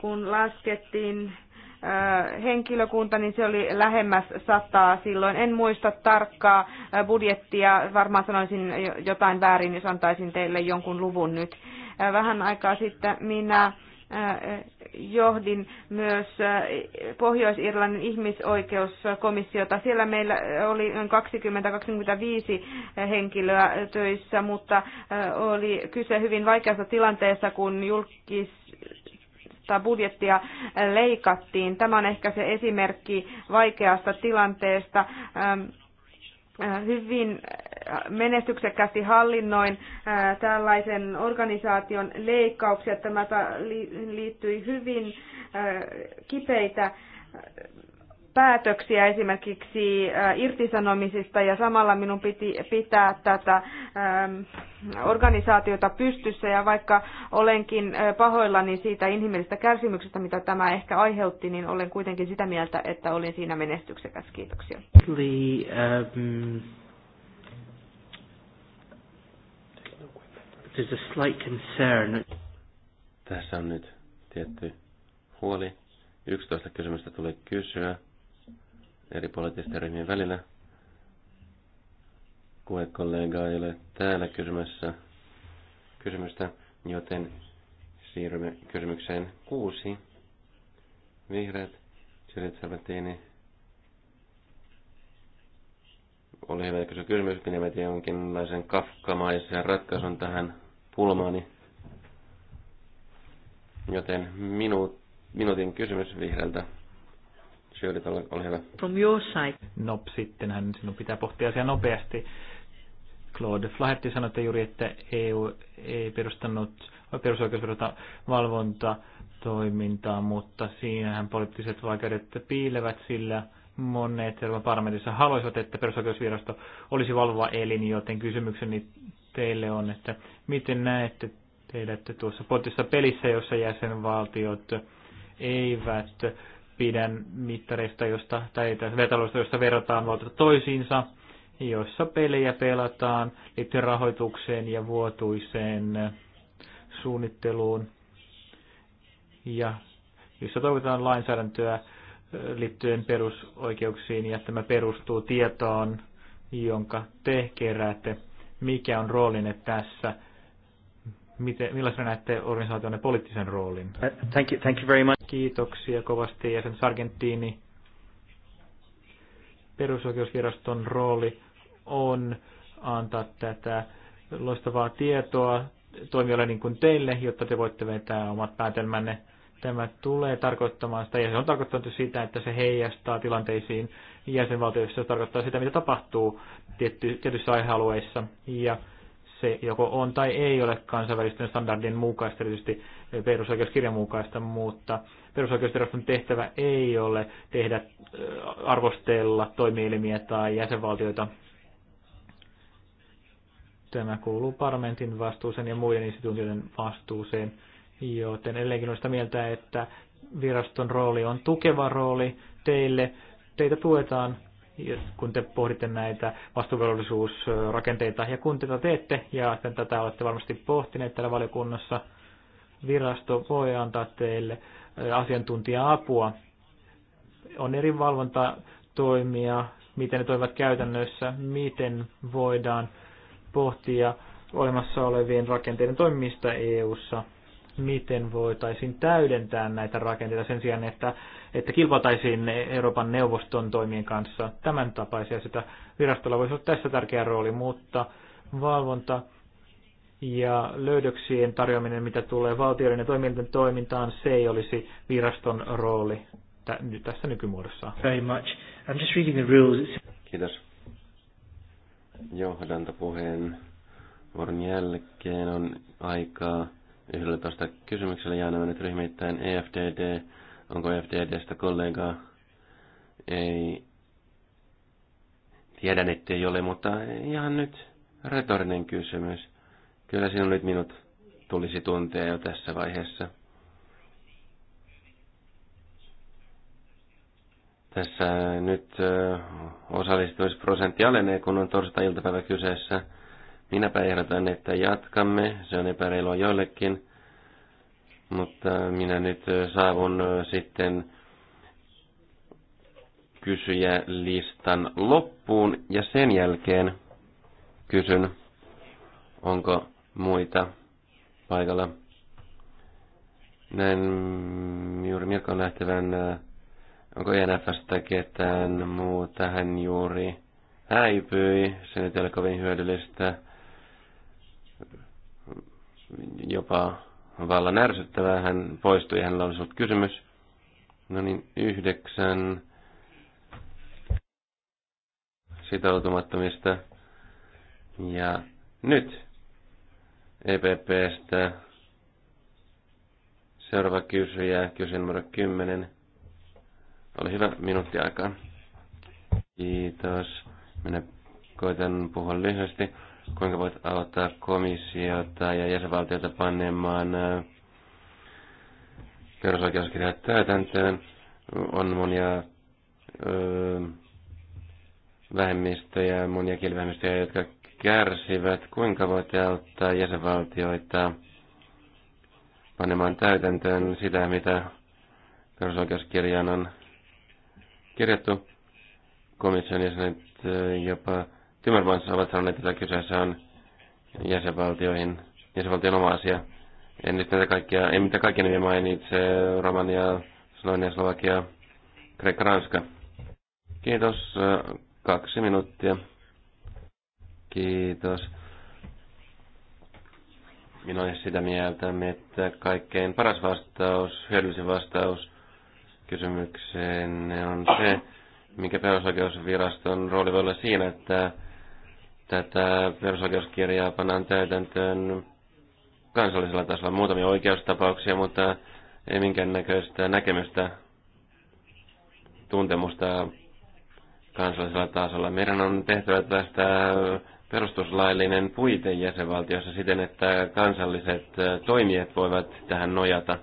kun laskettiin henkilökunta, niin se oli lähemmäs sataa silloin. En muista tarkkaa budjettia, varmaan sanoisin jotain väärin, jos antaisin teille jonkun luvun nyt. Vähän aikaa sitten minä johdin myös Pohjois-Irlannin ihmisoikeuskomissiota. Siellä meillä oli noin 20-25 henkilöä töissä, mutta oli kyse hyvin vaikeasta tilanteessa, kun julkis tai budjettia leikattiin. Tämä on ehkä se esimerkki vaikeasta tilanteesta ähm, äh, hyvin menestyksekkästi hallinnoin äh, tällaisen organisaation leikkauksia. Tämä liittyi hyvin äh, kipeitä päätöksiä esimerkiksi äh, irtisanomisista ja samalla minun piti pitää tätä ähm, organisaatiota pystyssä ja vaikka olenkin äh, pahoillani siitä inhimillisestä kärsimyksestä, mitä tämä ehkä aiheutti, niin olen kuitenkin sitä mieltä, että olin siinä menestyksekäs. Kiitoksia. Um, there's a slight concern. Tässä on nyt tietty huoli. 11 kysymystä tulee kysyä eri poliittisten ryhmien välillä. Kuekollega ei ole täällä kysymässä kysymystä, joten siirrymme kysymykseen kuusi. Vihreät, Sirit Salvatini. Oli hyvä kysyä kysymys, minä metin jonkinlaisen kafkamaisen ratkaisun tähän pulmaani. Joten minu, minuutin kysymys vihreältä Shirley, ole, ole hyvä. From your side. No sittenhän sinun pitää pohtia asiaa nopeasti. Claude Flaherty sanoi että juuri, että EU ei perustanut perusoikeusverota toimintaa, mutta siinähän poliittiset vaikeudet piilevät, sillä monet Euroopan parlamentissa haluaisivat, että perusoikeusvirasto olisi valvova elin, joten kysymykseni teille on, että miten näette teidät tuossa poliittisessa pelissä, jossa jäsenvaltiot eivät pidän mittareista, josta, tai vertailusta, joista verrataan valtiota toisiinsa, joissa pelejä pelataan liittyen rahoitukseen ja vuotuiseen suunnitteluun, ja jossa toivotaan lainsäädäntöä liittyen perusoikeuksiin, ja tämä perustuu tietoon, jonka te keräätte. Mikä on roolinne tässä Miten, millaisena näette organisaationne poliittisen roolin? Uh, thank you, thank you very much. Kiitoksia kovasti sen Sargentini. Perusoikeusviraston rooli on antaa tätä loistavaa tietoa toimijoille niin kuin teille, jotta te voitte vetää omat päätelmänne. Tämä tulee tarkoittamaan sitä, ja se on tarkoittanut sitä, että se heijastaa tilanteisiin jäsenvaltioissa, se tarkoittaa sitä, mitä tapahtuu tietty, tietyissä aihealueissa. Ja se joko on tai ei ole kansainvälisten standardien mukaista, erityisesti perusoikeuskirjan mukaista, mutta perusoikeusviraston tehtävä ei ole tehdä arvostella toimielimiä tai jäsenvaltioita. Tämä kuuluu parlamentin vastuuseen ja muiden instituutioiden vastuuseen, joten edelleenkin olen sitä mieltä, että viraston rooli on tukeva rooli teille. Teitä tuetaan kun te pohditte näitä vastuuvelvollisuusrakenteita ja kun tätä teette, ja tätä olette varmasti pohtineet täällä valiokunnassa, virasto voi antaa teille asiantuntija-apua. On eri valvontatoimia, miten ne toimivat käytännössä, miten voidaan pohtia olemassa olevien rakenteiden toimimista EU-ssa, miten voitaisiin täydentää näitä rakenteita sen sijaan, että että kilpailtaisiin Euroopan neuvoston toimien kanssa tämän tapaisia. Sitä virastolla voisi olla tässä tärkeä rooli, mutta valvonta ja löydöksien tarjoaminen, mitä tulee valtioiden ja toimijoiden toimintaan, se ei olisi viraston rooli tässä nykymuodossa. Very much. I'm just reading the rules. Kiitos. Johdantopuheen vuoron jälkeen on aikaa 11 kysymyksellä ja nyt ryhmittäin EFDD, Onko FTDstä kollegaa? Ei. Tiedän, ettei ole, mutta ihan nyt retorinen kysymys. Kyllä sinun nyt minut tulisi tuntea jo tässä vaiheessa. Tässä nyt osallistumisprosentti alenee, kun on torstai-iltapäivä kyseessä. Minäpä ehdotan, että jatkamme. Se on epäreilua joillekin mutta minä nyt äh, saavun äh, sitten kysyjälistan loppuun ja sen jälkeen kysyn, onko muita paikalla. Näin mm, juuri Mirko on lähtevän, äh, onko ENFstä ketään muuta, hän juuri häipyi, se nyt ei ole kovin hyödyllistä, jopa vallan ärsyttävää. Hän poistui ja hänellä olisi ollut kysymys. No niin, yhdeksän sitoutumattomista. Ja nyt EPPstä seuraava kysyjä, kysy numero 10. Oli hyvä minuutti aikaa. Kiitos. Minä koitan puhua lyhyesti kuinka voit auttaa komissiota ja jäsenvaltiota panemaan äh, perusoikeuskirjat täytäntöön. On monia ö, äh, vähemmistöjä, monia kielivähemmistöjä, jotka kärsivät. Kuinka voit auttaa jäsenvaltioita panemaan täytäntöön sitä, mitä perusoikeuskirjaan on kirjattu? Komission jäsenet äh, jopa Timmermans ovat sanoneet, että kyseessä on jäsenvaltioihin, jäsenvaltion oma asia. En nyt näitä kaikkia, ei mitä kaikkia nimiä mainitse, Romania, Slovenia, Slovakia, Kreikka, Ranska. Kiitos, kaksi minuuttia. Kiitos. Minä olen sitä mieltä, että kaikkein paras vastaus, hyödyllisin vastaus kysymykseen on se, mikä perusoikeusviraston rooli voi olla siinä, että tätä perusoikeuskirjaa pannaan täytäntöön kansallisella tasolla. Muutamia oikeustapauksia, mutta ei minkäännäköistä näkemystä, tuntemusta kansallisella tasolla. Meidän on tehtävä tästä perustuslaillinen puite jäsenvaltiossa siten, että kansalliset toimijat voivat tähän nojata.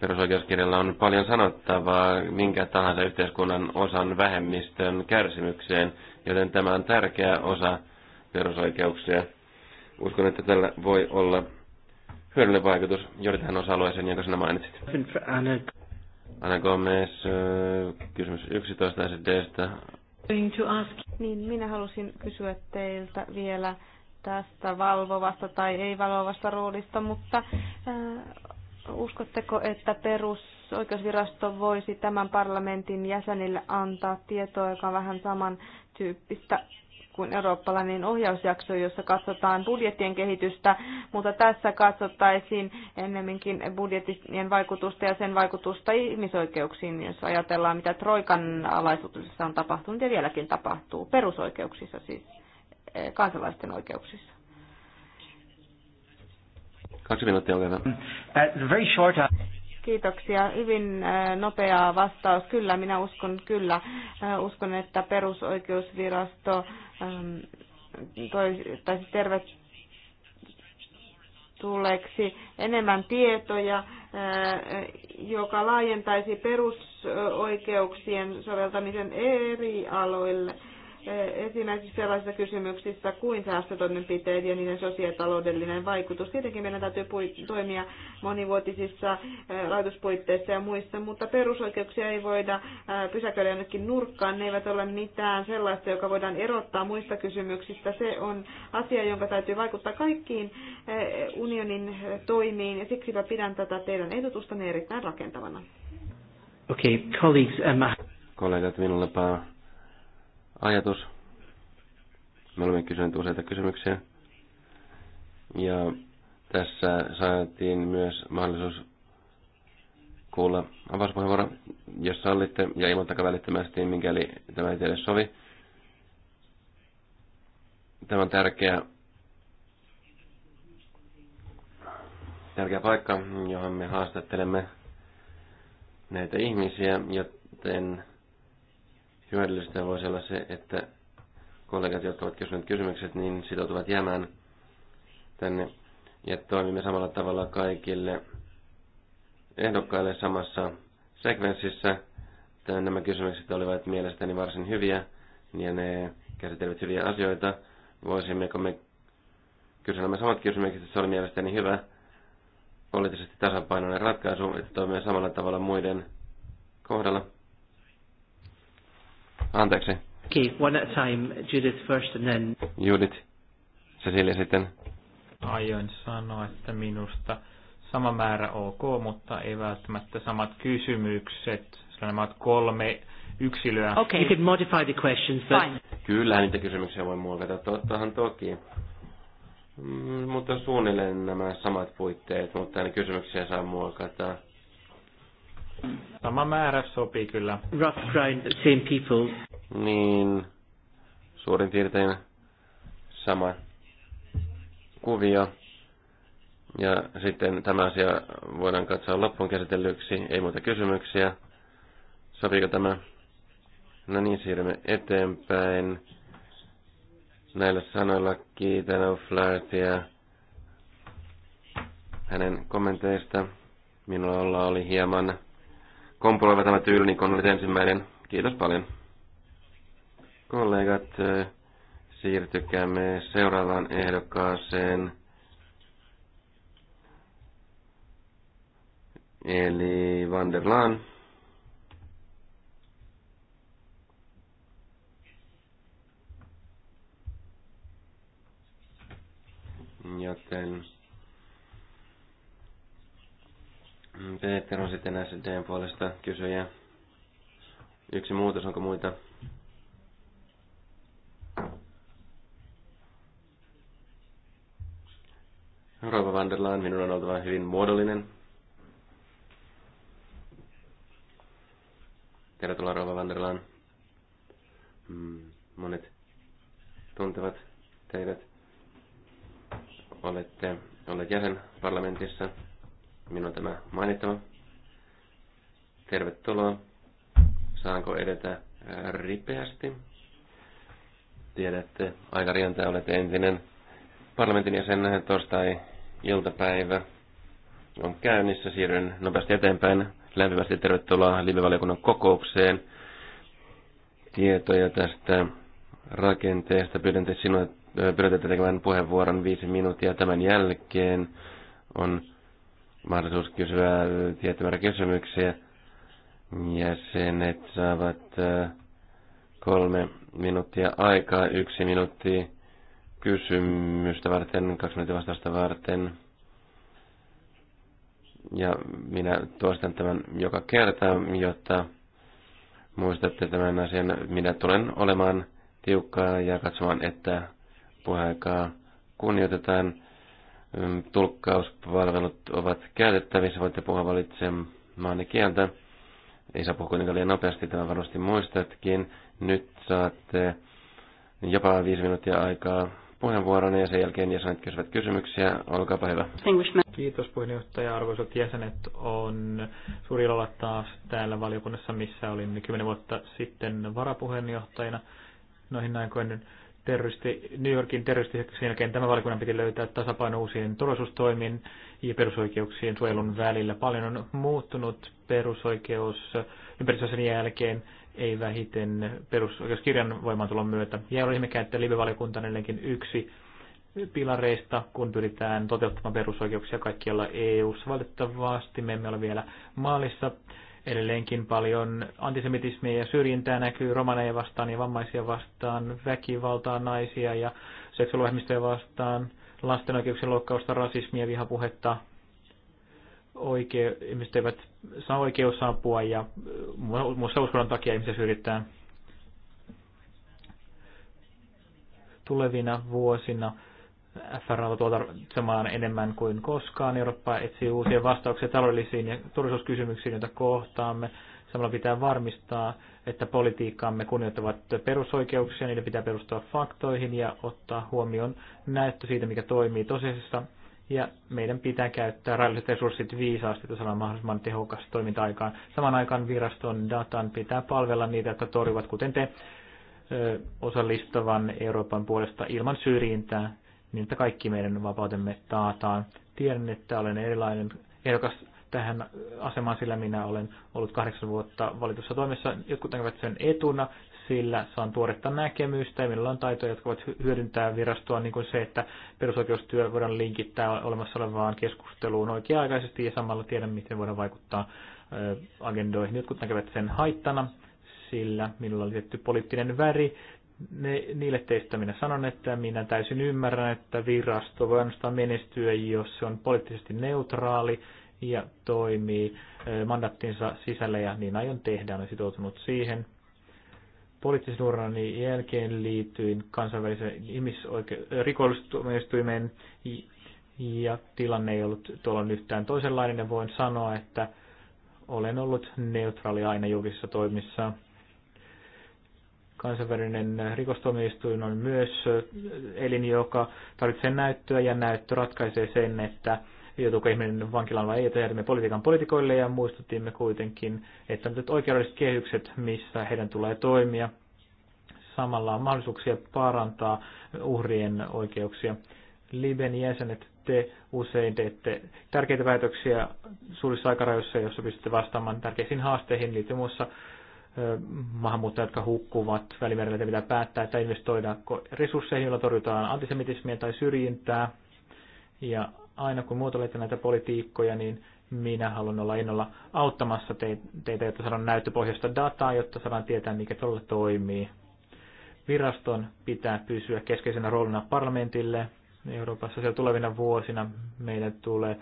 Perusoikeuskirjalla on paljon sanottavaa minkä tahansa yhteiskunnan osan vähemmistön kärsimykseen, joten tämä on tärkeä osa perusoikeuksia. Uskon, että tällä voi olla hyödyllinen vaikutus juuri tähän osa-alueeseen, jonka sinä mainitsit. Anna Gomez, äh, kysymys 11 SDstä. Niin, minä halusin kysyä teiltä vielä tästä valvovasta tai ei-valvovasta roolista, mutta äh, uskotteko, että perusoikeusvirasto voisi tämän parlamentin jäsenille antaa tietoa, joka on vähän samantyyppistä kuin eurooppalainen ohjausjakso, jossa katsotaan budjettien kehitystä, mutta tässä katsottaisiin ennemminkin budjettien vaikutusta ja sen vaikutusta ihmisoikeuksiin, jos ajatellaan, mitä Troikan alaisuudessa on tapahtunut ja vieläkin tapahtuu, perusoikeuksissa siis, eh, kansalaisten oikeuksissa. Kaksi minuuttia, olkaa hyvä. very short... Kiitoksia. Hyvin äh, nopea vastaus. Kyllä, minä uskon kyllä. Äh, uskon, että perusoikeusvirasto ähm, toivottaisi siis tervetulleeksi enemmän tietoja, äh, joka laajentaisi perusoikeuksien soveltamisen eri aloille – esimerkiksi sellaisissa kysymyksissä kuin säästötoimenpiteet ja niiden sosiaalitaloudellinen vaikutus. Tietenkin meidän täytyy toimia monivuotisissa rahoituspuitteissa ja muissa, mutta perusoikeuksia ei voida pysäköidä jonnekin nurkkaan. Ne eivät ole mitään sellaista, joka voidaan erottaa muista kysymyksistä. Se on asia, jonka täytyy vaikuttaa kaikkiin unionin toimiin ja siksipä pidän tätä teidän ehdotustanne erittäin rakentavana. Okei, okay, colleagues, Emma. Um, kollegat, minullapa ajatus. Me olemme kysyneet useita kysymyksiä. Ja tässä saatiin myös mahdollisuus kuulla avauspuheenvuoro, jos sallitte, ja ilmoittakaa välittömästi, mikäli tämä ei teille sovi. Tämä on tärkeä, tärkeä paikka, johon me haastattelemme näitä ihmisiä, joten hyödyllistä voisi olla se, että kollegat, jotka ovat kysyneet kysymykset, niin sitoutuvat jäämään tänne ja toimimme samalla tavalla kaikille ehdokkaille samassa sekvenssissä. Tämän, nämä kysymykset olivat mielestäni varsin hyviä ja ne käsittelevät hyviä asioita. Voisimmeko me kysyä nämä samat kysymykset, se oli mielestäni hyvä poliittisesti tasapainoinen ratkaisu, että toimimme samalla tavalla muiden kohdalla. Anteeksi. Okay, one at a time. Judith first and then... Judith. Cecilia sitten. Aion sanoa, että minusta sama määrä ok, mutta ei välttämättä samat kysymykset. Sillä nämä kolme yksilöä. Okay. You can modify the questions, but... Fine. Kyllä, niitä kysymyksiä voi muokata, tottahan toki. Mm, mutta suunnilleen nämä samat puitteet, mutta ne kysymyksiä saa muokata. Sama määrä sopii kyllä. Rough grind, same people. Niin, suurin piirtein sama kuvio. Ja sitten tämä asia voidaan katsoa loppuun käsitellyksi, ei muuta kysymyksiä. Sopiiko tämä? No niin, siirrymme eteenpäin. Näillä sanoilla kiitän O'Flahertyä hänen kommenteista. Minulla oli hieman kompuloiva tämä tyyli, niin kun ensimmäinen. Kiitos paljon. Kollegat, siirtykäämme seuraavaan ehdokkaaseen. Eli Van der Laan. Joten Peter on sitten SDn puolesta kysyjä. Yksi muutos, onko muita? Rova van der Laan, minun on oltava hyvin muodollinen. Tervetuloa Rova van der Laan. Hmm, monet tuntevat teidät. Olette olleet jäsen parlamentissa minun tämä mainittava. Tervetuloa. Saanko edetä äh, ripeästi? Tiedätte, aika rientää olette entinen parlamentin jäsen äh, torstai-iltapäivä on käynnissä. Siirryn nopeasti eteenpäin. Lämpimästi tervetuloa live-valiokunnan kokoukseen. Tietoja tästä rakenteesta. Pyydän te sinua, äh, pyydän tekemään puheenvuoron viisi minuuttia tämän jälkeen. On mahdollisuus kysyä äh, tietty määrä kysymyksiä. Jäsenet saavat äh, kolme minuuttia aikaa, yksi minuutti kysymystä varten, kaksi minuuttia vastausta varten. Ja minä toistan tämän joka kerta, jotta muistatte tämän asian. Minä tulen olemaan tiukkaa ja katsomaan, että puheaikaa kunnioitetaan. Tulkkauspalvelut ovat käytettävissä, voitte puhua valitsemaan kieltä. Ei saa puhua kuitenkaan liian nopeasti, tämä varmasti muistatkin. Nyt saatte jopa viisi minuuttia aikaa puheenvuoron ja sen jälkeen jäsenet kysyvät kysymyksiä. Olkaapa hyvä. Kiitos puheenjohtaja. Arvoisat jäsenet, on suuri ilo olla taas täällä valiokunnassa, missä olin kymmenen vuotta sitten varapuheenjohtajana noihin aikoihin terroristi, New Yorkin terroristihyökkäyksen jälkeen tämä valikunnan piti löytää tasapaino uusien turvallisuustoimin ja perusoikeuksien suojelun välillä. Paljon on muuttunut perusoikeus ympäristösen jälkeen, ei vähiten perusoikeuskirjan voimaantulon myötä. Ja oli ihmekään, että Libe-valikunta on yksi pilareista, kun pyritään toteuttamaan perusoikeuksia kaikkialla EU-ssa. Valitettavasti me emme ole vielä maalissa Edelleenkin paljon antisemitismiä ja syrjintää näkyy romaneja vastaan ja vammaisia vastaan, väkivaltaa naisia ja seksuaalivähemmistöjä vastaan, lasten oikeuksien loukkausta, rasismia, vihapuhetta, Oike- ihmiset eivät saa oikeus saapua ja muussa uskonnon takia ihmisiä syrjitään. Tulevina vuosina on tuotamaan enemmän kuin koskaan. Eurooppa etsii uusia vastauksia taloudellisiin ja turvallisuuskysymyksiin, joita kohtaamme. Samalla pitää varmistaa, että politiikkaamme kunnioittavat perusoikeuksia, niiden pitää perustua faktoihin ja ottaa huomioon näyttö siitä, mikä toimii tosiasiassa. Ja meidän pitää käyttää rajalliset resurssit viisaasti, että saadaan mahdollisimman tehokas toiminta aikaan. Saman aikaan viraston datan pitää palvella niitä, jotka torjuvat, kuten te, osallistavan Euroopan puolesta ilman syrjintää niin että kaikki meidän vapautemme taataan. Tiedän, että olen erilainen ehdokas tähän asemaan, sillä minä olen ollut kahdeksan vuotta valitussa toimessa. Jotkut näkevät sen etuna, sillä saan tuoretta näkemystä ja minulla on taitoja, jotka voivat hyödyntää virastoa, niin kuin se, että perusoikeustyö voidaan linkittää olemassa olevaan keskusteluun oikea-aikaisesti ja samalla tiedän, miten voidaan vaikuttaa agendoihin. Jotkut näkevät sen haittana, sillä minulla on tietty poliittinen väri, ne, niille teistä minä sanon, että minä täysin ymmärrän, että virasto voi ainoastaan menestyä, jos se on poliittisesti neutraali ja toimii mandattinsa sisällä ja niin aion tehdä, olen sitoutunut siihen. Poliittisen urani jälkeen liityin kansainväliseen ihmisoike- ja tilanne ei ollut tuolla yhtään toisenlainen ja voin sanoa, että olen ollut neutraali aina julkisissa toimissa Kansainvälinen rikostuomioistuin on myös elin, joka tarvitsee näyttöä ja näyttö ratkaisee sen, että joutuuko ihminen vankilaan vai ei, jätämme politiikan politikoille ja muistutimme kuitenkin, että on nyt oikeudelliset kehykset, missä heidän tulee toimia. Samalla on mahdollisuuksia parantaa uhrien oikeuksia. Liben jäsenet, te usein teette tärkeitä päätöksiä suurissa aikarajoissa, jossa pystytte vastaamaan tärkeisiin haasteihin liittyen muassa maahanmuuttajat, jotka hukkuvat välimerellä, pitää päättää, että investoidaanko resursseihin, joilla torjutaan antisemitismiä tai syrjintää. Ja aina kun muotoilette näitä politiikkoja, niin minä haluan olla innolla auttamassa teitä, jotta saadaan näyttöpohjasta dataa, jotta saadaan tietää, mikä tuolla toimii. Viraston pitää pysyä keskeisenä roolina parlamentille Euroopassa. siellä tulevina vuosina meidän tulee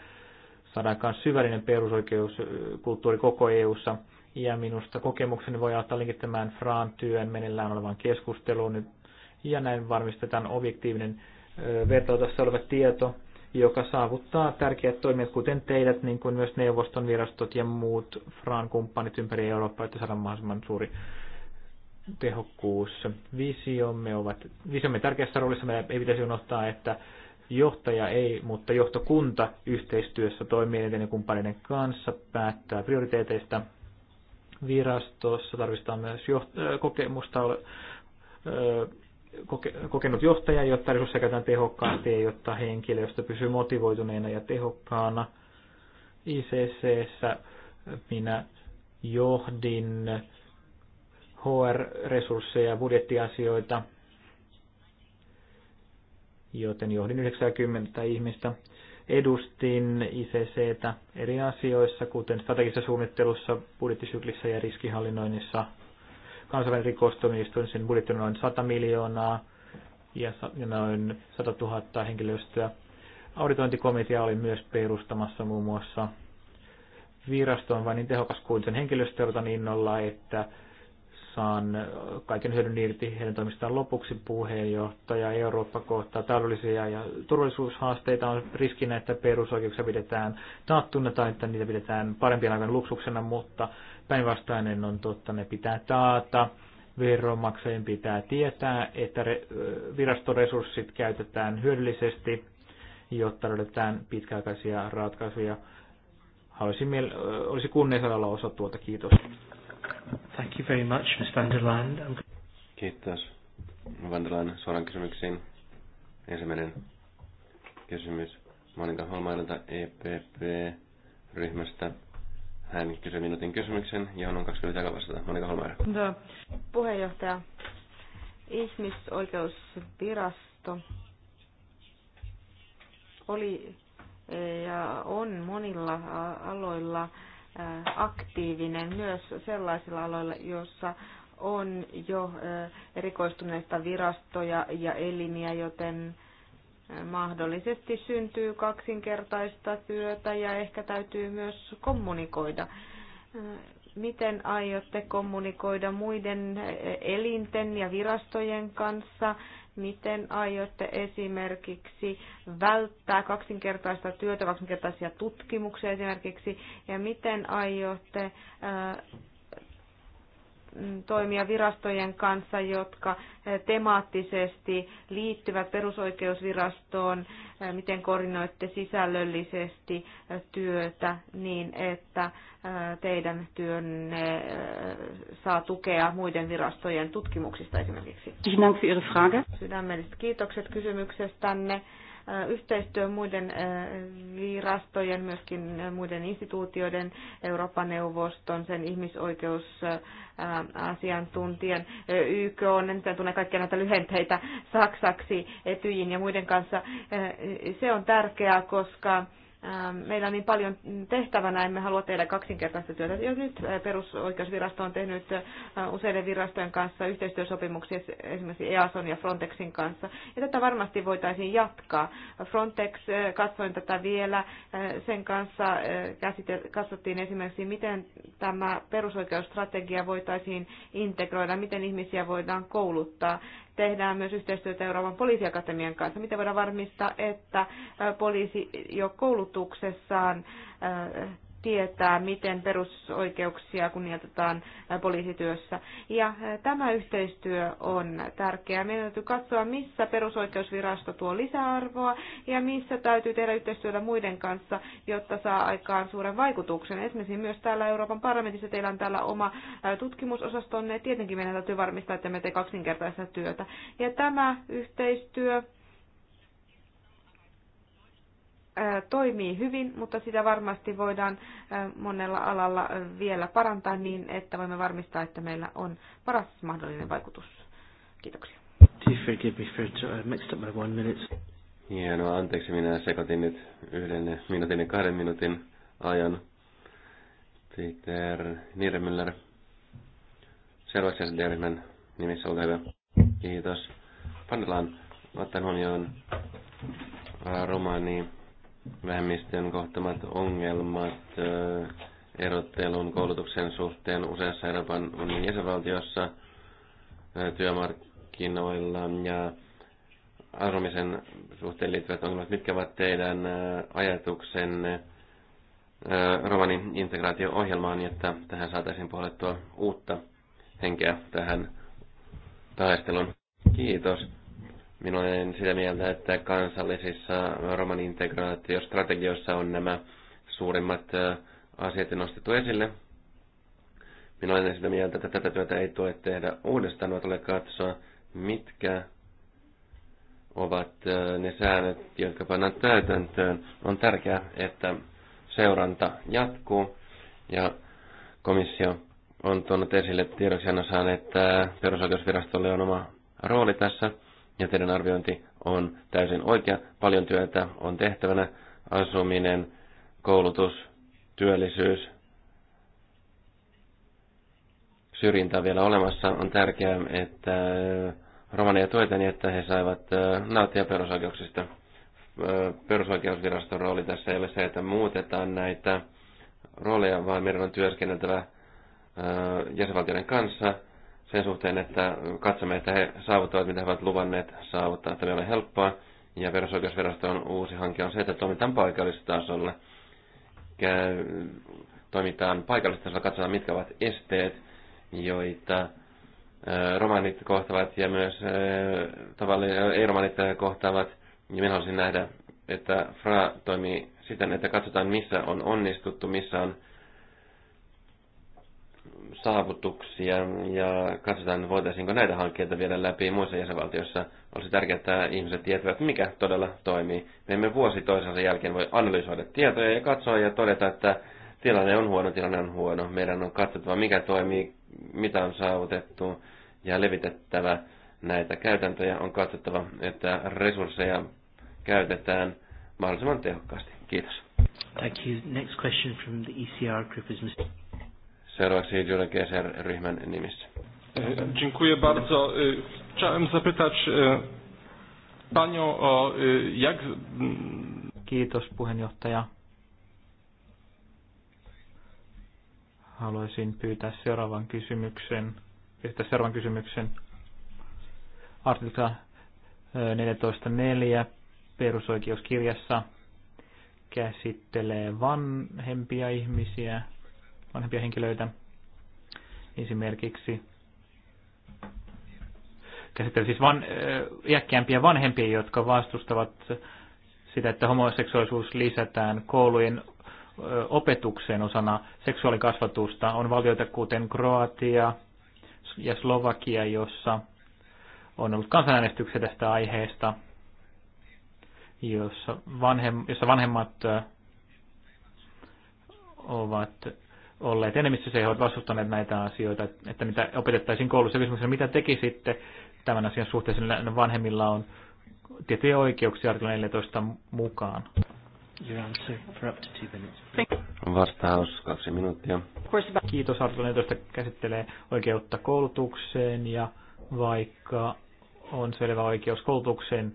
saadaan myös syvällinen perusoikeuskulttuuri koko EU:ssa ja minusta kokemukseni voi auttaa linkittämään Fraan työn meneillään olevan keskusteluun Ja näin varmistetaan objektiivinen vertailutassa oleva tieto, joka saavuttaa tärkeät toimijat, kuten teidät, niin kuin myös neuvoston virastot ja muut Fraan kumppanit ympäri Eurooppaa, että saadaan mahdollisimman suuri tehokkuus. Visiomme, ovat, visiomme tärkeässä roolissa. Meidän ei pitäisi unohtaa, että johtaja ei, mutta johtokunta yhteistyössä toimii ja kumppaneiden kanssa päättää prioriteeteista – Virastossa tarvitaan myös joht- kokemusta koke, kokenut johtaja, jotta resursseja käytetään tehokkaasti ja jotta henkilö, josta pysyy motivoituneena ja tehokkaana. ICC minä johdin HR-resursseja ja budjettiasioita, joten johdin 90 ihmistä edustin ICCtä eri asioissa, kuten strategisessa suunnittelussa, budjettisyklissä ja riskihallinnoinnissa. Kansainvälinen rikostuomioistuin, sen budjetti on noin 100 miljoonaa ja noin 100 000 henkilöstöä. Auditointikomitea oli myös perustamassa muun muassa virasto on vain niin tehokas kuin sen henkilöstöltä niin innolla, että saan kaiken hyödyn irti heidän toimistaan lopuksi puheenjohtaja. Eurooppa kohtaa taloudellisia ja turvallisuushaasteita on riskinä, että perusoikeuksia pidetään taattuna tai että niitä pidetään parempien aikojen luksuksena, mutta päinvastainen on totta, ne pitää taata. Veronmaksajien pitää tietää, että virastoresurssit käytetään hyödyllisesti, jotta löydetään pitkäaikaisia ratkaisuja. Haluaisin, olisi kunnia saada olla osa tuota. Kiitos. Thank you very much, Ms. van der Land. Kiitos. Van der Land, suoraan kysymyksiin. Ensimmäinen kysymys Monika Holmailta EPP-ryhmästä. Hän kysyi minuutin kysymyksen, johon on 20 aikaa vastata. Monika Holmaira. No, puheenjohtaja, ihmisoikeusvirasto oli eh, ja on monilla aloilla aktiivinen myös sellaisilla aloilla, joissa on jo erikoistuneista virastoja ja elimiä, joten mahdollisesti syntyy kaksinkertaista työtä ja ehkä täytyy myös kommunikoida. Miten aiotte kommunikoida muiden elinten ja virastojen kanssa Miten aiotte esimerkiksi välttää kaksinkertaista työtä, kaksinkertaisia tutkimuksia esimerkiksi, ja miten aiotte äh, toimia virastojen kanssa, jotka eh, temaattisesti liittyvät perusoikeusvirastoon, eh, miten koordinoitte sisällöllisesti eh, työtä niin, että teidän työnne saa tukea muiden virastojen tutkimuksista esimerkiksi. Sydämelliset kiitokset kysymyksestänne yhteistyö muiden virastojen, myöskin muiden instituutioiden, Euroopan neuvoston, sen ihmisoikeusasiantuntijan, YK on, en tunne kaikkia näitä lyhenteitä saksaksi, Etyjin ja muiden kanssa. Se on tärkeää, koska Ähm, meillä on niin paljon tehtävänä, emme halua tehdä kaksinkertaista työtä. Jo nyt äh, perusoikeusvirasto on tehnyt äh, useiden virastojen kanssa yhteistyösopimuksia esimerkiksi EASON ja Frontexin kanssa. Ja tätä varmasti voitaisiin jatkaa. Frontex, äh, katsoin tätä vielä, sen kanssa katsottiin esimerkiksi, miten tämä perusoikeusstrategia voitaisiin integroida, miten ihmisiä voidaan kouluttaa tehdään myös yhteistyötä Euroopan poliisiakatemian kanssa. Miten voidaan varmistaa, että poliisi jo koulutuksessaan tietää, miten perusoikeuksia kunnioitetaan poliisityössä. Ja tämä yhteistyö on tärkeää. Meidän täytyy katsoa, missä perusoikeusvirasto tuo lisäarvoa ja missä täytyy tehdä yhteistyötä muiden kanssa, jotta saa aikaan suuren vaikutuksen. Esimerkiksi myös täällä Euroopan parlamentissa teillä on täällä oma tutkimusosastonne. Tietenkin meidän täytyy varmistaa, että me teemme kaksinkertaista työtä. Ja tämä yhteistyö toimii hyvin, mutta sitä varmasti voidaan monella alalla vielä parantaa niin, että voimme varmistaa, että meillä on paras mahdollinen vaikutus. Kiitoksia. Hienoa, anteeksi, minä sekoitin nyt yhden minuutin ja kahden minuutin ajan. Peter Niedermüller, seuraavaksi ryhmän nimissä, ole hyvä. Kiitos. Pannellaan ottaen huomioon romaaniin vähemmistön kohtamat ongelmat äh, erottelun koulutuksen suhteen useassa Euroopan unionin jäsenvaltiossa äh, työmarkkinoilla ja asumisen suhteen liittyvät ongelmat. Mitkä ovat teidän äh, ajatuksenne romanin integraatio-ohjelmaan, jotta tähän saataisiin puolettua uutta henkeä tähän taisteluun? Kiitos. Minä olen sitä mieltä, että kansallisissa roman integraatiostrategioissa on nämä suurimmat asiat nostettu esille. Minä olen sitä mieltä, että tätä työtä ei tule tehdä uudestaan, vaan tulee katsoa, mitkä ovat ne säännöt, jotka pannaan täytäntöön. On tärkeää, että seuranta jatkuu ja komissio on tuonut esille tiedoksiannossaan, että perusoikeusvirastolle on oma rooli tässä – ja teidän arviointi on täysin oikea. Paljon työtä on tehtävänä, asuminen, koulutus, työllisyys, on vielä olemassa. On tärkeää, että romaneja tuetaan niin, että he saivat nauttia perusoikeuksista. Perusoikeusviraston rooli tässä ei ole se, että muutetaan näitä rooleja, vaan meidän on työskenneltävä jäsenvaltioiden kanssa – sen suhteen, että katsomme, että he saavuttavat, mitä he ovat luvanneet saavuttaa. Tämä meillä on helppoa. Ja verosoikeusviraston uusi hanke on se, että toimitaan paikallistasolla. Käy, toimitaan paikallistasolla, katsotaan mitkä ovat esteet, joita romanit kohtavat ja myös ei-romanit kohtaavat. Ja minä haluaisin nähdä, että FRA toimii siten, että katsotaan missä on onnistuttu, missä on saavutuksia ja katsotaan, voitaisiinko näitä hankkeita viedä läpi muissa jäsenvaltioissa. Olisi tärkeää, että ihmiset tietävät, mikä todella toimii. Me emme vuosi toisensa jälkeen voi analysoida tietoja ja katsoa ja todeta, että tilanne on huono, tilanne on huono. Meidän on katsottava, mikä toimii, mitä on saavutettu ja levitettävä näitä käytäntöjä. On katsottava, että resursseja käytetään mahdollisimman tehokkaasti. Kiitos. Thank you. Next question from the ECR group is Mr. Seuraavaksi Julian Keser-ryhmän nimissä. Dziękuję bardzo. Chciałem zapytać panią o jak... Kiitos puheenjohtaja. Haluaisin pyytää seuraavan kysymyksen. Esittää seuraavan kysymyksen. Artikla 14.4 perusoikeuskirjassa käsittelee vanhempia ihmisiä, vanhempia henkilöitä. Esimerkiksi käsittelen siis van, äh, iäkkäämpiä vanhempia, jotka vastustavat sitä, että homoseksuaalisuus lisätään koulujen äh, opetukseen osana seksuaalikasvatusta. On valioita kuten Kroatia ja Slovakia, jossa on ollut kansanäänestyksiä tästä aiheesta, jossa, vanhem, jossa vanhemmat äh, ovat olleet enemmistössä, he ovat vastustaneet näitä asioita, että mitä opetettaisiin koulussa. Kysymyksenä, mitä teki sitten tämän asian suhteessa, vanhemmilla on tiettyjä oikeuksia artikla 14 mukaan. Vastaus kaksi minuuttia. Kiitos. Artikla 14 käsittelee oikeutta koulutukseen ja vaikka on selvä oikeus koulutukseen,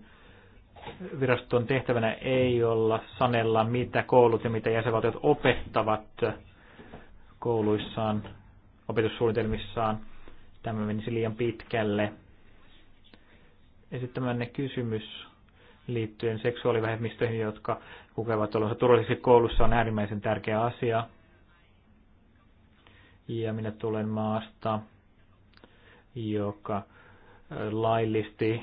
viraston tehtävänä ei olla sanella, mitä koulut ja mitä jäsenvaltiot opettavat kouluissaan, opetussuunnitelmissaan. Tämä menisi liian pitkälle. Esittämänne kysymys liittyen seksuaalivähemmistöihin, jotka kokevat olonsa turvallisesti koulussa, on äärimmäisen tärkeä asia. Ja minä tulen maasta, joka laillisti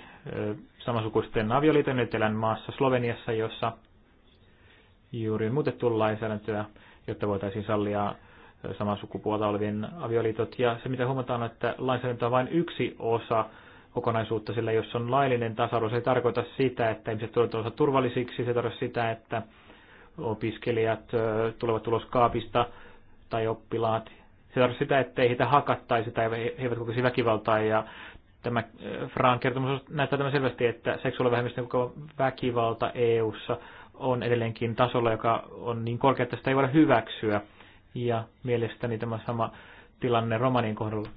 samansukuisten avioliiton elän maassa Sloveniassa, jossa juuri on muutettu lainsäädäntöä, jotta voitaisiin sallia samaa sukupuolta olevien avioliitot. Ja se, mitä huomataan, on, että lainsäädäntö on vain yksi osa kokonaisuutta, sillä jos on laillinen tasa-arvo, se ei tarkoita sitä, että ihmiset tulevat turvallisiksi, se tarkoittaa sitä, että opiskelijat tulevat tuloskaapista kaapista tai oppilaat. Se tarkoittaa sitä, että ei heitä hakattaisi tai he eivät kokisi väkivaltaa ja tämä Fran kertomus näyttää tämän selvästi, että seksuaalivähemmistön koko väkivalta EU:ssa on edelleenkin tasolla, joka on niin korkea, että sitä ei voida hyväksyä. Ja mielestäni tämä sama tilanne romanin kohdalla.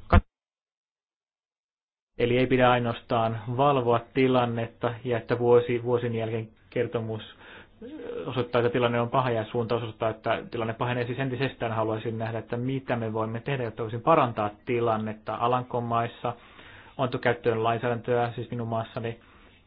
Eli ei pidä ainoastaan valvoa tilannetta ja että vuosi, vuosin jälkeen kertomus osoittaa, että tilanne on paha ja suunta osoittaa, että tilanne pahenee siis entisestään. Haluaisin nähdä, että mitä me voimme tehdä, jotta voisin parantaa tilannetta Alankomaissa. On käyttöön lainsäädäntöä, siis minun maassani,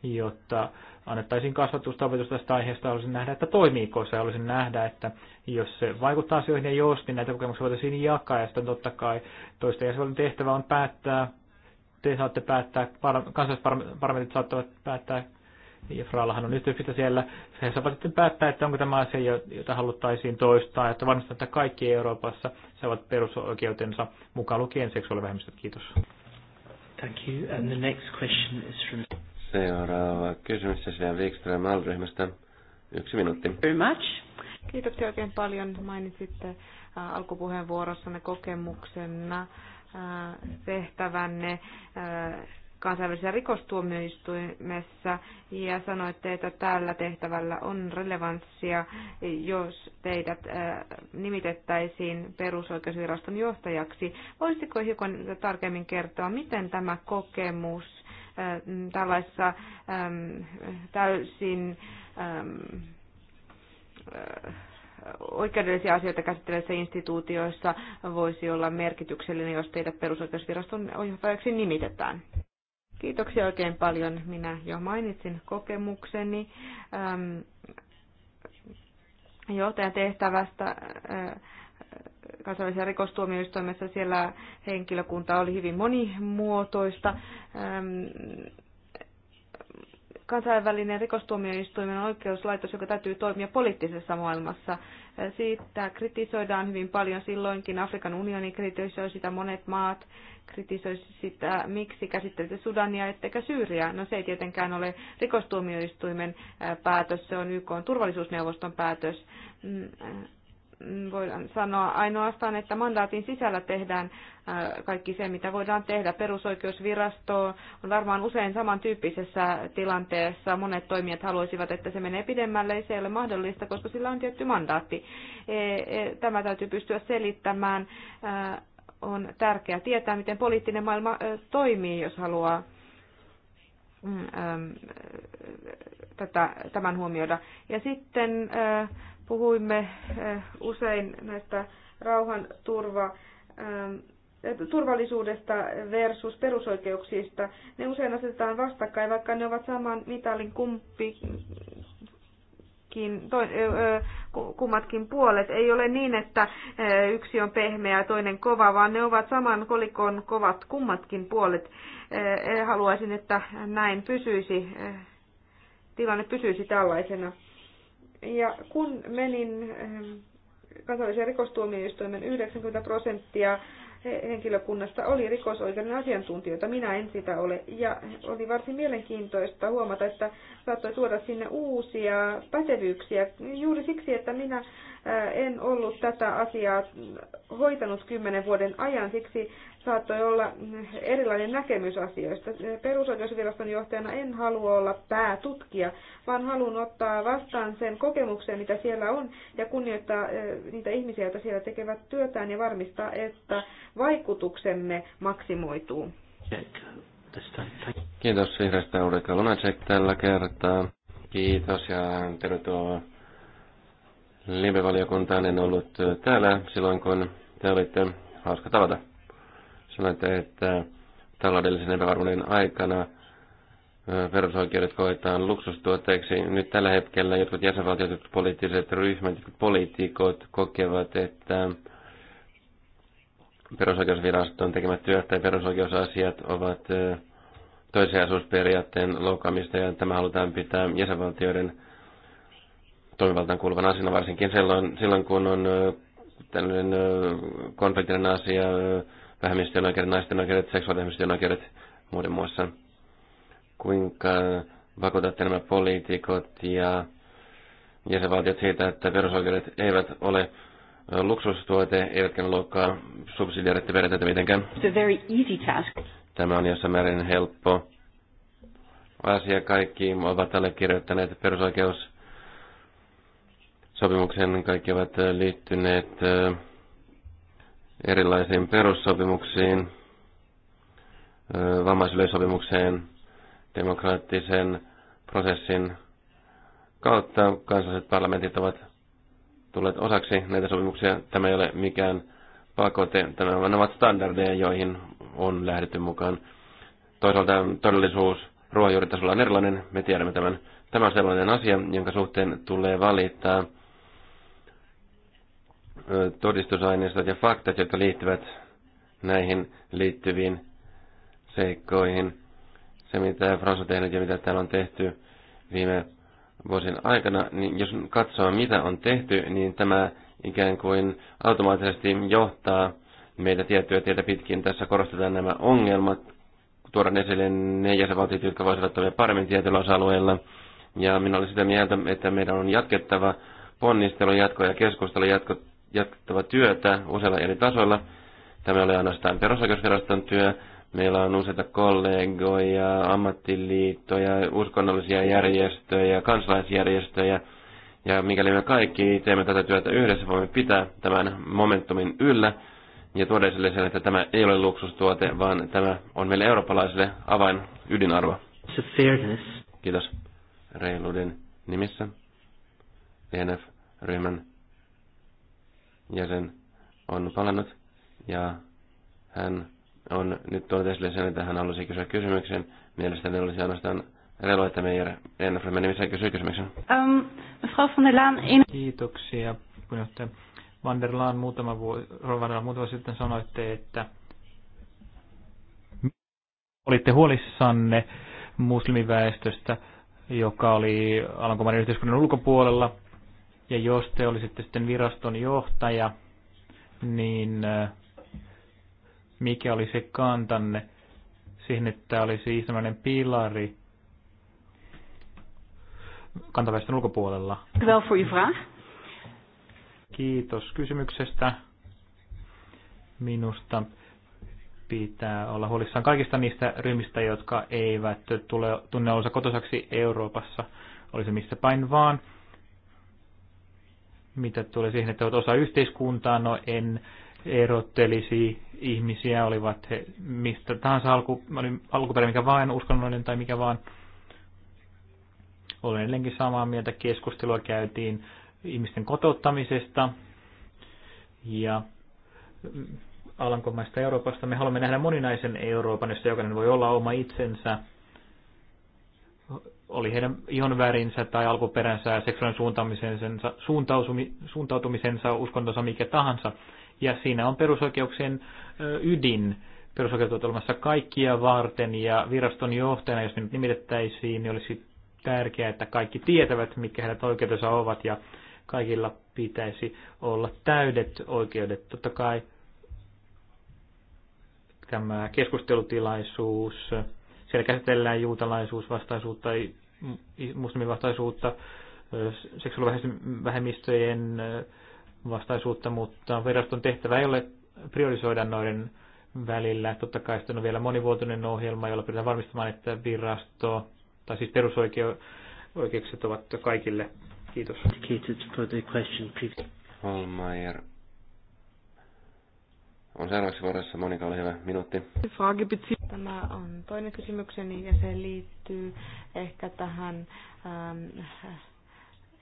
jotta annettaisiin kasvatusta opetusta tästä aiheesta, haluaisin nähdä, että toimiiko se, haluaisin nähdä, että jos se vaikuttaa asioihin ja jos, niin näitä kokemuksia voitaisiin jakaa, ja sitten totta kai toisten jäsenvaltion tehtävä on päättää, te saatte päättää, kansallisparlamentit saattavat päättää, ja Frallahan on yhteyksistä siellä, he saavat sitten päättää, että onko tämä asia, jota haluttaisiin toistaa, että varmistetaan, että kaikki Euroopassa saavat perusoikeutensa mukaan lukien seksuaalivähemmistöt. Kiitos. Thank you. And the next question is from... Seuraava kysymys Cecilia Wikström Alryhmästä. Yksi minuutti. Very much. Kiitoksia oikein paljon. Mainitsitte alkupuheenvuorossanne kokemuksena tehtävänne kansainvälisessä rikostuomioistuimessa ja sanoitte, että tällä tehtävällä on relevanssia, jos teidät nimitettäisiin perusoikeusviraston johtajaksi. Voisitko hiukan tarkemmin kertoa, miten tämä kokemus Äh, tällaisessa ähm, täysin ähm, äh, oikeudellisia asioita käsittelevissä instituutioissa voisi olla merkityksellinen, jos teidät perusoikeusviraston ohjaajaksi nimitetään. Kiitoksia oikein paljon. Minä jo mainitsin kokemukseni ähm, johtajan tehtävästä. Äh, kansainvälisessä rikostuomioistuimessa siellä henkilökunta oli hyvin monimuotoista. Kansainvälinen rikostuomioistuimen oikeuslaitos, joka täytyy toimia poliittisessa maailmassa. Siitä kritisoidaan hyvin paljon silloinkin. Afrikan unioni kritisoi sitä monet maat kritisoi sitä, miksi käsittelette Sudania ettekä Syyriaa. No se ei tietenkään ole rikostuomioistuimen päätös, se on YK turvallisuusneuvoston päätös. Mm, Mm, voidaan sanoa ainoastaan, että mandaatin sisällä tehdään kaikki se, mitä voidaan tehdä. Perusoikeusvirasto on varmaan usein samantyyppisessä tilanteessa. Monet toimijat haluaisivat, että se menee pidemmälle, se ei ole mahdollista, koska sillä on tietty mandaatti. E, e, tämä täytyy pystyä selittämään. On tärkeää tietää, miten poliittinen maailma toimii, jos haluaa mm, tätä, tämän huomioida. Ja sitten Puhuimme eh, usein näistä rauhan turva ehm, turvallisuudesta versus perusoikeuksista. Ne usein asetetaan vastakkain, vaikka ne ovat saman mitalin kumpi, kummatkin, kummatkin puolet. Ei ole niin, että eh, yksi on pehmeä ja toinen kova, vaan ne ovat saman kolikon kovat kummatkin puolet. Eh, haluaisin, että näin pysyisi, tilanne pysyisi tällaisena. Ja kun menin ehm, kansallisen rikostuomioistuimen 90 prosenttia henkilökunnasta oli rikosoikeuden asiantuntijoita, minä en sitä ole. Ja oli varsin mielenkiintoista huomata, että saattoi tuoda sinne uusia pätevyyksiä juuri siksi, että minä en ollut tätä asiaa hoitanut kymmenen vuoden ajan, siksi saattoi olla erilainen näkemys asioista. Perusoikeusviraston johtajana en halua olla päätutkija, vaan haluan ottaa vastaan sen kokemuksen, mitä siellä on, ja kunnioittaa eh, niitä ihmisiä, joita siellä tekevät työtään, ja varmistaa, että vaikutuksemme maksimoituu. Kiitos vihreästä Ulrika Lunacek tällä kertaa. Kiitos ja tervetuloa live-valiokuntaan. En ollut täällä silloin, kun te olitte. Hauska tavata sanoitte, että taloudellisen epävarmuuden aikana perusoikeudet koetaan luksustuotteeksi. Nyt tällä hetkellä jotkut jäsenvaltiot, jotkut poliittiset ryhmät, jotkut poliitikot kokevat, että perusoikeusviraston tekemät työt tai perusoikeusasiat ovat toisiasuusperiaatteen loukkaamista ja tämä halutaan pitää jäsenvaltioiden toimivaltaan kuuluvan asiana, varsinkin silloin, silloin kun on tällainen konfliktinen asia vähemmistöjen oikeudet, naisten oikeudet, seksuaalivähemmistöjen oikeudet muiden muassa. Kuinka vakuutatte nämä poliitikot ja jäsenvaltiot siitä, että perusoikeudet eivät ole luksustuote, eivätkä ne luokkaa subsidiaarittiperiaatteita mitenkään. It's a very easy task. Tämä on jossain määrin helppo asia. Kaikki ovat allekirjoittaneet sopimuksen kaikki ovat liittyneet erilaisiin perussopimuksiin, vammaisyleisopimukseen, demokraattisen prosessin kautta kansalliset parlamentit ovat tulleet osaksi näitä sopimuksia. Tämä ei ole mikään pakote, tämä ovat standardeja, joihin on lähdetty mukaan. Toisaalta todellisuus ruohonjuuritasolla on erilainen, me tiedämme tämän. Tämä on sellainen asia, jonka suhteen tulee valittaa todistusaineistot ja faktat, jotka liittyvät näihin liittyviin seikkoihin. Se, mitä Frans on tehnyt ja mitä täällä on tehty viime vuosien aikana, niin jos katsoo, mitä on tehty, niin tämä ikään kuin automaattisesti johtaa meitä tiettyä tietä pitkin. Tässä korostetaan nämä ongelmat, tuodaan esille ne jäsenvaltiot, jotka voisivat toimia paremmin tietyllä osa alueella Ja minä olen sitä mieltä, että meidän on jatkettava ponnistelu, jatko ja keskustelu, jatko jatkettava työtä useilla eri tasoilla. Tämä oli ainoastaan perusoikeusviraston työ. Meillä on useita kollegoja, ammattiliittoja, uskonnollisia järjestöjä, kansalaisjärjestöjä. Ja mikäli me kaikki teemme tätä työtä yhdessä, voimme pitää tämän momentumin yllä ja tuoda esille sen, että tämä ei ole luksustuote, vaan tämä on meille eurooppalaisille avain ydinarvo. Fairness. Kiitos. Reiluuden nimissä. DNF-ryhmän e jäsen on palannut ja hän on nyt tuonut esille sen, että hän halusi kysyä kysymyksen. Mielestäni olisi ainoastaan reilu, että Meijer meni missään kysyä kysymyksen. Um, Frau der in... Kiitoksia, puheenjohtaja. Van der Laan muutama vuosi, Van der muutama sitten sanoitte, että olitte huolissanne muslimiväestöstä, joka oli Alankomainen yhteiskunnan ulkopuolella. Ja jos te olisitte sitten viraston johtaja, niin äh, mikä oli se kantanne siihen, että olisi islaminen pilari kantaväestön ulkopuolella? Kiitos kysymyksestä. Minusta pitää olla huolissaan kaikista niistä ryhmistä, jotka eivät tule, tunne olonsa kotosaksi Euroopassa, olisi missä päin vaan. Mitä tulee siihen, että olet osa yhteiskuntaa, no en erottelisi ihmisiä, olivat he mistä tahansa alku, alkuperä, mikä vain, uskonnollinen tai mikä vaan. Olen edelleenkin samaa mieltä, keskustelua käytiin ihmisten kotouttamisesta ja Alankomaista Euroopasta. Me haluamme nähdä moninaisen Euroopan, jossa jokainen voi olla oma itsensä oli heidän värinsä tai alkuperänsä ja seksuaalinen suuntautumisensa, suuntautumisensa, uskontonsa, mikä tahansa. Ja siinä on perusoikeuksien ydin. Perusoikeudet olemassa kaikkia varten ja viraston johtajana, jos nyt nimitettäisiin, niin olisi tärkeää, että kaikki tietävät, mitkä heidän oikeutensa ovat ja kaikilla pitäisi olla täydet oikeudet. Totta kai tämä keskustelutilaisuus, siellä käsitellään juutalaisuusvastaisuutta, muslimivastaisuutta, seksuaalivähemmistöjen vastaisuutta, mutta viraston tehtävä ei ole priorisoida noiden välillä. Totta kai sitten on vielä monivuotinen ohjelma, jolla pyritään varmistamaan, että virasto, tai siis perusoikeukset ovat kaikille. Kiitos. Holmeier on seuraavaksi vuorossa. Monika, ole hyvä, minuutti. Tämä on toinen kysymykseni ja se liittyy ehkä tähän ähm,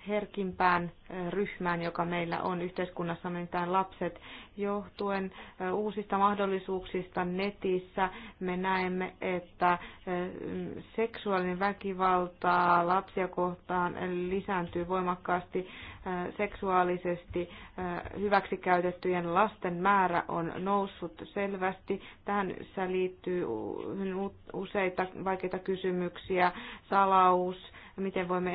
herkimpään ryhmään, joka meillä on yhteiskunnassa, nimittäin lapset, johtuen uusista mahdollisuuksista netissä. Me näemme, että seksuaalinen väkivalta lapsia kohtaan lisääntyy voimakkaasti seksuaalisesti. Hyväksikäytettyjen lasten määrä on noussut selvästi. Tähän liittyy useita vaikeita kysymyksiä, salaus, miten voimme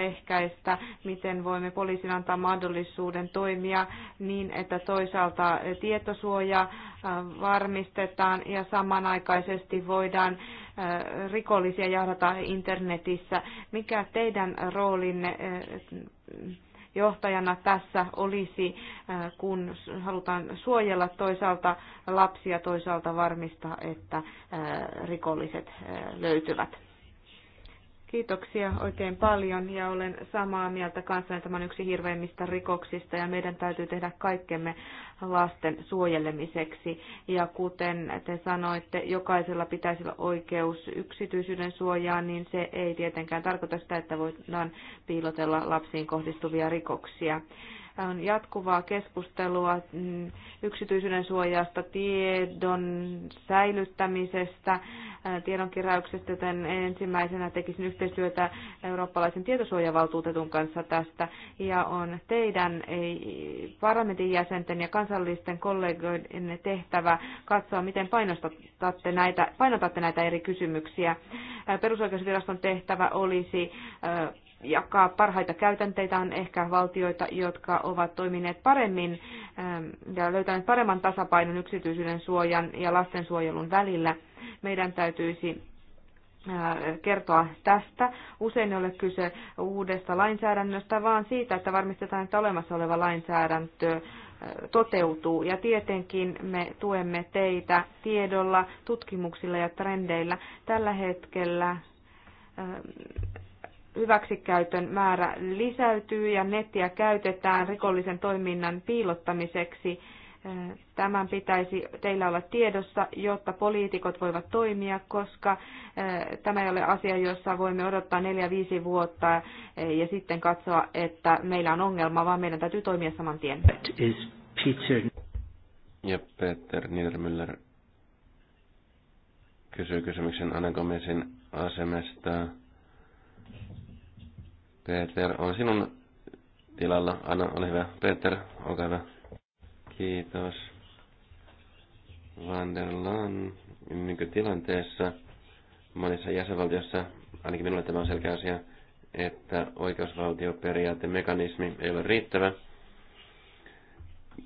ehkäistä, miten voimme poliisin antaa mahdollisuuden toimia niin, että toisaalta tietosuoja äh, varmistetaan ja samanaikaisesti voidaan äh, rikollisia jahdata internetissä. Mikä teidän roolinne äh, johtajana tässä olisi, kun halutaan suojella toisaalta lapsia, toisaalta varmistaa, että rikolliset löytyvät. Kiitoksia oikein paljon ja olen samaa mieltä kanssanne. Tämä on yksi hirveimmistä rikoksista ja meidän täytyy tehdä kaikkemme lasten suojelemiseksi. Ja kuten te sanoitte, jokaisella pitäisi olla oikeus yksityisyyden suojaan, niin se ei tietenkään tarkoita sitä, että voidaan piilotella lapsiin kohdistuvia rikoksia on jatkuvaa keskustelua mm, yksityisyyden suojasta, tiedon säilyttämisestä, äh, tiedonkiräyksestä, joten ensimmäisenä tekisin yhteistyötä eurooppalaisen tietosuojavaltuutetun kanssa tästä. Ja on teidän parlamentin jäsenten ja kansallisten kollegoiden tehtävä katsoa, miten painostatte näitä, painotatte näitä eri kysymyksiä. Äh, perusoikeusviraston tehtävä olisi äh, jakaa parhaita käytänteitä on ehkä valtioita, jotka ovat toimineet paremmin ähm, ja löytäneet paremman tasapainon yksityisyyden suojan ja lastensuojelun välillä. Meidän täytyisi äh, kertoa tästä. Usein ei ole kyse uudesta lainsäädännöstä, vaan siitä, että varmistetaan, että olemassa oleva lainsäädäntö äh, toteutuu. Ja tietenkin me tuemme teitä tiedolla, tutkimuksilla ja trendeillä. Tällä hetkellä ähm, hyväksikäytön määrä lisäytyy ja nettiä käytetään rikollisen toiminnan piilottamiseksi. Tämän pitäisi teillä olla tiedossa, jotta poliitikot voivat toimia, koska eh, tämä ei ole asia, jossa voimme odottaa 4-5 vuotta eh, ja sitten katsoa, että meillä on ongelma, vaan meidän täytyy toimia saman tien. Peter. Ja Peter Niedermüller kysyy kysymyksen Anna asemesta. Peter on sinun tilalla. Anna, ole hyvä. Peter, olkaa hyvä. Kiitos. Van der Laan nykytilanteessa monissa jäsenvaltiossa, ainakin minulle tämä on selkeä asia, että oikeusvaltioperiaatemekanismi ei ole riittävä.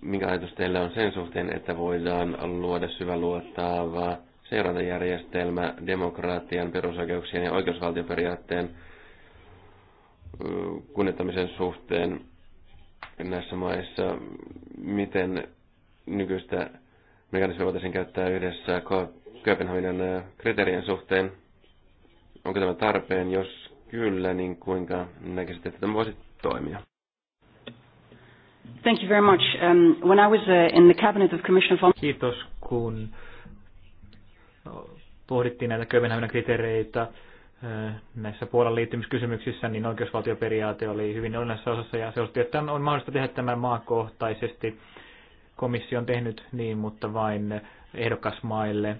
Mikä ajatus teillä on sen suhteen, että voidaan luoda syväluottaava seurantajärjestelmä demokratian, perusoikeuksien ja oikeusvaltioperiaatteen kunnettamisen suhteen näissä maissa, miten nykyistä mekanismia voitaisiin käyttää yhdessä Kööpenhaminan kriteerien suhteen. Onko tämä tarpeen? Jos kyllä, niin kuinka näkisit, että tämä voisi toimia? Thank you very much. Um, when I was uh, in the cabinet of Commissioner for... Kiitos, kun no, pohdittiin näitä Kööpenhaminan kriteereitä näissä Puolan liittymiskysymyksissä, niin oikeusvaltioperiaate oli hyvin olennaisessa osassa ja se osoitti, että on mahdollista tehdä tämä maakohtaisesti. Komissio on tehnyt niin, mutta vain ehdokasmaille.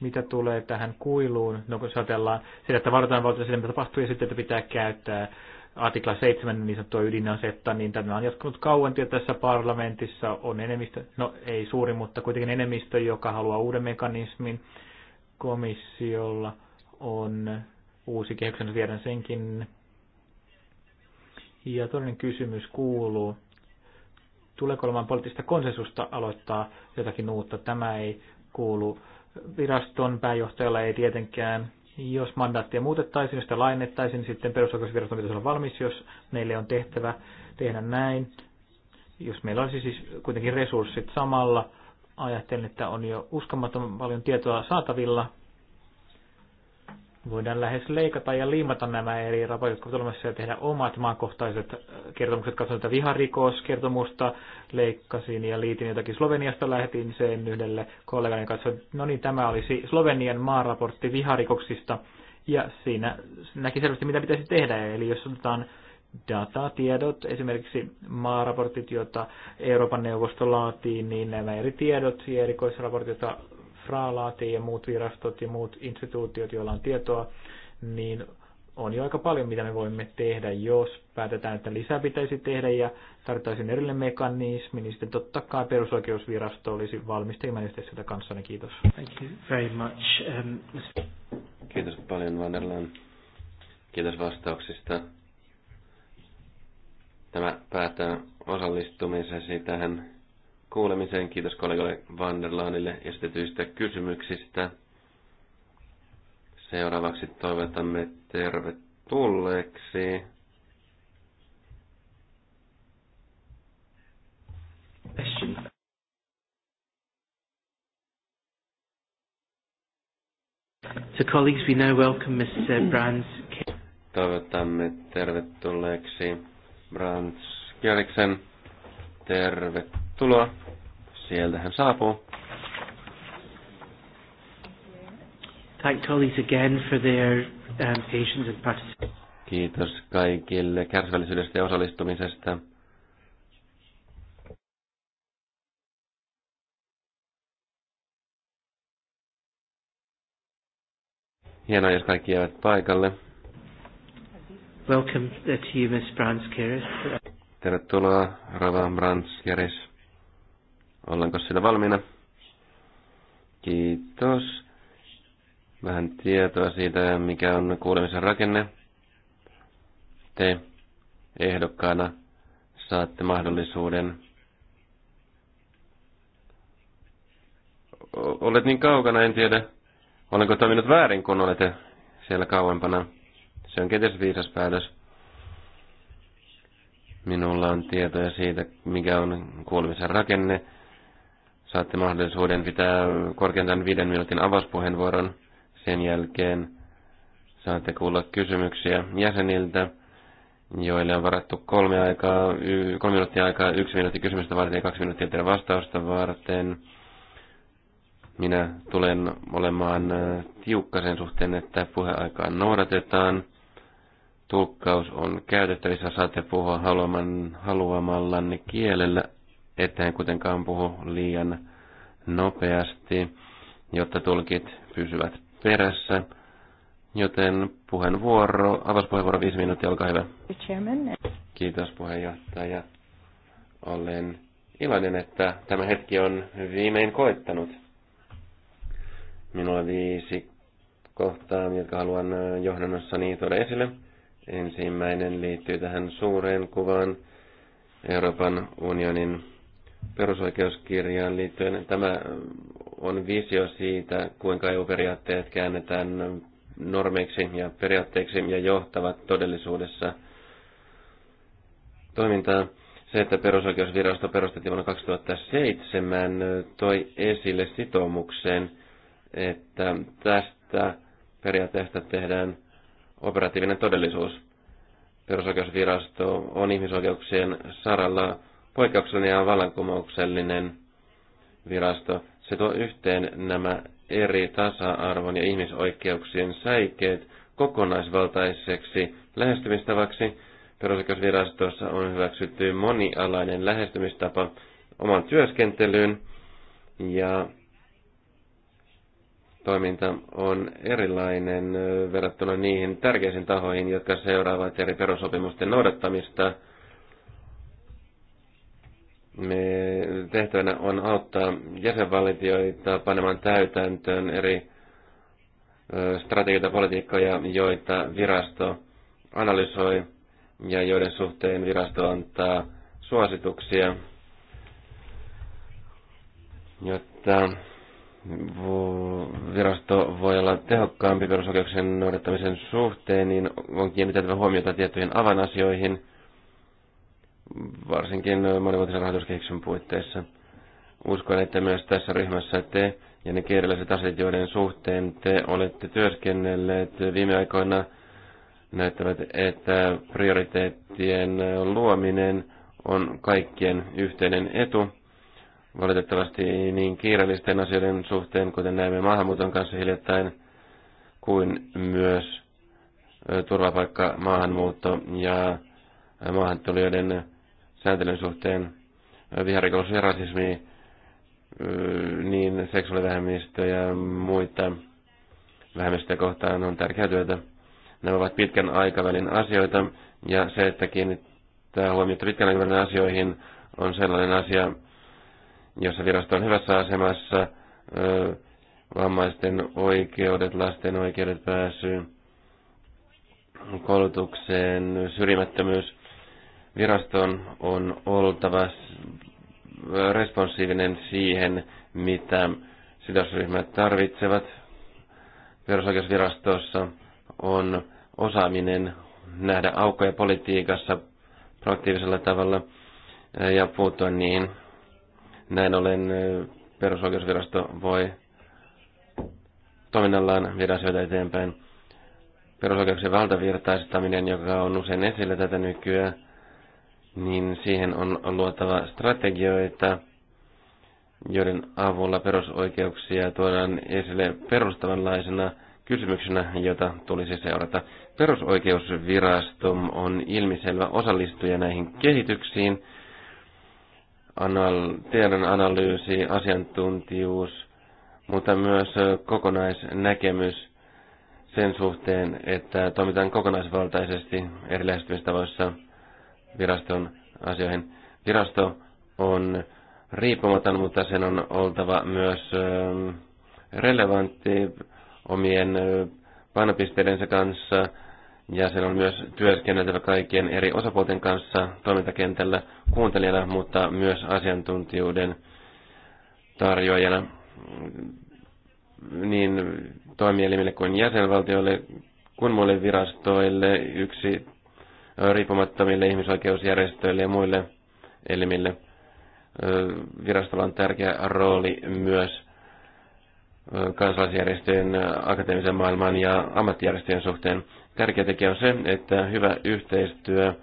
Mitä tulee tähän kuiluun? No kun ajatellaan sitä, että varataan valtiota sitä, mitä tapahtuu ja sitten, että pitää käyttää artikla 7 niin sanottua ydinasetta, niin tämä on jatkunut kauan ja tässä parlamentissa on enemmistö, no ei suuri, mutta kuitenkin enemmistö, joka haluaa uuden mekanismin komissiolla on uusi kehyksen, tiedän senkin. Ja toinen kysymys kuuluu, tuleeko olemaan poliittista konsensusta aloittaa jotakin uutta? Tämä ei kuulu viraston pääjohtajalla, ei tietenkään. Jos mandaattia muutettaisiin, jos sitä lainettaisiin, niin sitten perusoikeusviraston pitäisi olla valmis, jos meille on tehtävä tehdä näin. Jos meillä olisi siis kuitenkin resurssit samalla, ajattelen, että on jo uskomaton paljon tietoa saatavilla, voidaan lähes leikata ja liimata nämä eri raportit, jotka ja tehdä omat maakohtaiset äh, kertomukset. Katsoin tätä viharikoskertomusta, leikkasin ja liitin jotakin Sloveniasta, lähetin sen yhdelle kollegani kanssa. No niin, tämä olisi Slovenian maaraportti viharikoksista. Ja siinä näki selvästi, mitä pitäisi tehdä. Eli jos otetaan datatiedot, esimerkiksi maaraportit, joita Euroopan neuvosto laatii, niin nämä eri tiedot ja erikoisraportit, joita fraalaati ja muut virastot ja muut instituutiot, joilla on tietoa, niin on jo aika paljon, mitä me voimme tehdä, jos päätetään, että lisää pitäisi tehdä ja tarvittaisiin erillinen mekanismi, niin sitten totta kai perusoikeusvirasto olisi valmis tekemään yhteistyötä kanssani. Kiitos. Thank you very much. Um... Kiitos paljon Vanderlan. Kiitos vastauksista. Tämä päättää osallistumisesi tähän kuulemiseen. Kiitos kollegalle Vanderlaanille esitetyistä kysymyksistä. Seuraavaksi toivotamme tervetulleeksi. So colleagues, we now welcome Ms. Uh, Brands. Toivotamme tervetulleeksi Brands Kieliksen. Tervetuloa. Sieltä hän saapuu. again for their um, patience and participation. Kiitos kaikille kärsivällisyydestä ja osallistumisesta. Hienoa, jos kaikki jäävät paikalle. Welcome to you, Miss Brands Tervetuloa Rava Jaris. Ollaanko siellä valmiina? Kiitos. Vähän tietoa siitä, mikä on kuulemisen rakenne. Te ehdokkaana saatte mahdollisuuden. Olet niin kaukana, en tiedä. Olenko toiminut väärin, kun olette siellä kauempana? Se on kenties viisas päätös Minulla on tietoja siitä, mikä on kuulumisen rakenne. Saatte mahdollisuuden pitää korkeintaan viiden minuutin avauspuheenvuoron. Sen jälkeen saatte kuulla kysymyksiä jäseniltä, joille on varattu kolme, aikaa, y- kolme minuuttia aikaa, yksi minuutti kysymystä varten ja kaksi minuuttia teidän vastausta varten. Minä tulen olemaan äh, tiukka sen suhteen, että puheaikaa noudatetaan – Tulkkaus on käytettävissä, saatte puhua haluaman, haluamallanne kielellä, ettei kuitenkaan puhu liian nopeasti, jotta tulkit pysyvät perässä. Joten puheenvuoro, avauspuheenvuoro viisi minuuttia, olkaa hyvä. Kiitos puheenjohtaja. Olen iloinen, että tämä hetki on viimein koettanut. Minulla on viisi kohtaa, jotka haluan johdannossani tuoda esille. Ensimmäinen liittyy tähän suureen kuvaan Euroopan unionin perusoikeuskirjaan liittyen. Tämä on visio siitä, kuinka EU-periaatteet käännetään normeiksi ja periaatteiksi ja johtavat todellisuudessa toimintaa. Se, että perusoikeusvirasto perustettiin vuonna 2007, toi esille sitoumukseen, että tästä periaatteesta tehdään operatiivinen todellisuus. Perusoikeusvirasto on ihmisoikeuksien saralla poikkeuksellinen ja vallankumouksellinen virasto. Se tuo yhteen nämä eri tasa-arvon ja ihmisoikeuksien säikeet kokonaisvaltaiseksi lähestymistavaksi. Perusoikeusvirastossa on hyväksytty monialainen lähestymistapa oman työskentelyyn ja toiminta on erilainen verrattuna niihin tärkeisiin tahoihin, jotka seuraavat eri perusopimusten noudattamista. Me tehtävänä on auttaa jäsenvaltioita panemaan täytäntöön eri strategioita politiikkoja, joita virasto analysoi ja joiden suhteen virasto antaa suosituksia, jotta virasto voi olla tehokkaampi perusoikeuksien noudattamisen suhteen, niin on kiinnitettävä huomiota tiettyihin avainasioihin, varsinkin monivuotisen rahoituskehityksen puitteissa. Uskon, että myös tässä ryhmässä te ja ne kiireelliset asiat, joiden suhteen te olette työskennelleet viime aikoina, näyttävät, että prioriteettien luominen on kaikkien yhteinen etu – valitettavasti niin kiireellisten asioiden suhteen, kuten näemme maahanmuuton kanssa hiljattain, kuin myös turvapaikka, maahanmuutto ja maahantulijoiden sääntelyn suhteen viharikollisuus ja rasismi, niin seksuaalivähemmistö ja muita vähemmistöjä kohtaan on tärkeää työtä. Nämä ovat pitkän aikavälin asioita, ja se, että kiinnittää huomiota pitkän aikavälin asioihin, on sellainen asia, jossa virasto on hyvässä asemassa, vammaisten oikeudet, lasten oikeudet pääsy, koulutukseen, syrjimättömyys. Viraston on oltava responsiivinen siihen, mitä sidosryhmät tarvitsevat. Perusoikeusvirastossa on osaaminen nähdä aukkoja politiikassa proaktiivisella tavalla ja puuttua niihin. Näin ollen perusoikeusvirasto voi toiminnallaan viedä asioita eteenpäin. Perusoikeuksien valtavirtaistaminen, joka on usein esillä tätä nykyään, niin siihen on luotava strategioita, joiden avulla perusoikeuksia tuodaan esille perustavanlaisena kysymyksenä, jota tulisi seurata. Perusoikeusvirasto on ilmiselvä osallistuja näihin kehityksiin anal, tiedon analyysi, asiantuntijuus, mutta myös kokonaisnäkemys sen suhteen, että toimitaan kokonaisvaltaisesti eri lähestymistavoissa viraston asioihin. Virasto on riippumaton, mutta sen on oltava myös relevantti omien painopisteidensä kanssa, ja siellä on myös työskennellä kaikkien eri osapuolten kanssa toimintakentällä kuuntelijana, mutta myös asiantuntijuuden tarjoajana niin toimielimille kuin jäsenvaltioille, kuin muille virastoille, yksi riippumattomille ihmisoikeusjärjestöille ja muille elimille. Virastolla on tärkeä rooli myös kansalaisjärjestöjen, akateemisen maailman ja ammattijärjestöjen suhteen. Tärkeä tekijä on se, että hyvä yhteistyö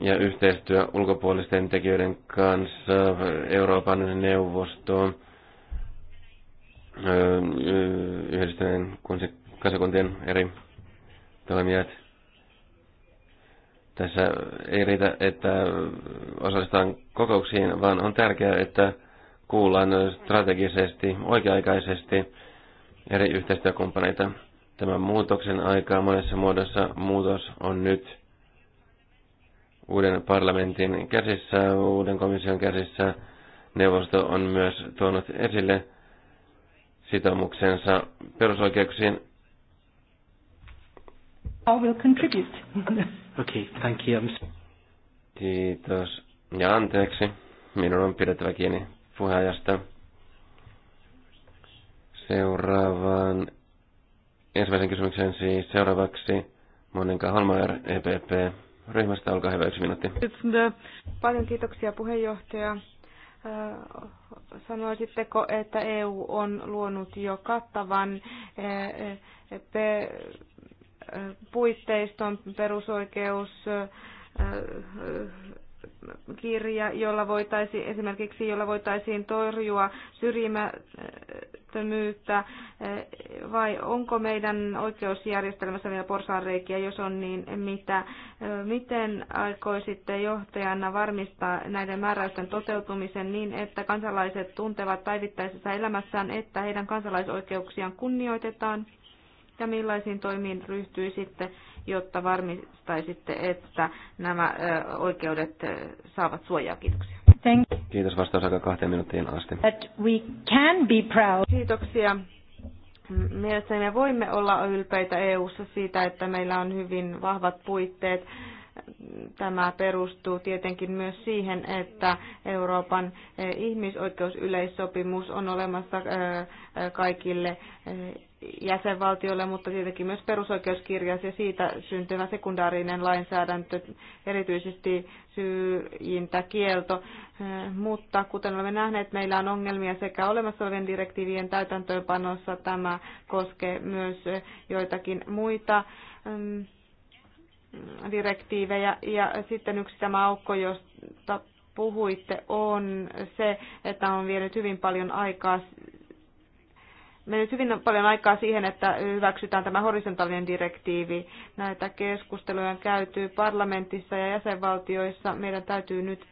ja yhteistyö ulkopuolisten tekijöiden kanssa, Euroopan neuvosto, yhdistyneen kansakuntien eri toimijat. Tässä ei riitä, että osallistaan kokouksiin, vaan on tärkeää, että kuullaan strategisesti, oikea-aikaisesti eri yhteistyökumppaneita tämän muutoksen aikaa monessa muodossa. Muutos on nyt uuden parlamentin käsissä, uuden komission käsissä. Neuvosto on myös tuonut esille sitoumuksensa perusoikeuksiin. I will contribute. okay, thank you. Kiitos. Ja anteeksi, minun on pidettävä kiinni puheenjohtajasta seuraavaan ensimmäisen kysymyksen siis seuraavaksi Monika Holmeier, EPP. Ryhmästä, olkaa hyvä, yksi minuutti. Paljon kiitoksia puheenjohtaja. Sanoisitteko, että EU on luonut jo kattavan e, e, e, puitteiston perusoikeus kirja, jolla voitaisiin esimerkiksi jolla voitaisiin torjua syrjimättömyyttä, vai onko meidän oikeusjärjestelmässä vielä porsaanreikiä, jos on niin mitä? Miten aikoisitte johtajana varmistaa näiden määräysten toteutumisen niin, että kansalaiset tuntevat päivittäisessä elämässään, että heidän kansalaisoikeuksiaan kunnioitetaan? Ja millaisiin toimiin ryhtyisitte sitten jotta varmistaisitte, että nämä oikeudet saavat suojaa? Kiitoksia. Thank you. Kiitos vastaus aika kahteen minuuttiin asti. That we can be proud. Kiitoksia. Mielestäni me voimme olla ylpeitä EU-ssa siitä, että meillä on hyvin vahvat puitteet. Tämä perustuu tietenkin myös siihen, että Euroopan e, ihmisoikeusyleissopimus on olemassa kaikille e, jäsenvaltiolle, mutta tietenkin myös perusoikeuskirjas ja siitä syntyvä sekundaarinen lainsäädäntö, erityisesti syyjintäkielto. Mutta kuten olemme nähneet, meillä on ongelmia sekä olemassa olevien direktiivien täytäntöönpanossa. Tämä koskee myös joitakin muita mm, direktiivejä. Ja sitten yksi tämä aukko, josta puhuitte, on se, että on vienyt hyvin paljon aikaa mennyt hyvin paljon aikaa siihen, että hyväksytään tämä horisontaalinen direktiivi. Näitä keskusteluja on käyty parlamentissa ja jäsenvaltioissa. Meidän täytyy nyt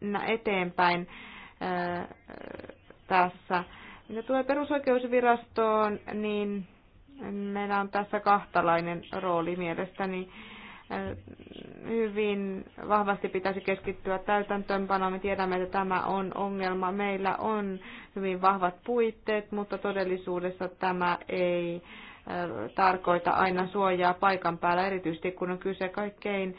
mennä eteenpäin tässä. Mitä tulee perusoikeusvirastoon, niin meillä on tässä kahtalainen rooli mielestäni. Niin hyvin vahvasti pitäisi keskittyä täytäntöönpanoon. Me tiedämme, että tämä on ongelma. Meillä on hyvin vahvat puitteet, mutta todellisuudessa tämä ei tarkoita aina suojaa paikan päällä, erityisesti kun on kyse kaikkein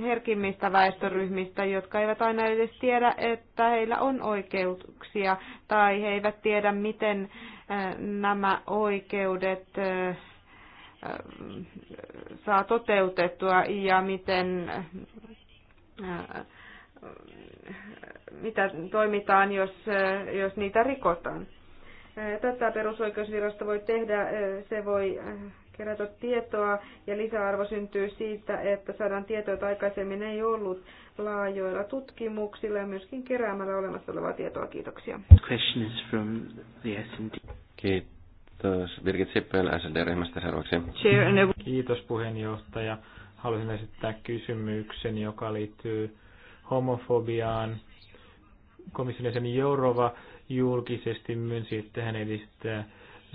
herkimmistä väestöryhmistä, jotka eivät aina edes tiedä, että heillä on oikeuksia tai he eivät tiedä, miten nämä oikeudet Äh, saa toteutettua ja miten, äh, mitä toimitaan, jos, äh, jos niitä rikotaan. Tätä perusoikeusvirasto voi tehdä, se voi kerätä tietoa ja lisäarvo syntyy siitä, että saadaan tietoa, että aikaisemmin ei ollut laajoilla tutkimuksilla ja myöskin keräämällä olemassa olevaa tietoa. Kiitoksia. Kiitos. Kiitos. Birgit Sippel SLD-ryhmästä seuraavaksi. Kiitos puheenjohtaja. Haluaisin esittää kysymyksen, joka liittyy homofobiaan. Komission jäsen Jourova julkisesti myönsi, että hän edistää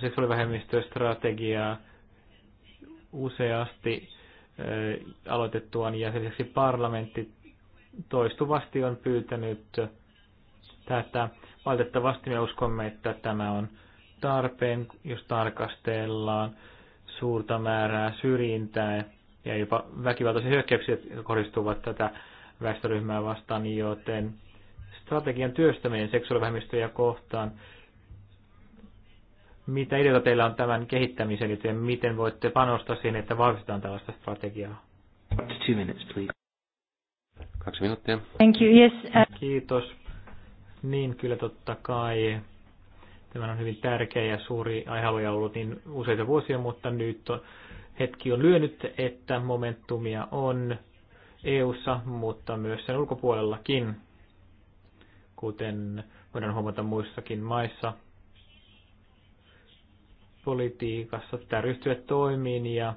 seksuaalivähemmistöstrategiaa useasti eh, aloitettuaan ja lisäksi parlamentti toistuvasti on pyytänyt tätä. Valitettavasti me uskomme, että tämä on tarpeen, jos tarkastellaan suurta määrää syrjintää ja jopa väkivaltaisia hyökkäyksiä, jotka kohdistuvat tätä väestöryhmää vastaan, joten strategian työstäminen seksuaalivähemmistöjä kohtaan, mitä ideoita teillä on tämän kehittämisen, joten miten voitte panostaa siihen, että vahvistetaan tällaista strategiaa? Two minutes, please. Kaksi minuuttia. Thank you, yes. Uh- Kiitos. Niin, kyllä totta kai Tämä on hyvin tärkeä ja suuri aihealue ollut niin useita vuosia, mutta nyt on, hetki on lyönyt, että momentumia on EU-ssa, mutta myös sen ulkopuolellakin, kuten voidaan huomata muissakin maissa. Politiikassa pitää ryhtyä toimiin ja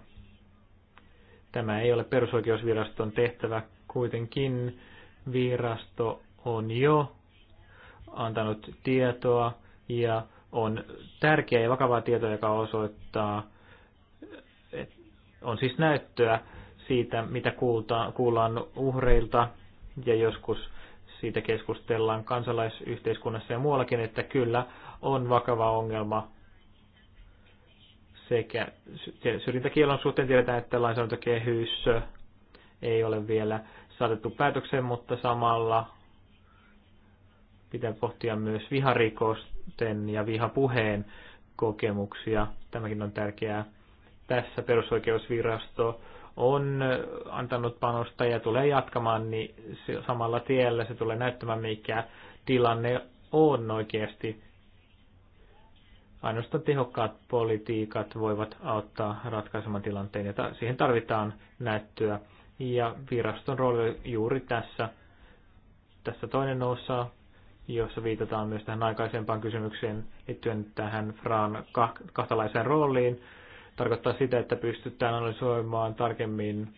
tämä ei ole perusoikeusviraston tehtävä kuitenkin. Virasto on jo antanut tietoa ja on tärkeä ja vakavaa tietoa, joka osoittaa, että on siis näyttöä siitä, mitä kuullaan uhreilta ja joskus siitä keskustellaan kansalaisyhteiskunnassa ja muuallakin, että kyllä on vakava ongelma sekä syrjintäkielon suhteen tiedetään, että lainsäädäntökehys ei ole vielä saatettu päätökseen, mutta samalla pitää pohtia myös viharikosta vihapuheen ja vihapuheen kokemuksia. Tämäkin on tärkeää. Tässä perusoikeusvirasto on antanut panosta ja tulee jatkamaan, niin samalla tiellä se tulee näyttämään, mikä tilanne on oikeasti. Ainoastaan tehokkaat politiikat voivat auttaa ratkaisemaan tilanteen ja siihen tarvitaan näyttöä. Ja viraston rooli juuri tässä. Tässä toinen osa jossa viitataan myös tähän aikaisempaan kysymykseen liittyen tähän Fraan kahtalaiseen rooliin. Tarkoittaa sitä, että pystytään analysoimaan tarkemmin,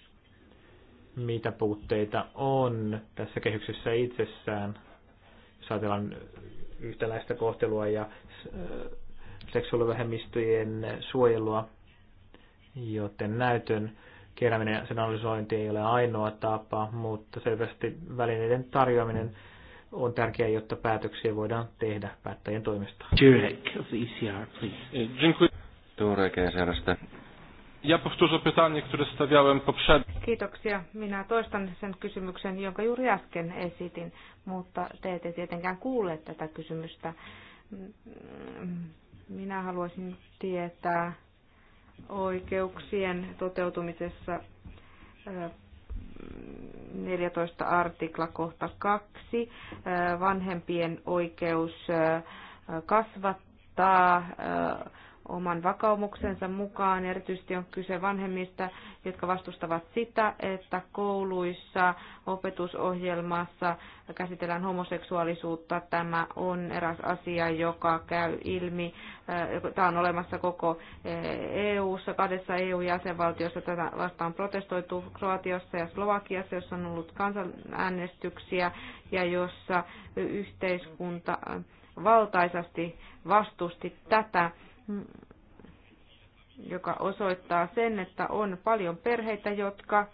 mitä puutteita on tässä kehyksessä itsessään, jos ajatellaan yhtäläistä kohtelua ja äh, seksuaalivähemmistöjen suojelua, joten näytön kerääminen ja sen analysointi ei ole ainoa tapa, mutta selvästi välineiden tarjoaminen mm on tärkeää, jotta päätöksiä voidaan tehdä päättäjien toimesta. Jurek of ECR, please. E, ja pytanie, które stawiałem Kiitoksia. Minä toistan sen kysymyksen, jonka juuri äsken esitin, mutta te ette tietenkään kuule tätä kysymystä. Mm, minä haluaisin tietää oikeuksien toteutumisessa 14 artikla kohta 2, vanhempien oikeus kasvattaa oman vakaumuksensa mukaan. Erityisesti on kyse vanhemmista, jotka vastustavat sitä, että kouluissa, opetusohjelmassa käsitellään homoseksuaalisuutta. Tämä on eräs asia, joka käy ilmi. Äh, tämä on olemassa koko äh, EU-ssa, kahdessa EU-jäsenvaltiossa. Tätä vastaan protestoitu Kroatiassa ja Slovakiassa, jossa on ollut kansanäänestyksiä ja jossa yhteiskunta äh, valtaisasti vastusti tätä joka osoittaa sen, että on paljon perheitä, jotka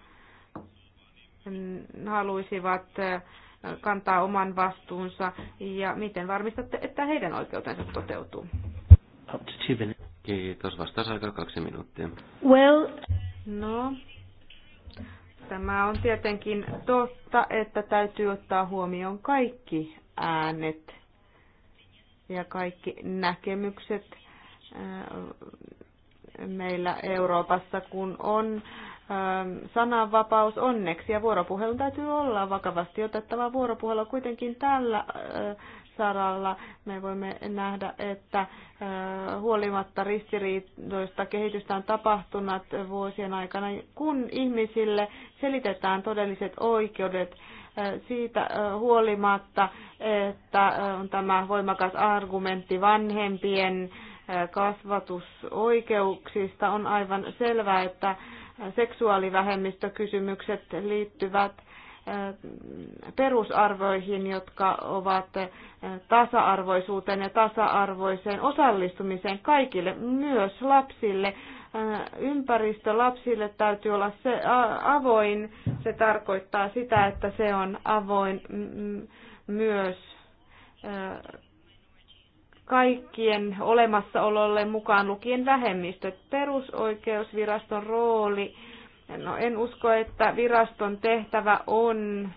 haluaisivat kantaa oman vastuunsa ja miten varmistatte, että heidän oikeutensa toteutuu? Kiitos. Vastausaika kaksi minuuttia. Well, no, tämä on tietenkin totta, että täytyy ottaa huomioon kaikki äänet ja kaikki näkemykset meillä Euroopassa, kun on sananvapaus onneksi ja vuoropuhelun täytyy olla vakavasti otettava vuoropuhelu kuitenkin tällä saralla. Me voimme nähdä, että huolimatta ristiriitoista kehitystä on tapahtunut vuosien aikana, kun ihmisille selitetään todelliset oikeudet siitä huolimatta, että on tämä voimakas argumentti vanhempien kasvatusoikeuksista, on aivan selvää, että seksuaalivähemmistökysymykset liittyvät eh, perusarvoihin, jotka ovat eh, tasa-arvoisuuteen ja tasa-arvoiseen osallistumiseen kaikille, myös lapsille. Eh, ympäristö lapsille täytyy olla se avoin. Se tarkoittaa sitä, että se on avoin myös kaikkien olemassaololle mukaan lukien vähemmistöt. Perusoikeusviraston rooli, no en usko, että viraston tehtävä on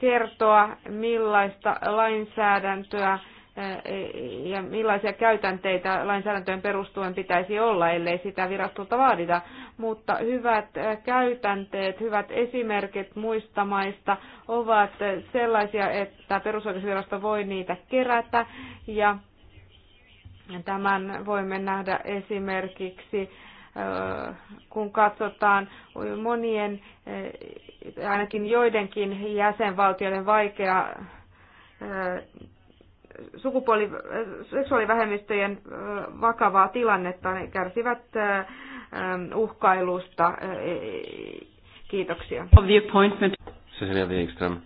kertoa, millaista lainsäädäntöä eh, ja millaisia käytänteitä lainsäädäntöön perustuen pitäisi olla, ellei sitä virastolta vaadita mutta hyvät äh, käytänteet, hyvät esimerkit muista maista ovat äh, sellaisia, että perusoikeusvirasto voi niitä kerätä ja tämän voimme nähdä esimerkiksi äh, kun katsotaan monien, ainakin joidenkin jäsenvaltioiden vaikea sukupuoli, seksuaalivähemmistöjen vakavaa tilannetta, ne kärsivät Ähm, uhkailusta. Äh, kiitoksia. Cecilia Wikström.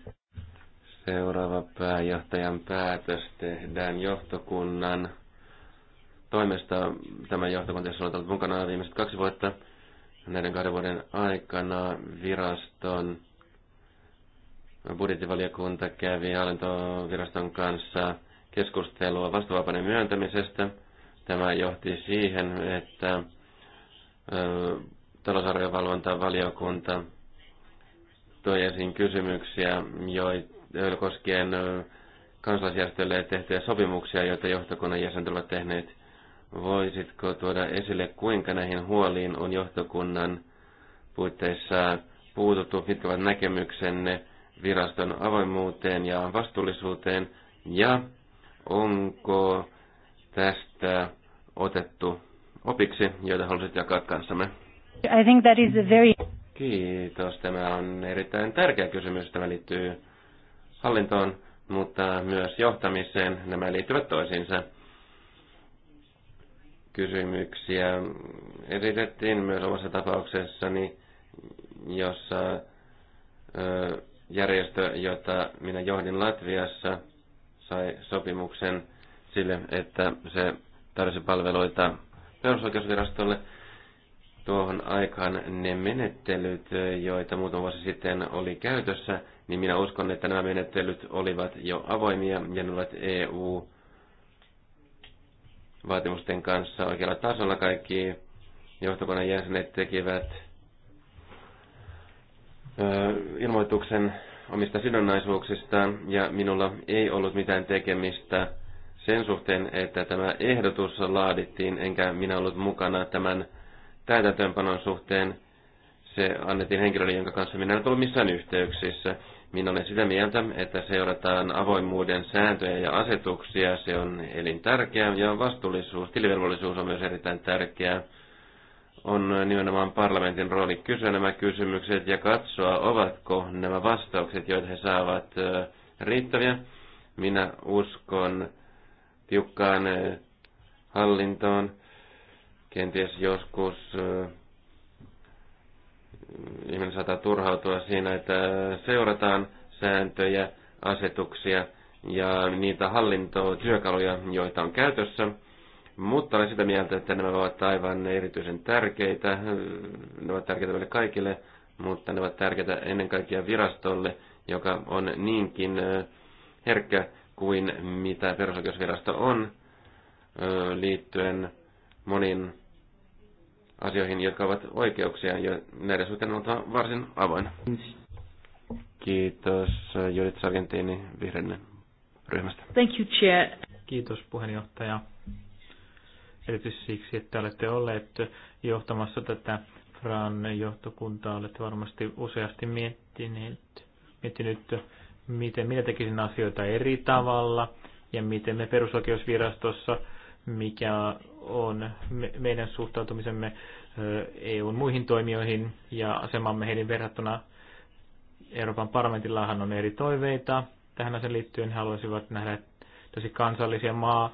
Seuraava pääjohtajan päätös tehdään johtokunnan toimesta. Tämä johtokunta, on ollut mukana viimeiset kaksi vuotta, näiden kahden vuoden aikana viraston budjettivaliokunta kävi hallintoviraston kanssa keskustelua vastuvapainen myöntämisestä. Tämä johti siihen, että valiokunta toi esiin kysymyksiä, joita koskien kansalaisjärjestöille tehtyjä sopimuksia, joita johtokunnan jäsenet ovat tehneet. Voisitko tuoda esille, kuinka näihin huoliin on johtokunnan puitteissa puututtu, mitkä ovat näkemyksenne viraston avoimuuteen ja vastuullisuuteen, ja onko tästä otettu opiksi, joita halusit jakaa kanssamme? I think that is a very... Kiitos. Tämä on erittäin tärkeä kysymys. Tämä liittyy hallintoon, mutta myös johtamiseen. Nämä liittyvät toisiinsa. Kysymyksiä esitettiin myös omassa tapauksessani, jossa järjestö, jota minä johdin Latviassa, sai sopimuksen sille, että se tarjosi palveluita perusoikeusvirastolle tuohon aikaan ne menettelyt, joita muutama vuosi sitten oli käytössä, niin minä uskon, että nämä menettelyt olivat jo avoimia ja ne olivat EU vaatimusten kanssa oikealla tasolla. Kaikki johtokunnan jäsenet tekivät ilmoituksen omista sidonnaisuuksistaan ja minulla ei ollut mitään tekemistä sen suhteen, että tämä ehdotus laadittiin, enkä minä ollut mukana tämän täytäntöönpanon suhteen. Se annettiin henkilölle, jonka kanssa minä en ollut missään yhteyksissä. Minä olen sitä mieltä, että seurataan avoimuuden sääntöjä ja asetuksia. Se on elintärkeää ja vastuullisuus, tilivelvollisuus on myös erittäin tärkeää. On nimenomaan parlamentin rooli kysyä nämä kysymykset ja katsoa, ovatko nämä vastaukset, joita he saavat, riittäviä. Minä uskon, tiukkaan eh, hallintoon, kenties joskus eh, ihminen saattaa turhautua siinä, että seurataan sääntöjä, asetuksia ja niitä hallintotyökaluja, joita on käytössä. Mutta olen sitä mieltä, että nämä ovat aivan erityisen tärkeitä. Ne ovat tärkeitä meille kaikille, mutta ne ovat tärkeitä ennen kaikkea virastolle, joka on niinkin eh, herkkä kuin mitä perusoikeusvirasto on liittyen moniin asioihin, jotka ovat oikeuksia, ja näiden suhteen on varsin avoin. Kiitos Judith Sargentini vihreän ryhmästä. Thank you, Chair. Kiitos puheenjohtaja. Erityisesti siksi, että olette olleet johtamassa tätä Fran johtokuntaa, olette varmasti useasti miettineet, miettinyt miten minä tekisin asioita eri tavalla ja miten me perusoikeusvirastossa, mikä on me, meidän suhtautumisemme EUn muihin toimijoihin ja asemamme heidän verrattuna Euroopan parlamentillahan on eri toiveita. Tähän asiaan liittyen he haluaisivat nähdä tosi kansallisia maa,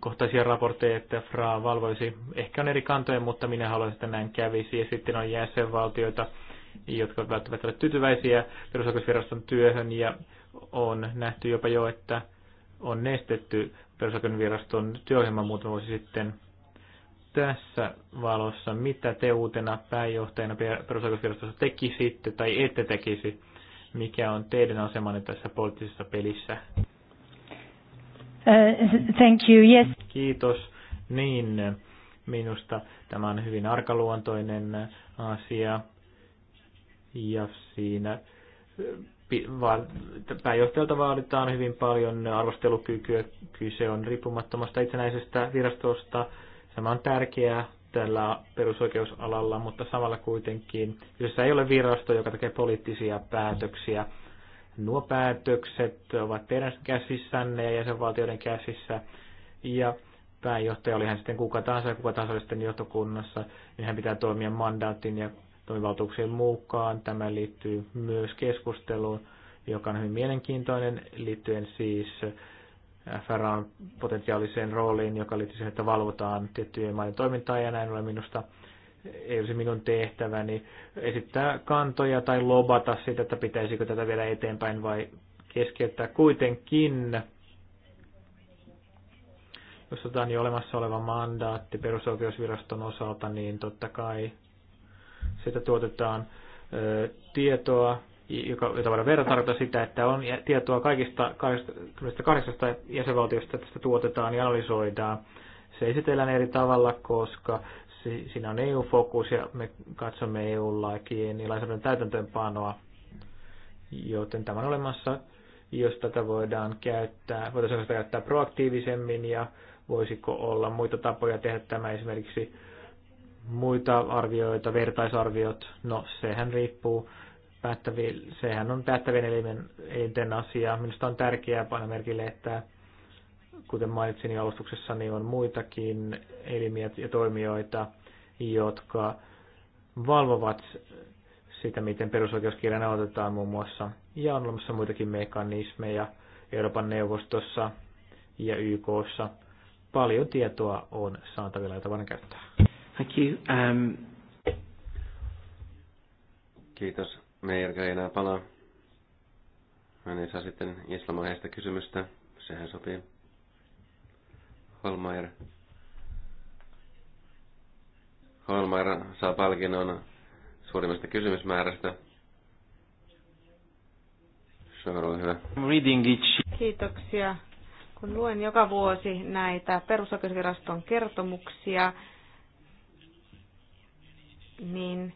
kohtaisia raportteja, että FRA valvoisi. Ehkä on eri kantoja, mutta minä haluaisin, että näin kävisi. Ja sitten on jäsenvaltioita, jotka välttämättä ole tyytyväisiä perusoikeusviraston työhön ja on nähty jopa jo, että on nestetty perusoikeusviraston työohjelma muutama vuosi sitten. Tässä valossa, mitä te uutena pääjohtajana perusoikeusvirastossa tekisitte tai ette tekisi, mikä on teidän asemanne tässä poliittisessa pelissä? Uh, thank you, yes. Kiitos. Niin, minusta tämä on hyvin arkaluontoinen asia ja siinä pääjohtajalta vaaditaan hyvin paljon arvostelukykyä. Kyse on riippumattomasta itsenäisestä virastosta. Tämä on tärkeää tällä perusoikeusalalla, mutta samalla kuitenkin kyseessä ei ole virasto, joka tekee poliittisia päätöksiä. Nuo päätökset ovat teidän käsissänne ja jäsenvaltioiden käsissä. Ja pääjohtaja, oli hän sitten kuka tahansa ja kuka tahansa oli sitten johtokunnassa, niin hän pitää toimia mandaatin ja toimivaltuuksien mukaan. Tämä liittyy myös keskusteluun, joka on hyvin mielenkiintoinen, liittyen siis FRAn potentiaaliseen rooliin, joka liittyy siihen, että valvotaan tiettyjen maiden toimintaa ja näin ole minusta ei olisi minun tehtäväni esittää kantoja tai lobata sitä, että pitäisikö tätä vielä eteenpäin vai keskeyttää kuitenkin. Jos otetaan jo olemassa oleva mandaatti perusoikeusviraston osalta, niin totta kai sitä tuotetaan tietoa, joka, jota voidaan verrata sitä, että on tietoa kaikista 28 jäsenvaltiosta, että sitä tuotetaan ja analysoidaan. Se esitellään eri tavalla, koska siinä on EU-fokus ja me katsomme EU-lakien ja lainsäädännön täytäntöönpanoa, joten tämä on olemassa, jos tätä voidaan käyttää, voitaisiin sitä käyttää proaktiivisemmin ja voisiko olla muita tapoja tehdä tämä esimerkiksi muita arvioita, vertaisarviot, no sehän riippuu, päättävi, sehän on päättävien elinten asia. Minusta on tärkeää panna merkille, että kuten mainitsin jo alustuksessa, niin on muitakin elimiä ja toimijoita, jotka valvovat sitä, miten perusoikeuskirja otetaan muun muassa. Ja on olemassa muitakin mekanismeja Euroopan neuvostossa ja YKssa. Paljon tietoa on saatavilla, jota voidaan käyttää. Thank you. Um... Kiitos. Meijerkä ei enää palaa. Hän niin ei saa sitten islamaiheista kysymystä. Sehän sopii. Holmeier. Holmeier saa palkinnon suurimmasta kysymysmäärästä. Kiitoksia. Kun luen joka vuosi näitä perusoikeusviraston kertomuksia, niin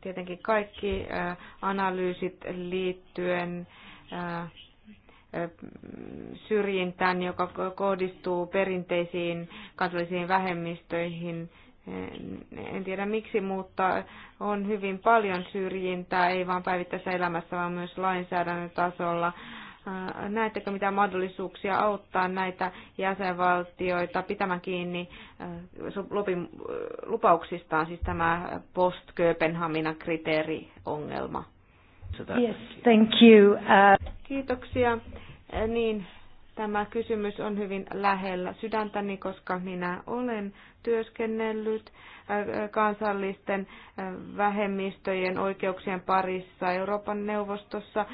tietenkin kaikki äh, analyysit liittyen äh, äh, syrjintään, joka kohdistuu perinteisiin kansallisiin vähemmistöihin. En tiedä miksi, mutta on hyvin paljon syrjintää, ei vain päivittäisessä elämässä, vaan myös lainsäädännön tasolla Äh, näettekö mitä mahdollisuuksia auttaa näitä jäsenvaltioita pitämään kiinni äh, äh, lupauksistaan, siis tämä post-Kööpenhaminan kriteeriongelma? Yes, thank you. Uh... Kiitoksia. Niin, tämä kysymys on hyvin lähellä sydäntäni, koska minä olen työskennellyt kansallisten vähemmistöjen oikeuksien parissa Euroopan neuvostossa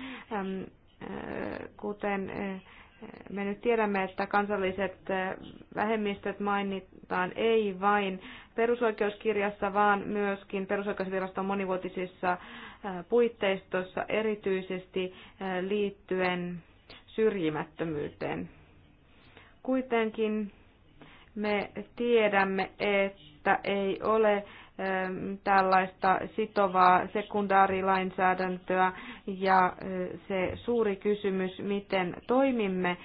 kuten eh, me nyt tiedämme, että kansalliset eh, vähemmistöt mainitaan ei vain perusoikeuskirjassa, vaan myöskin perusoikeusviraston monivuotisissa eh, puitteistossa erityisesti liittyen syrjimättömyyteen. Kuitenkin me tiedämme, että ei ole Ähm, tällaista sitovaa sekundaarilainsäädäntöä ja äh, se suuri kysymys, miten toimimme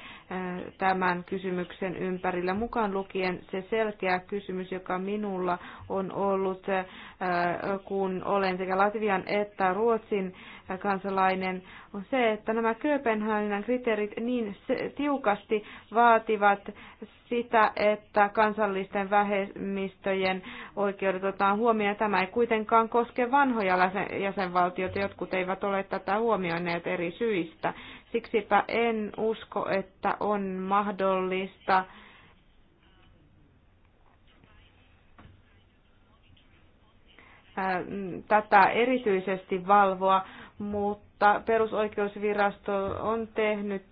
tämän kysymyksen ympärillä, mukaan lukien se selkeä kysymys, joka minulla on ollut, äh, kun olen sekä Latvian että Ruotsin äh, kansalainen, on se, että nämä Kööpenhaminan kriteerit niin tiukasti vaativat sitä, että kansallisten vähemmistöjen oikeudet otetaan huomioon. Tämä ei kuitenkaan koske vanhoja jäsenvaltioita, jotkut eivät ole tätä huomioineet eri syistä. Siksipä en usko, että on mahdollista tätä erityisesti valvoa, mutta perusoikeusvirasto on tehnyt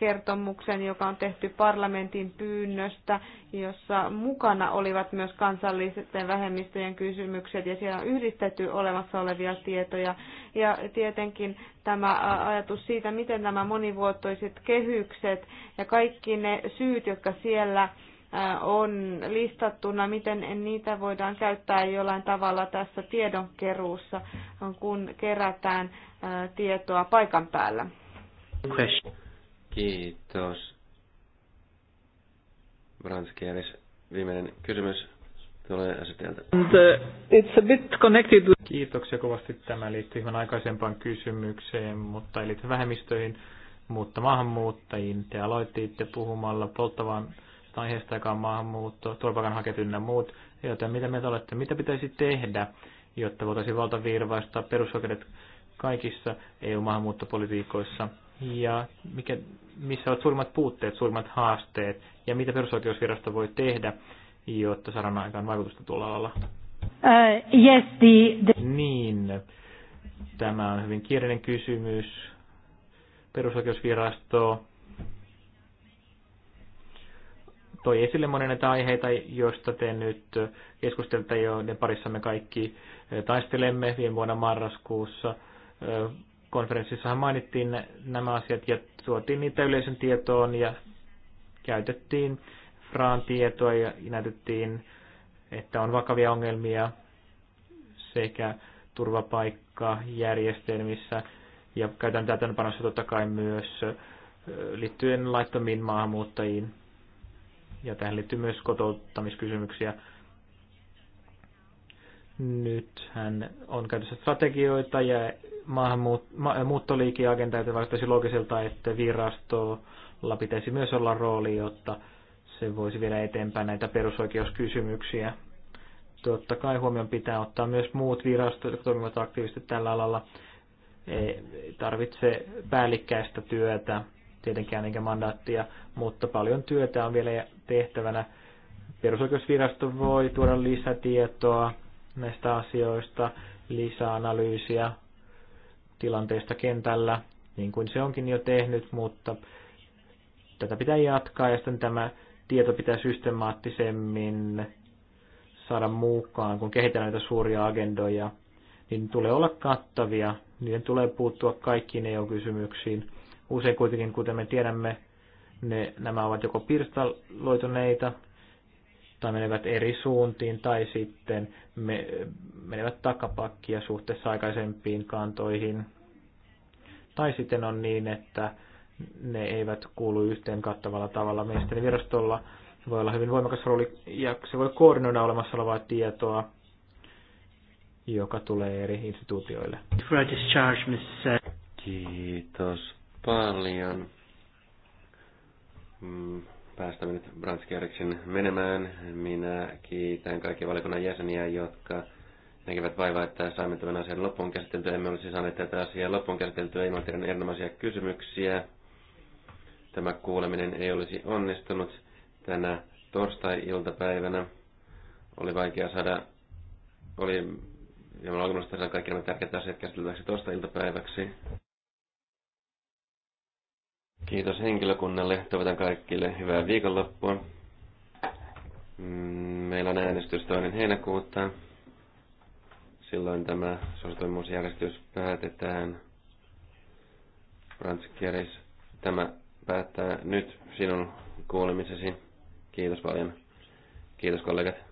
kertomuksen, joka on tehty parlamentin pyynnöstä, jossa mukana olivat myös kansallisten vähemmistöjen kysymykset ja siellä on yhdistetty olemassa olevia tietoja. Ja tietenkin tämä ajatus siitä, miten nämä monivuotoiset kehykset ja kaikki ne syyt, jotka siellä on listattuna, miten niitä voidaan käyttää jollain tavalla tässä tiedonkeruussa, kun kerätään tietoa paikan päällä. Question. Kiitos. Branskielis, viimeinen kysymys tulee asetelta. Uh, it's a bit connected. Kiitoksia kovasti. Tämä liittyy hieman aikaisempaan kysymykseen, mutta eli vähemmistöihin, mutta maahanmuuttajiin. Te aloititte puhumalla polttavan aiheesta, joka on maahanmuutto, turvapaikanhakijat ynnä muut. Joten mitä mieltä olette, mitä pitäisi tehdä, jotta voitaisiin valtavirvaistaa perusoikeudet kaikissa EU-maahanmuuttopolitiikoissa? ja mikä, missä ovat suurimmat puutteet, suurimmat haasteet ja mitä perusoikeusvirasto voi tehdä, jotta saadaan aikaan vaikutusta tuolla alalla? Uh, yes, the, the... Niin, tämä on hyvin kiireinen kysymys. Perusoikeusvirasto toi esille monen näitä aiheita, joista te nyt keskustelta, joiden parissa me kaikki eh, taistelemme viime vuonna marraskuussa eh, konferenssissahan mainittiin nämä asiat ja tuotiin niitä yleisön tietoon ja käytettiin Fraan tietoa ja näytettiin, että on vakavia ongelmia sekä turvapaikkajärjestelmissä ja käytän täytäntöpanossa totta kai myös liittyen laittomiin maahanmuuttajiin. Ja tähän liittyy myös kotouttamiskysymyksiä. Nythän on käytössä strategioita ja maahanmuuttoliikeagenda, että vaikuttaisi loogiselta, että virastolla pitäisi myös olla rooli, jotta se voisi viedä eteenpäin näitä perusoikeuskysymyksiä. Totta kai huomioon pitää ottaa myös muut virastot, jotka toimivat aktiivisesti tällä alalla. Ei tarvitse päällikkäistä työtä, tietenkään eikä mandaattia, mutta paljon työtä on vielä tehtävänä. Perusoikeusvirasto voi tuoda lisätietoa näistä asioista, lisäanalyysiä, tilanteesta kentällä, niin kuin se onkin jo tehnyt, mutta tätä pitää jatkaa ja sitten tämä tieto pitää systemaattisemmin saada mukaan, kun kehitetään näitä suuria agendoja, niin tulee olla kattavia, niiden tulee puuttua kaikkiin EU-kysymyksiin. Usein kuitenkin, kuten me tiedämme, ne, nämä ovat joko pirstaloituneita tai menevät eri suuntiin tai sitten me, menevät takapakkia suhteessa aikaisempiin kantoihin. Tai sitten on niin, että ne eivät kuulu yhteen kattavalla tavalla. Mielestäni virastolla voi olla hyvin voimakas rooli ja se voi koordinoida olemassa olevaa tietoa, joka tulee eri instituutioille. Uh, Kiitos paljon. Mm päästämme nyt menemään. Minä kiitän kaikkia valiokunnan jäseniä, jotka näkevät vaivaa, että saimme tämän asian loppuun käsiteltyä. Emme olisi saaneet tätä asiaa loppuun käsiteltyä ilman teidän erinomaisia kysymyksiä. Tämä kuuleminen ei olisi onnistunut tänä torstai-iltapäivänä. Oli vaikea saada, oli, ja me olemme kaikki nämä tärkeät asiat käsiteltäväksi torstai-iltapäiväksi. Kiitos henkilökunnalle. Toivotan kaikille hyvää viikonloppua. Mm, meillä on äänestys toinen heinäkuuta. Silloin tämä suosituimmuusjärjestys päätetään. Frans tämä päättää nyt sinun kuulemisesi. Kiitos paljon. Kiitos kollegat.